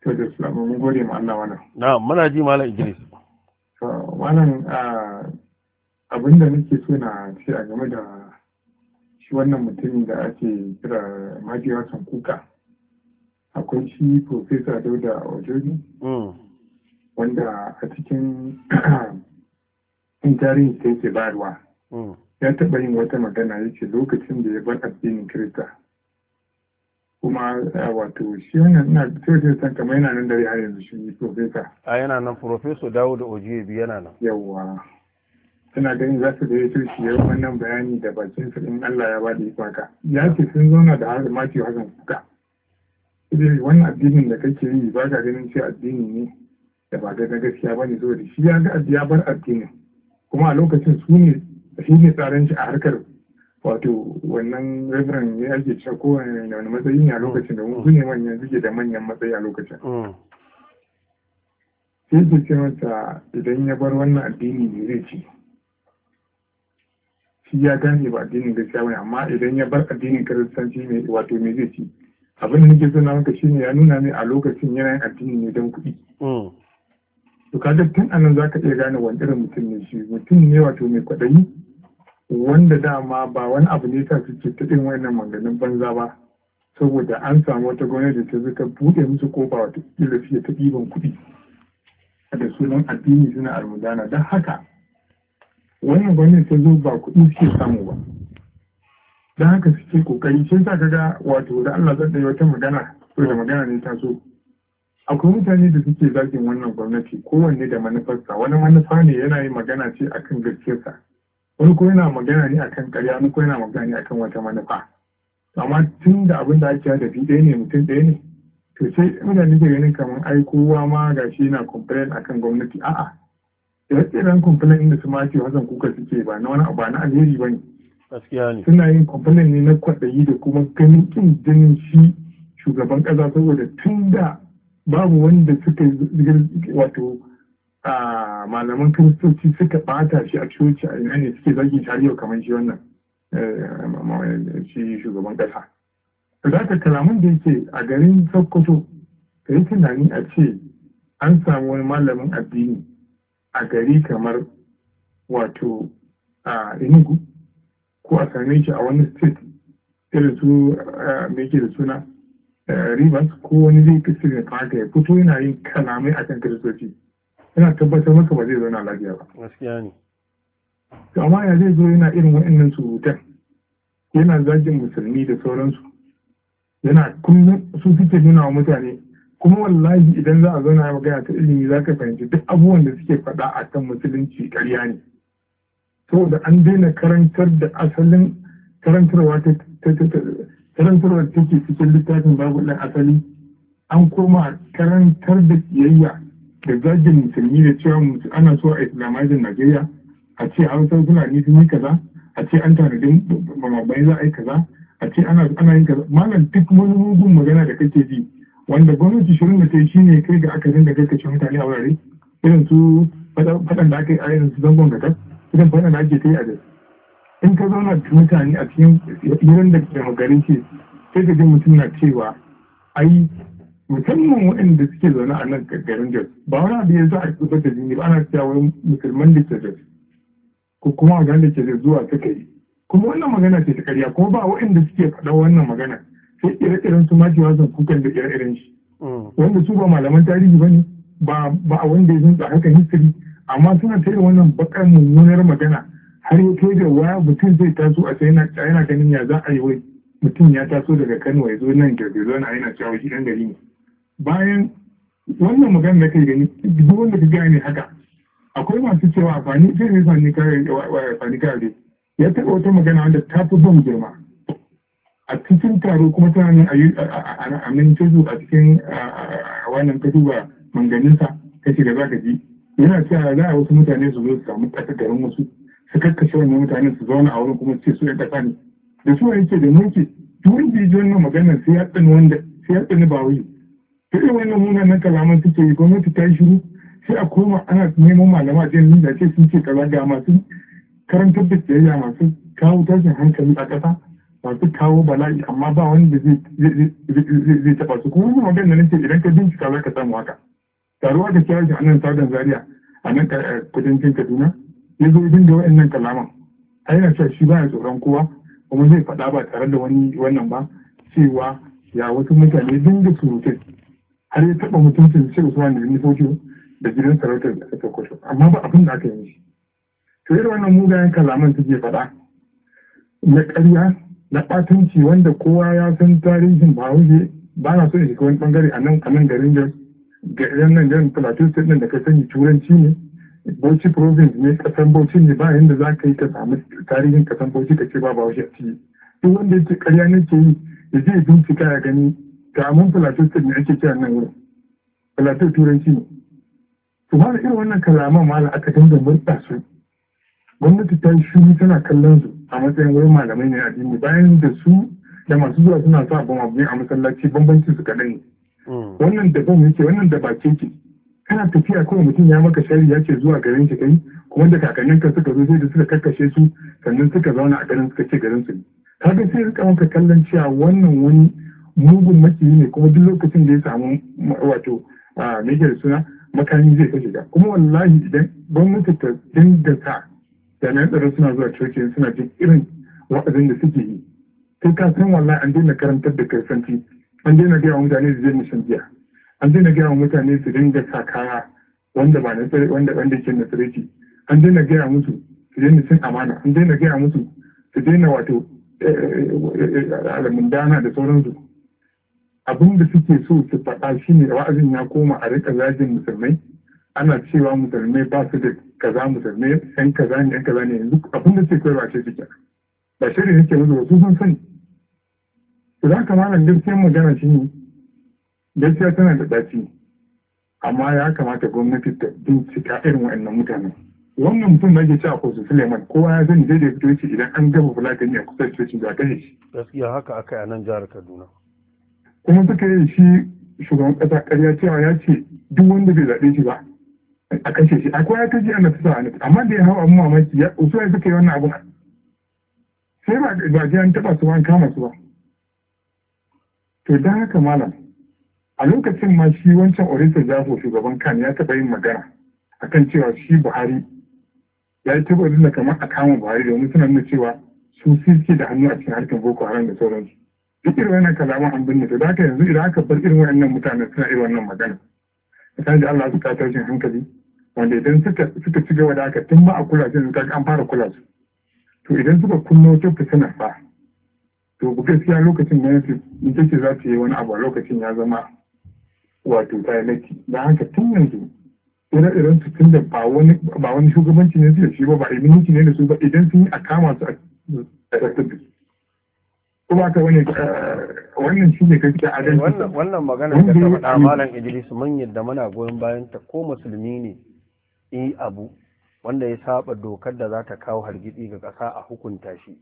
To da sulamu mun gode ma Allah wannan. Na'am, muna ji malam Idris. Malam abin da nake so na ce a game da shi wannan mutumin da ake kira Majiya kuka, Akwai shi Profesa Dauda Ojoji. Mm. Wanda a cikin tarihi sai ke bayarwa. Mm. ya taɓa yin wata magana ya ce lokacin da ya bar addinin kirista kuma wato shi wannan ina san kamar yana nan dare har yanzu shi ne profesa a yana nan profesa Dawud da yana nan yawwa tana ganin za su da ya shi ya wannan bayani da bakin su in Allah ya bada da haka ya ce sun zauna da har Matthew Hassan kuka idan wannan addinin da kake yi ba ka ganin cewa addini ne da ba ga gaskiya ba bane saboda shi ya ga ya bar addinin kuma a lokacin su ne shi ne shi a harkar wato wannan reverend ne ake cewa kowane wani matsayi ne a lokacin da su ne manyan suke da manyan matsayi a lokacin mm. sai ke ce mata idan ya bar wannan addini ne zai ce shi ya gane ba addinin gaskiya bane amma idan ya bar addinin kiristanci ne wato me zai ci abin da nake suna maka shine ya nuna ne a lokacin yana yin addini ne don kuɗi mm. to ka ga tun anan za ka iya gane wani irin mutum ne shi mutum ne wato mai kwaɗayi wanda dama ba wani abu ne ta su taɗin wannan maganin banza ba saboda an samu wata gwamnati ta zuka buɗe musu kofa wata kila fiye ta ɗiban kuɗi da sunan addini suna almudana don haka wannan gwamnati ta zo ba kuɗi suke samu ba don haka suke kokari sun sa kaga wato da Allah zai wata magana ko da magana ne ta so akwai mutane da suke zagin wannan gwamnati kowanne da manufarsa wani manufa ne yana yin magana ce akan gaskiyarsa wani ko yana magana ne akan karya wani ko yana magana ne akan wata manufa amma tun da abin da ake da daya ɗaya ne mutum ɗaya ne to sai ina ke ganin kamar ai kowa ma ga shi yana complain akan gwamnati a'a ire-iren complain inda su ma ce wasan kuka suke ba na wani ba na alheri ba ne gaskiya ne suna yin complain ne na kwaɗayi da kuma ganin kin jinin shi shugaban ƙasa saboda tun da babu wanda suka wato malaman kiristoci suka bata shi a coci a yanayin da suke zagin shari'a kamar shi wannan eh, shi shugaban kasa za ka kalamun da yake a garin sokoto ka yi tunani a ce an samu wani malamin addini a gari kamar wato a enugu ko a same shi a wani state irin su me yake da suna eh, rivers ko wani zai kasir da ya fito yana yin kalamai akan kiristoci yana tabbatar maka ba zai zauna lafiya ba gaskiya ne to amma ya zai zo yana irin waɗannan surutan yana zagin musulmi da sauransu yana kullum su suke nuna wa mutane kuma wallahi idan za a zauna ya magana ta ilimi za ka fahimci duk abubuwan da suke faɗa a kan musulunci ƙarya ne saboda an daina karantar da asalin karantarwa ta karantarwa take cikin littafin babu ɗan asali an koma karantar da kiyayya da zagin musulmi da cewa ana so a da najeriya a ce hausa suna nufin yi kaza a ce an tanadin mamabai za a yi kaza a ce ana yin kaza malam duk wani magana da kake ji wanda gwamnati shirin da ta yi ne kai ga aka dinga karkace mutane a wurare irin su faɗan da aka yi a irin su zangon gatar irin faɗan da ake ta yi a gas in ka zauna da mutane a cikin irin da magarin ce sai ka ji mutum na cewa ai musamman waɗanda suke zaune a nan garin jos ba wani abu yanzu a zubar da jini ba ana cewa wani musulman da ke jos ko kuma a ganin da ke jos zuwa suka yi kuma wannan magana ce ta karya kuma ba waɗanda suke faɗa wannan magana sai ire-iren su maki wasan kukan da ire-iren shi mm. wanda su ba malaman tarihi ba ne ba a wanda ya zunta haka history amma suna ta wannan baƙar mummunar magana har ya kai da waya mutum zai taso a sai yana ganin ya za a yi wai mutum ya taso daga kano ya zo nan zo na yana cewa shi ɗan gari ne bayan wannan magana da kai gani duk wanda ka gane haka akwai masu cewa amfani sai ne fani amfani kare ya taɓa wata magana wanda ta fi ban girma a cikin taro kuma tana ne a nan tuzu a cikin wannan ka duba manganinsa ka da za ka ji yana cewa za a wasu mutane su zo su samu ƙasa garin wasu su kakkashe wannan mutane su zauna a wurin kuma ce su ɗan ƙasa ne da su yake da mulki duk wanda ya ji wannan maganar sai ya tsani wanda sai ya tsani ba wuyi irin wannan munanan kalaman suke yi gwamnati ta yi shiru sai a koma ana neman malama jan da ce sun ce kaza ga masu karantar da masu kawo tashin hankali a ƙasa masu kawo bala'i amma ba wanda zai taɓa su kuma wani magana na ce idan ka bincika za ka samu haka taruwa da kyawun a nan sadan zaria a nan eh, kudancin kaduna ya zo dinga wa'annan kalaman a yana cewa shi baya tsoron kowa kuma zai faɗa ba tare da wani wannan ba cewa ya wasu mutane dinga surutai har ya taɓa mutuncin shi usman da nifoki da gidan sarautar da aka kwashe amma ba abin da aka yi shi to irin wannan mugayen kalaman suke faɗa na ƙarya na ɓatanci wanda kowa ya san tarihin bahaushe ba na so ya shiga wani ɓangare a nan a nan garin jan garin nan jan plateau state da ka sani turanci ne bauchi province ne kasan bauchi ne ba yadda za ka yi ka samu tarihin kasan bauchi ka ce ba bahaushe a ciki duk wanda yake ƙarya nake yi ya je bincika ya gani da mun plateau ne ake cewa nan wurin plateau turanci ne to ma irin wannan kalaman ma da aka dinga su gwamnati ta yi shuru tana kallon su a matsayin wurin malamai ne addini bayan da su da masu zuwa suna sa bama biyu a masallaci bambanci su kaɗan ne hmm. wannan da ban yake wannan da bace ke kana tafiya kawai mutum ya maka shari ya ce zuwa garin ka kai kuma da kakannin ka suka zo sai da suka kakkashe su sannan suka zauna a garin suka ce garin su ne kaga sai rika maka kallon cewa wannan wani mugun makiyi ne kuma duk lokacin da ya samu wato me da suna makami zai kashe ka kuma wallahi idan gwamnati ta dinga sa na tsara suna zuwa coci suna jin irin wa'azin da suke yi sai ka san wallahi an daina karantar da karfanci an daina gaya wa mutane su je mishin biya an daina gaya wa mutane su dinga sa kaya wanda ba na wanda wanda ke nasarci an daina gaya musu su daina cin amana an daina gaya musu su daina wato eh, eh, eh, alamun dana da sauransu abin da suke so su faɗa shi ne wa'azin ya koma a rika zagin musulmai ana cewa musulmai ba su da kaza musulmai yan kaza ne yan kaza ne yanzu abin da suke ba ce suke ba shi ne musu wasu sun sani su za ka malam gaskiyar magana shi ne gaskiya tana da ɗaci amma ya kamata gwamnati ta bincika irin wa'annan mutane. wannan mutum da yake cewa ko su Suleiman kowa ya sani zai da fito idan an gaba fulatani a kusa da cocin za a yi shi gaskiya haka aka yi a nan jihar Kaduna kuma suka yi shi shugaban kasa karya cewa ya ce duk wanda bai zaɓe shi ba a kashe shi akwai ya a ana sa'a a amma da ya hau abin mamaki ya usuwa ya suka yi wannan abin sai ba a ji an taɓa su ba an kama su ba to don haka malam a lokacin ma shi wancan orisa jafo shugaban kan ya taɓa yin magana akan cewa shi buhari ya yi taɓa da kamar a kama buhari domin suna nuna cewa su suke da hannu a cikin harkar boko haram da sauransu duk irin wannan kalaman an binne da haka yanzu idan aka bar irin wannan mutane suna irin wannan magana misali da Allah su ka tashin hankali wanda idan suka suka ci gaba da haka tun ba a kula su kaga an fara kula su to idan suka kunno ta fitina fa to gaskiya lokacin da yake in take za ta yi wani abu lokacin ya zama wato dialect da haka tun yanzu ire iren su tun da ba wani shugabanci ne su da shi ba ba yi ne da su ba idan sun yi a kama su a tattabbi kuma ka wani eh, wannan shi ne ka fita adalci wannan wannan magana da faɗa malam Idris mun yadda muna goyon bayan ta ko musulmi ne eh abu wanda ya saba dokar da za ta kawo hargitsi ga kasa a hukunta shi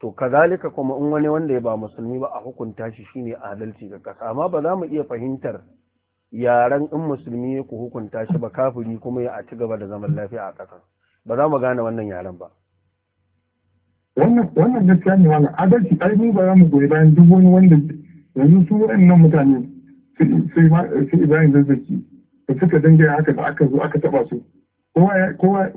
to kazalika kuma in wani wanda ya ba musulmi ba a hukunta shi shine adalci ga kasa amma ba za mu iya fahimtar yaren in musulmi ya ku hukunta shi ba kafiri kuma ya ci gaba da zaman lafiya a ƙasa ba za mu gane wannan yaren ba wannan gaskiya ne wani adalci ai mu ba za mu goyi bayan duk wani wanda yanzu su waɗannan mutane su Ibrahim Zazzaki da suka dinga haka da aka zo aka taba su kowa kowa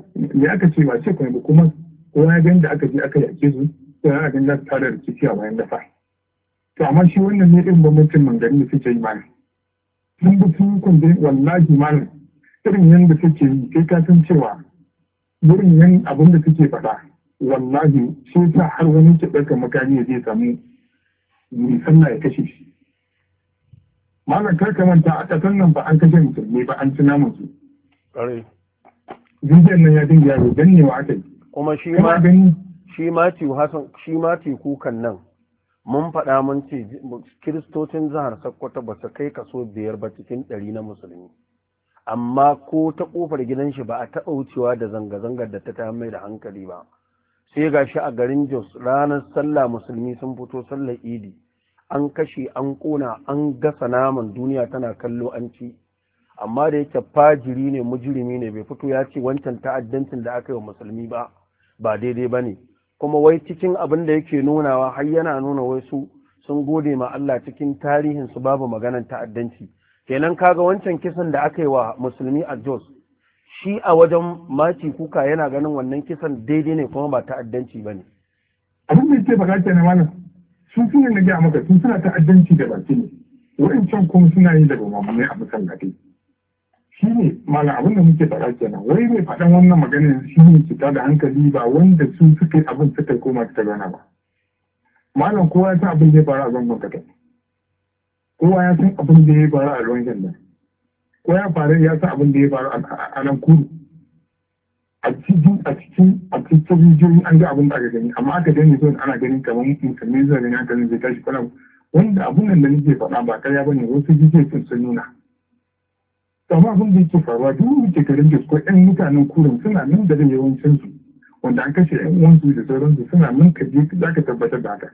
aka ce ba ce kuma ba kuma kowa ya gani da aka je aka yake su sai gani ganin su tare da kici a bayan dafa to amma shi wannan ne irin bambancin mangani da suke yi mana sun bi sun kunde wallahi mana irin yanda suke yi sai ka san cewa wurin yan abin da suke faɗa wallahi shi sa har wani ke ɗaukar makami ya zai samu mai sanna ya kashe shi malam kar ka manta a ƙasar nan ba an kashe musulmi ba an ci namun su Zinjiyar nan ya dinga yaro don ne wa aka yi kuma shi ma shi ma Hassan shi ma kukan nan mun faɗa mun ce kiristocin zahar sakkwata ba su kai kaso biyar ba cikin ɗari na musulmi amma ko ta ƙofar gidan shi ba a taɓa wucewa da zanga-zangar da ta ta mai da hankali ba sai ga shi a garin jos ranar sallah musulmi sun fito sallar idi an kashe an kona an gasa naman duniya tana kallo an ci amma da yake fajiri ne mujirimi ne bai fito ya ce wancan ta'addancin da aka yi wa musulmi ba ba daidai ba ne kuma wai cikin abin da yake nunawa har yana nuna wai su sun gode ma Allah cikin tarihin su babu maganar ta'addanci kenan kaga wancan kisan da aka yi wa musulmi a Jos shi a wajen maki kuka yana ganin wannan kisan daidai ne kuma ba ta'addanci ba ne. Abin da yake baka kenan malam sun suna na gaya maka sun suna ta'addanci da baki ne wa'ancan kuma suna yi daga mamamai a masallatai. Shi ne malam abin da muke faɗa kenan wai mai faɗan wannan maganin shi ne fita da hankali ba wanda su suke abin suka koma suka gana ba. Malam kowa ya san abin da ya faru a zangon kakai. Kowa ya san abin da ya faru a ruwan nan. ko ya faru ya sa abin da ya faru a nan kudu a cikin a cikin a cikin rijiyoyi an ga abin da aka gani amma aka gani zuwa ana ganin kamar musulmi zuwa gani aka zai tashi kwanan wanda abun nan da nake faɗa ba karya ba ne wasu jijiyoyi sun sun nuna amma abin da yake faruwa duk wuce garin da ko ɗan mutanen kurin suna nan da yawancin su wanda an kashe ƴan uwansu da sauransu suna nan ka je za ka tabbatar da haka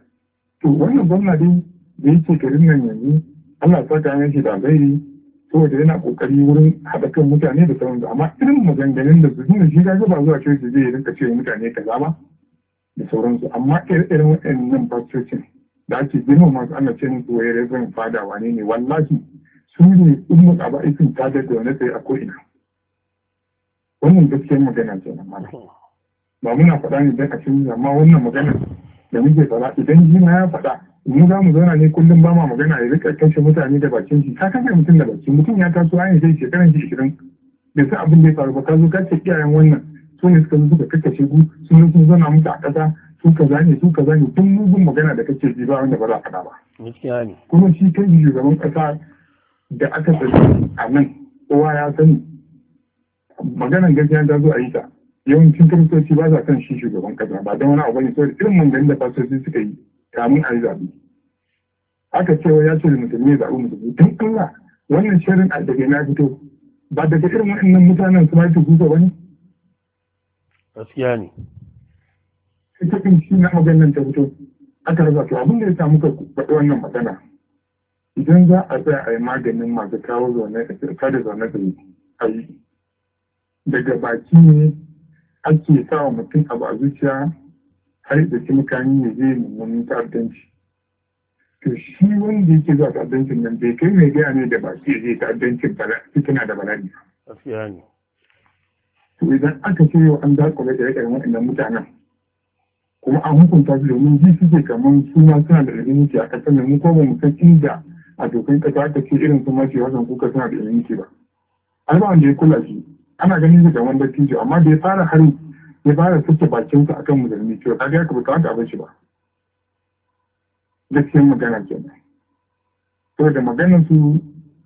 to wannan gwamna dai da yake garin nan yanzu Allah ya saka shi da alheri saboda yana kokari wurin haɗa kan mutane da sauransu amma irin maganganun da su nuna shi ga ba zuwa coci zai rinka ce mutane kaza ba da sauransu amma irin waɗannan fastocin da ake girma masu ana ce musu wayar zan fada wane ne wallahi su ne ummu aba ikin tada da wani sai a ko'ina wannan gaskiyar magana ce na mara hmm. ba muna faɗa ne da a cikin amma wannan magana da muke faɗa idan jima ya faɗa mu za mu zauna ne kullum ba ma magana ya rika kashe mutane da bakin shi ka kashe mutum da bakin mutum ya taso an yi shekaran shi shirin da su abin da ya faru ba ka zo ka ce iyayen wannan su ne suka zo kakkashe ku sun sun zauna mutu a ƙasa su ka zane su ka zane tun mugun magana da kake ji ba wanda ba za ka faɗa ba. kuma shi kai shugaban ƙasa da aka tsaye a nan kowa ya sani maganan gaskiya ta zo a yi ta yawancin kiristoci ba sa kan shi shugaban kasa ba don wani abu ne saboda irin mangan da fasoci suka yi kamun a yi zaɓe aka cewa ya ce da musulmi ya zaɓi musulmi tun Allah wannan shirin a daga na fito ba daga irin waɗannan mutanen su ma su kusa ba ne. gaskiya ne. cikin shi na maganin ta fito aka rasa to abin da ya samu ka faɗi wannan magana idan za a tsaya a yi maganin masu kawo zaune a kada zaune da yi daga baki ne ake wa mutum abu a zuciya har da shi mutane ne zai mummunin ta'addanci to shi wanda yake zuwa ta'addancin nan bai kai mai gaya ne da ba ya zai ta'addancin fitina da bala'i gaskiya ne to idan aka ce yau an dakule da yakan waɗannan mutanen kuma an hukunta su domin ji suke kamar suna ma suna da ilimi a ƙasar nan mu ko ba mu san inda a dokan ƙasa aka ce irin su ma ce wasan kuka suna da ilimi ba ai ba wanda ya kula shi ana ganin da wanda tijo amma da ya fara hari ya fara suke bakin su akan musulmi to kaga ya kubuta wanda abin shi ba gaskiyar magana kenan saboda maganar su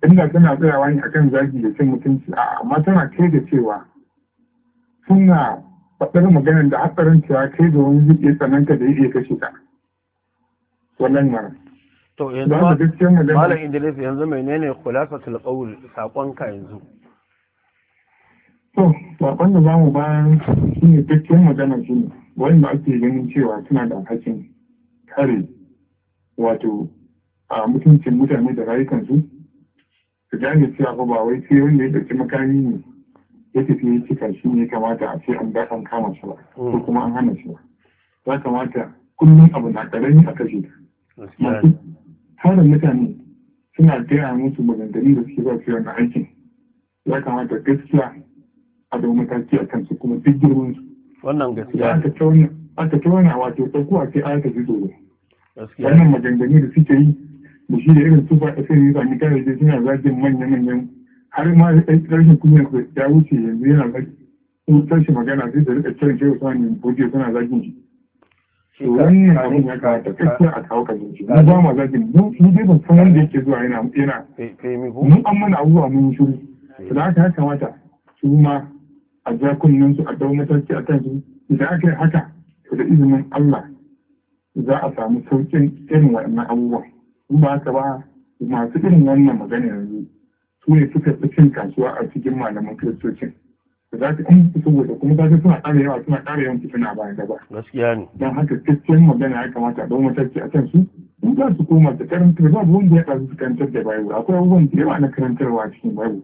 inda tana tsayawa ne akan zagi da cin mutunci a amma tana kai da cewa suna faɗar maganar da hatsarin cewa kai da wani zai iya tsananta da iya kashe ka wannan mara to yanzu malam Idris yanzu menene khulafatul qawl sakonka yanzu to sakon da za mu bayan shi ne gaskiyar magana shi ne wanda ake ganin cewa suna da hakkin kare wato a mutuncin mutane da rayukansu su gane cewa ba ba wai sai wanda ya ɗauki makami ne ya tafi ya cika shi ne kamata a ce an da an kama shi ba hmm. ko kuma an hana shi ba ya kamata kullum abu na ƙarami a kashe masu mutane suna gaya musu maganganu da suke ba su yi wannan aikin ya kamata gaskiya a dau mataki a kansu kuma duk girman su wannan gaskiya aka tauna aka tauna wato tsakuwa sai aka ji tsoro wannan maganganu da suke yi da shi da irin su ba sai yi zami kare da suna zagin manya manyan har ma rashin kunyar ku ya wuce yanzu yana zagi in tashi magana sai da rika kiran shi Usman ne boje suna zagin shi wannan abin ya kawo takakken a kawo kajin shi mu ba ma zagin ni dai ban san wanda yake zuwa yana yana mun an mana abubuwa mun shiru da haka ya kamata su ma a ja su a dau mataki a kan su idan aka yi haka to da izinin Allah za a samu saukin irin waɗannan abubuwa in ba haka ba masu irin wannan magana yanzu su ne suka fi kasuwa a cikin malaman kiristocin za ta in saboda kuma za ta suna ƙara yawa suna ƙara yawan fitina bayan gaba gaskiya ne don haka cikin magana ya kamata a dau mataki a kan su in za su koma da karanta babu wanda ya ɗazu su karantar da bayu akwai abubuwan da yawa na karantarwa cikin bayu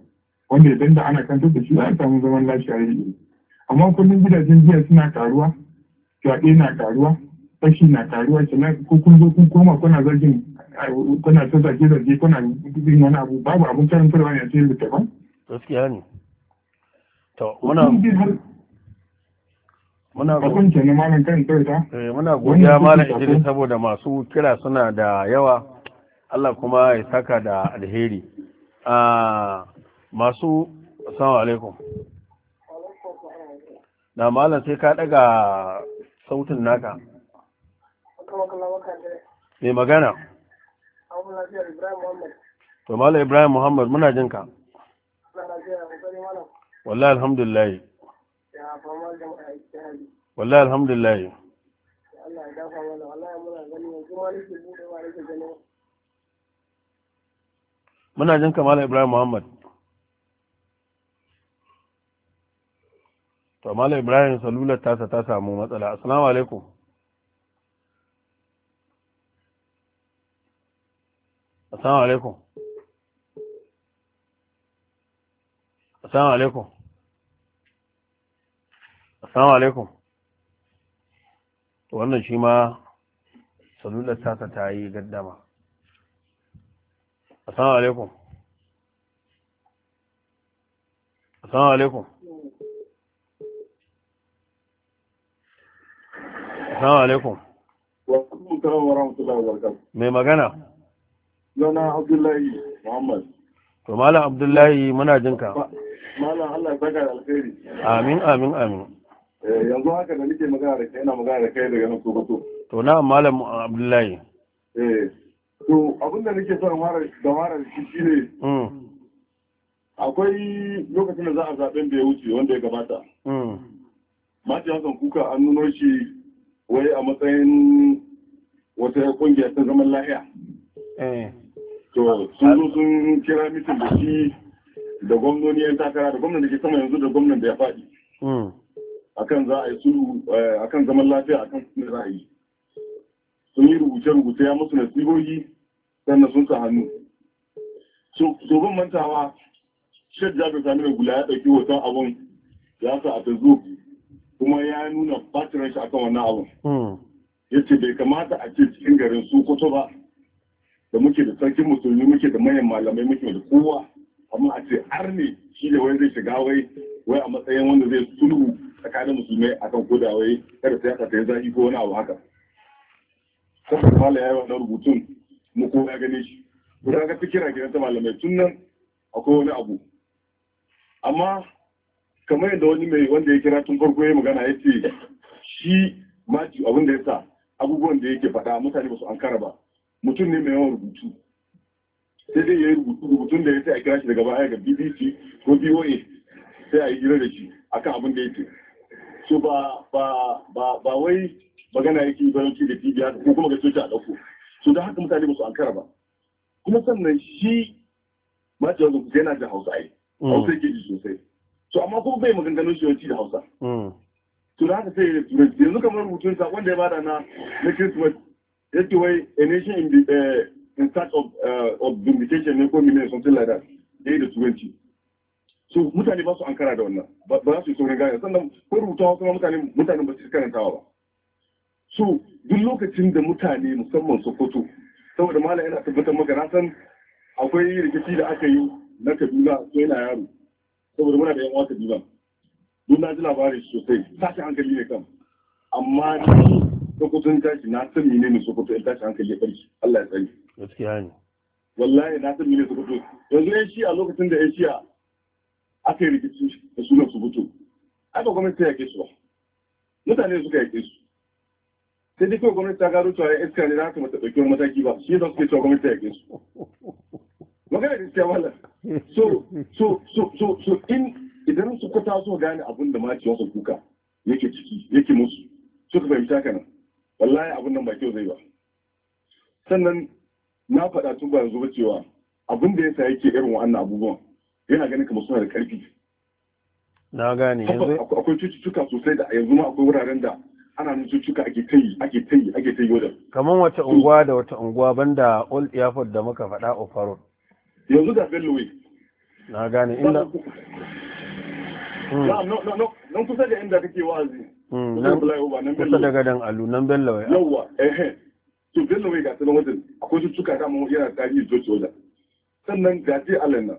wanda idan da ana kantar da shi za a samu zaman lafiya ya yi amma kullum gidajen jiya suna karuwa fyaɗe na karuwa fashi na karuwa kenan ko kun zo kun koma kuna zargin kuna ta zage zage kuna yin wani abu babu abun karantarwa ne a cikin littafin gaskiya ne to muna muna eh, muna godiya malam Idris saboda masu kira suna da yawa Allah kuma ya saka da alheri ah, masu asalamu alaikum na malam sai ka daga sautin naka mai magana to malam ibrahim muhammad muna jin ka wallahi alhamdulillah wallahi alhamdulillah muna muna jin ka malam ibrahim muhammad to mala ibrahim salular tasa ta samu matsala assalamu alaikum assalamu alaikum assalamu alaikum assalamu alaikum to wannan shi ma salular tasa ta yi gaddama assalamu alaikum assalamu alaikum Assalamu alaikum. Wa alaikum wa rahmatullahi wa barakatuh. Mai magana? Yana Abdullahi Muhammad. To Malam Abdullahi muna jin ka. Malam Allah ya saka alheri. Amin amin amin. Eh, yanzu haka da nake magana da kai ina magana da kai daga nan Sokoto. To na Malam Abdullahi. Eh. To abin da nake son fara da fara shi shine. Mm. Akwai lokacin da za a zaben da ya wuce wanda ya gabata. Mm. Mati hakan Kuka an nuno shi wai a matsayin wata kungiya ta zaman lahiya eh. to sun zo sun kira mitin da shi da gwamnoni yan takara da gwamnan da ke sama yanzu da gwamnan da ya faɗi hmm. akan za a yi su eh, akan zaman lafiya akan sun yi. sun yi rubuce-rubuce ya musu nasihohi sannan sun sa hannu so ban mantawa shek jabir sami da gula ya ɗauki hoton abun ya sa a facebook kuma ya nuna batiran shi akan wannan abu. Hmm. ya ce bai kamata a ce cikin garin su sokoto ba da muke da sarkin musulmi muke da manyan malamai muke da kowa amma a ce har ne shi da wai zai shiga wai wai a matsayin wanda zai sulhu tsakanin musulmai akan koda wai kada siyasa ta yi zafi ko wani abu haka saboda mala yayi wannan rubutun mu ko ya gane shi ko ga fikira gidan ta malamai tun nan akwai wani abu amma kamar yadda wani mai wanda ya kira tun farko ya magana ya ce shi maji abin da ya sa abubuwan da yake faɗa mutane ba su ankara ba mutum ne mai yawan rubutu sai dai ya yi rubutun da ya sai a kira shi daga baya ga bbc ko VOA, sai a yi hira da shi akan abin da yake so ba ba ba wai magana yake baranci da tv haka ko kuma ga soja a ɗauko so da haka mutane ba su ankara ba kuma sannan shi maji yanzu yana da hausa ai mm. hausa yake ji sosai to amma kuma bai maganganun shi yawanci da hausa hmm. to da haka sai turanci yanzu kamar rubutun sa wanda ya bada na na christmas ya ce wai a nation in the eh, in search of eh, of vindication ne ko minne something like that dai da turanci so mutane ba su ankara da wannan ba za su yi saurin gane sannan ko rubutun hausa ma mutane mutane ba su karantawa ba so duk lokacin da mutane musamman sokoto saboda malam yana tabbatar maka na san akwai rikici da aka yi na kaduna ko yana yaro saboda muna da yan wata diban duk na ji labarin shi sosai tashi hankali ne kan amma ni sokoto tashi na san mine ne sokoto in tashi hankali ya farki Allah ya sani gaskiya ne wallahi na san mine sokoto yanzu yan shi a lokacin da yan shi aka yi rikici da sunan su fito ai ba gwamnati ya ke su ba mutane suka ya su sai dai kawai gwamnati ta gano cewa iska ne za ta mata ɗauki mataki ba shi zan ke cewa gwamnati ta ke su magana gaskiya wala so so so so so in idan su taso so gane abin da maciwa wasu kuka yake ciki yake musu suka fahimci haka nan wallahi abin nan ba kyau zai ba sannan na faɗa tun ba yanzu ba cewa abin da yasa yake irin wa'annan abubuwan yana ganin kamar suna da ƙarfi na gane yanzu akwai cututtuka sosai da yanzu ma akwai wuraren da ana nan cututtuka ake ta yi ake ta yi ake ta yi wadda kamar wata unguwa da wata unguwa banda old airport da muka faɗa ofarod yanzu da bellowe na gane inda hmm. nan kusa da inda kake wa'azi hmm, kusa da gadon alu nan bellowe yawwa ehe to bellowe ga sanar wajen akwai cutuka ta mun yana tarihi joci wajen sannan gaji allen nan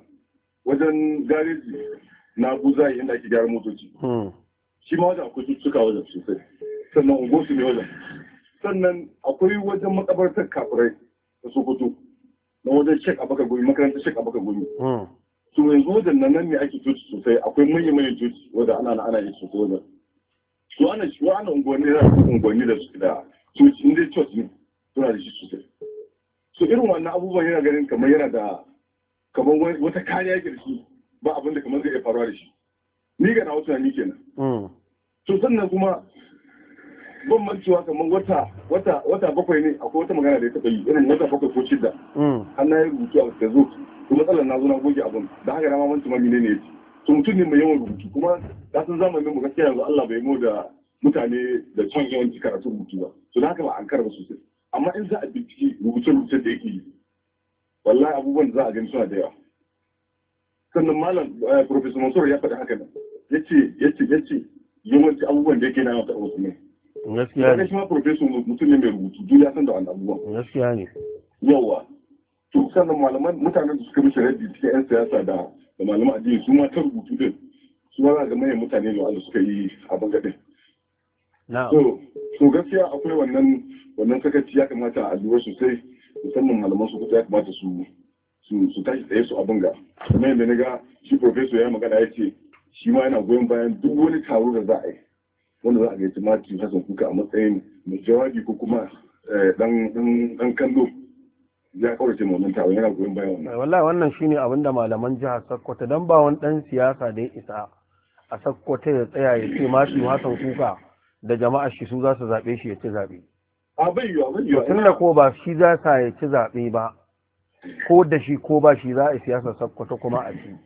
wajen gareji na buzayi inda ake gyara motoci hmm. shi ma wajen akwai cutuka wajen sosai sannan ungosu ne wajen sannan akwai wajen makabartar kafirai da sokoto na wajen shek a baka gumi makaranta shek a baka gumi hmm. su yanzu wajen nan nan ne ake cuci sosai akwai manyan manyan cuci wajen ana ana yi su wajen su ana shi wa ana unguwanni da unguwanni da suke da cuci inda church ne suna da shi sosai Su irin wannan abubuwan yana ganin kamar yana da kamar wata kariya ke da shi ba abin da kamar zai iya faruwa da shi ni ga na wata ni kenan hmm. to sannan kuma ban mancewa kamar wata wata wata bakwai ne akwai wata magana da ya taɓa yi irin wata bakwai ko shida mm. har na yi rubutu a facebook to matsalar na zo na goge abin da haka na ma manci ne menene ya ce to mutum ne mai yawan rubutu kuma da sun zama mai gaskiya yanzu Allah bai mu da mutane da son yawanci karatu rubutu ba to da haka ba an karba sosai amma in za a bincike rubuce rubuce da yake yi wallahi abubuwan za a gani suna da yawa sannan malam eh, professor Mansur ya faɗi haka nan yace yace yace yawanci abubuwan da yake na yawa ta wasu ne gaskiya ne kuma professor mutum ne mai rubutu duk ya san da wannan abubuwan gaskiya ne yawa to sannan malaman mutanen da suka mishi raddi cikin yan siyasa da da malaman addini su ma ta rubutu din su ma ga manyan mutane ne wanda suka yi abin gadin so so gaskiya akwai wannan wannan sakaci ya kamata a lura sosai musamman malaman su kuta ya kamata su su tashi tsaye su abin ga kuma yadda na ga shi professor ya magana ya ce shi ma yana goyon bayan duk wani taro da za a yi wanda za a gaji mati hassan kuka a matsayin mai jawabi ko kuma eh, dan kallo ya kaurace ce wannan taron yana goyon bayan wannan wallahi wannan shine abin da malaman jiha Sokoto dan ba wani dan siyasa da ya isa a Sokoto ya tsaya ya ce mati hassan kuka da jama'a shi su za su zaɓe shi ya ci zabe tun da ko ba shi za sa ya ci zaɓe ba ko da shi ko ba shi za a siyasa sakkwato kuma a ci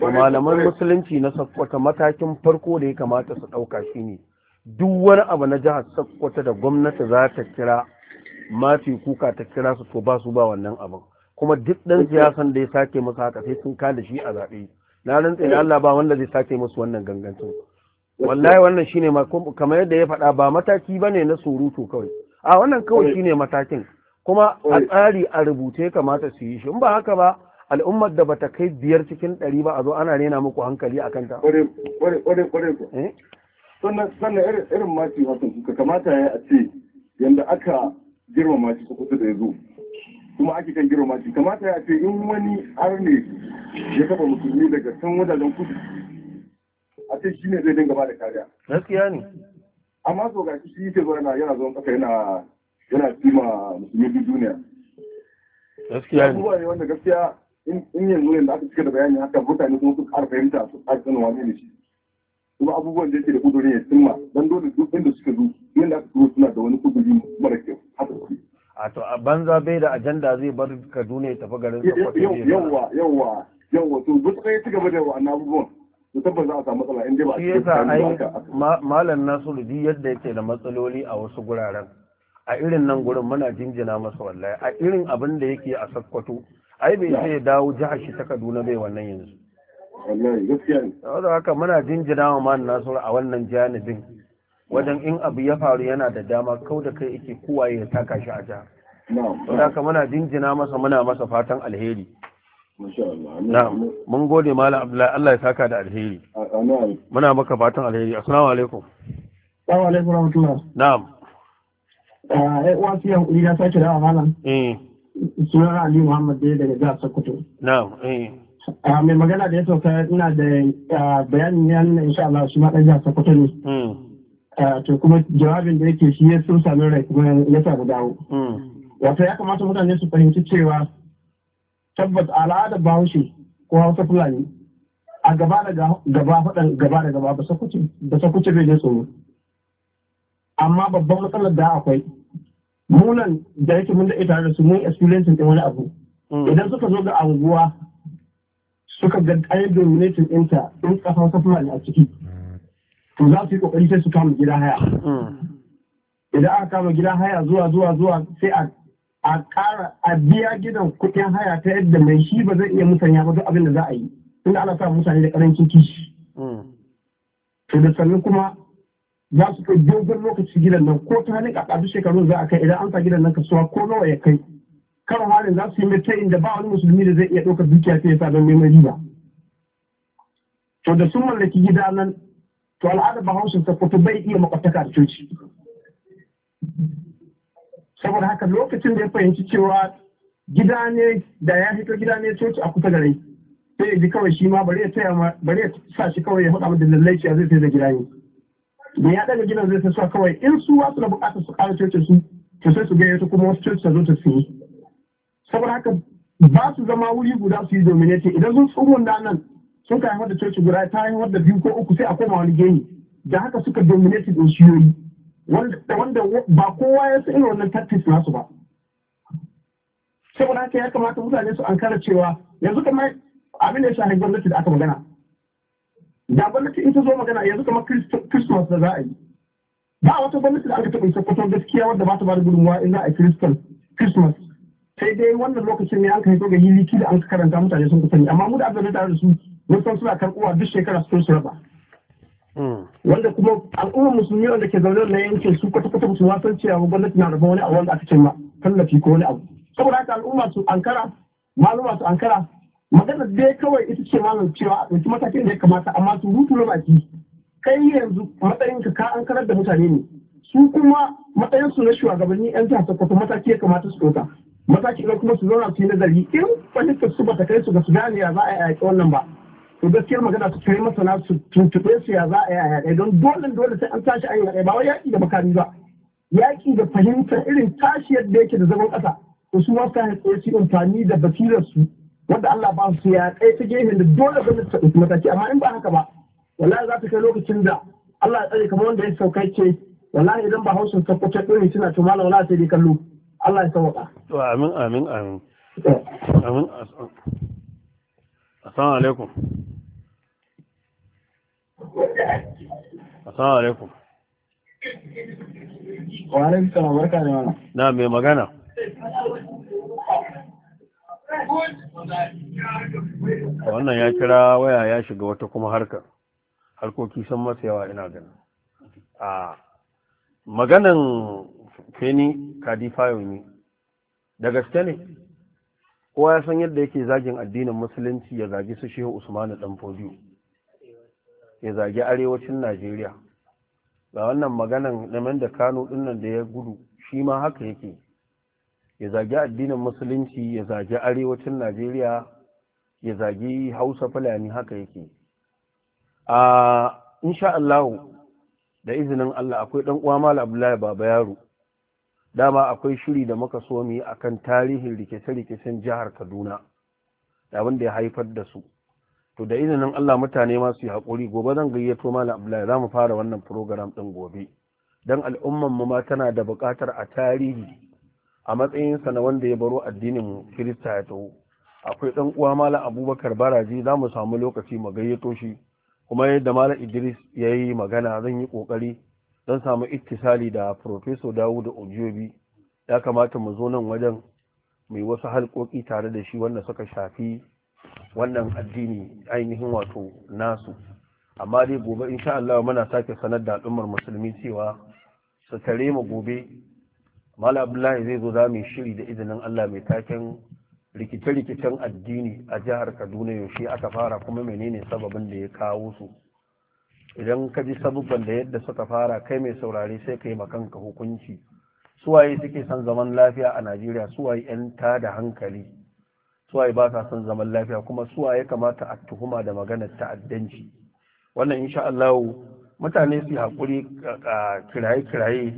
malaman musulunci na sakkwata matakin farko da ya kamata su ɗauka shi ne duk wani abu na jihar Sakkwata da gwamnati za ta kira mafi kuka ta kira su to ba su ba wannan abin kuma duk dan siyasan da ya sake masa haka sai sun kada shi a zaɓe na rantsa da Allah ba wanda zai sake musu wannan gangancin wallahi wannan shine kamar yadda ya faɗa ba mataki bane na surutu kawai a wannan kawai shine matakin kuma a tsari a rubuce kamata su yi shi in ba haka ba al'ummar da bata kai biyar cikin ɗari ba a zo ana rena muku hankali a kanta. sannan sannan irin mati wato ka kamata ya a ce yanda aka girmama shi ko kusa da ya zo kuma ake kan girmama shi kamata ya ce in wani arne ya taba musulmi daga can wajajen kudu a ce shi zai dinga ba da kariya gaskiya ne amma so ga shi yake zo yana yana zo kasa yana yana cima musulmi duniya gaskiya ne ne wanda gaskiya in yanzu yanda aka cika da bayani haka mutane kuma suka ƙara fahimta su ƙara sanin ne shi kuma abubuwan da yake da kuduri ya cimma dan dole duk inda suka zo yanda aka turo suna da wani kuduri mara kyau haka suke a to a banza bai da ajanda zai bar Kaduna ya tafi garin Sokoto yawa yawa yawa to duk sai ci gaba da wannan abubuwan to tabbas za a samu matsala inda ba a cikin ba malam Nasiru di yadda yake da matsaloli a wasu guraren a irin nan gurin muna jinjina masa wallahi a irin abin da yake a Sokoto ai bai sai ya dawo jihar shi ta Kaduna bai wannan yanzu saboda haka muna jinjina wa man nasur a wannan janibin wajen in abu ya faru yana da dama kau da kai yake kowaye ya taka shi a ja na'am haka muna jinjina masa muna masa fatan alheri na'am mun gode malam abdullahi Allah ya saka da alheri muna maka fatan alheri assalamu alaikum assalamu alaikum rahmatullah na'am uh, eh wasu yankuri na sake dawa malam eh sunan Ali Muhammad daga jihar Sokoto na'am eh a ah, mai magana da ya sauka ina da ah, bayanin ya nuna insha Allah shi ma ɗan jihar Sokoto ne. Hmm. Ah, to kuma jawabin da yake shi ya sun sami rai kuma ya samu dawo. Hmm. Wato ya kamata mutane su fahimci cewa tabbas al'adar Bahaushe ko Hausa Fulani a gaba da gaba faɗan gaba da gaba ba su kuce bai ne tsoro. Amma babban matsalar da akwai munan da yake mun da tare da su mun experience ɗin wani abu. Hmm. Idan suka zo ga anguwa suka ga ɗaya dominatin ɗinta in ta safar a ciki to za su yi ƙoƙari sai su kama gida haya idan aka kama gida haya zuwa zuwa zuwa sai a a ƙara a biya gidan kuɗin haya ta yadda mai shi ba zai iya mutane ba duk abin da za a yi inda ana sa mutane da ƙarancin kishi to da sannan kuma za su kai dogon lokaci gidan nan ko ta hannun ƙaƙa shekarun za a kai idan an sa gidan nan kasuwa ko nawa ya kai talakawa ne za su yi mai inda ba wani musulmi da zai iya ɗaukar dukiya sai ya sa don neman riba to da sun mallaki gida nan to al'adar bahaushe ta fito bai iya makwataka da coci saboda haka lokacin da ya fahimci cewa gida ne da ya fito gida ne coci a kusa gare sai ya ji kawai shi ma bari ya taya ma bari ya sa shi kawai ya faɗa da lallai a zai sai da gida ne me ya daga gidan zai sa kawai in su wasu na buƙatar su ƙara cocin su to sai su gaya kuma wasu coci ta zo ta yi saboda haka ba su zama wuri guda su yi dominate idan sun tsugun da nan sun kai haifar coci guda ta yi da biyu ko uku sai a koma wani geni da haka suka dominate din shiyoyi wanda ba kowa ya san wannan tactics nasu ba saboda haka ya kamata mutane su kara cewa yanzu kamar abin da ya shafi gwamnati da aka magana da gwamnati in ta zo magana yanzu kamar christmas da za a yi ba wata gwamnati da aka taɓa yi kwatan gaskiya wadda ba ta ba da gudunmawa in za a yi christmas sai dai wannan lokacin ne an kai ga liki da an karanta mutane sun kusa amma mu da aka tare da su mun san suna karɓuwa duk shekara su su raba hmm. wanda kuma al'ummar musulmi wanda ke zaune na yankin su kwata-kwata musu san cewa gwamnati na raba wani abu wanda aka ce ma tallafi ko wani abu saboda haka al'umma su ankara maluma su ankara magana dai kawai ita ce malam cewa a ɗauki matakin da ya kamata amma su hutu na baki kai yanzu matsayinka ka karar da mutane ne su kuma matsayinsu na shugabanni 'yan jihar sokoto mataki ya kamata su ɗauka mataki na kuma su zauna su yi nazari in fahimtar su ba ta kai su ga su gane ya za a yi yaƙi wannan ba to gaskiyar magana su kai masana su tuntuɓe su ya za a yi yaƙi don dole dole sai an tashi an yaƙi ba wai yaƙi da makami ba yaƙi da fahimtar irin tashi yadda yake da zaman ƙasa to su ma su yi amfani da basirar su wanda Allah ba su ya kai ta gefen da dole gwamnati ta ɗauki mataki amma in ba haka ba wallahi za ta kai lokacin da Allah ya tsare kamar wanda ya saukai ce wallahi idan ba hausa ta kwace ɗori suna to malam wallahi sai dai kallo Allah ya sauka amin amin amin amin assalamu alaikum assalamu alaikum wa alaikum salam barka da wannan na mai magana wannan ya kira waya ya shiga wata kuma harka. harkoki sun masa yawa ina ganin a ah, maganan feni kadifayo ne da gaske ne kowa ya san yadda yake zagin addinin musulunci ya zagi su shehu usmanu dan fodiyo ya zagi arewacin najeriya ga wannan maganan namen da kano dinnan da ya gudu shi ma haka yake ya zagi addinin musulunci ya zagi arewacin najeriya ya zagi hausa fulani haka yake a insha da izinin Allah akwai dan uwa mal Abdullahi Baba Yaro dama akwai shiri da muka so mu yi akan tarihin rikice-rikicen jihar Kaduna da wanda ya haifar da su to da izinin Allah mutane ma su yi hakuri gobe zan gayyato malam Abdullahi za fara wannan program ɗin gobe dan al'umman mu ma tana da buƙatar a tarihi a matsayinsa na wanda ya baro addinin mu Kirista ya taho akwai ɗan uwa malam Abubakar Baraji zamu samu lokaci mu gayyato shi kuma yadda malam Idris ya yi magana zan yi ƙoƙari don samu ittisali da profeso dawudu ojobi ya kamata mu zo nan wajen mai wasu halkoki tare da shi wanda suka shafi wannan addini ainihin wato nasu amma dai gobe insha Allah muna sake sanar da al'ummar musulmi cewa su tare mu gobe Malam Abdullahi zai zo za mu shiri da izinin Allah mai taken rikice-rikicen addini a jihar Kaduna yaushe aka fara kuma menene sababin da ya kawo su idan ka ji sabubban da yadda suka fara kai mai saurari sai ka yi makanka hukunci suwaye suke son zaman lafiya a najeriya suwaye 'yan da hankali suwaye ba sa son zaman lafiya kuma suwaye kamata a tuhuma da maganar ta'addanci wannan insha Allah mutane su haƙuri a kiraye-kiraye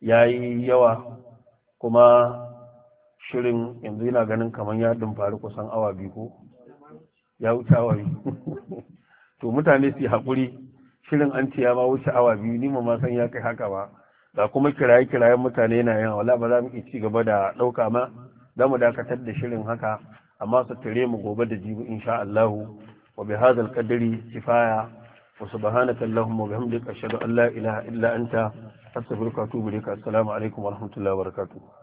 ya yi yawa kuma shirin yanzu yana ganin kamar ya faru kusan awa biyu ko ya wuce awa to mutane su haƙuri shirin anti ya ma wuce awa biyu ni ma san ya kai haka ba ga kuma kiraye kirayen mutane na yawa wala ba za mu ci gaba da ɗauka ma za mu dakatar da shirin haka amma su tare mu gobe da jibi insha Allah wa bi hadha qadri kifaya wa subhanaka allahumma wa bihamdika ashhadu an la ilaha illa anta astaghfiruka wa atubu ilaik assalamu alaikum wa rahmatullahi wa barakatuh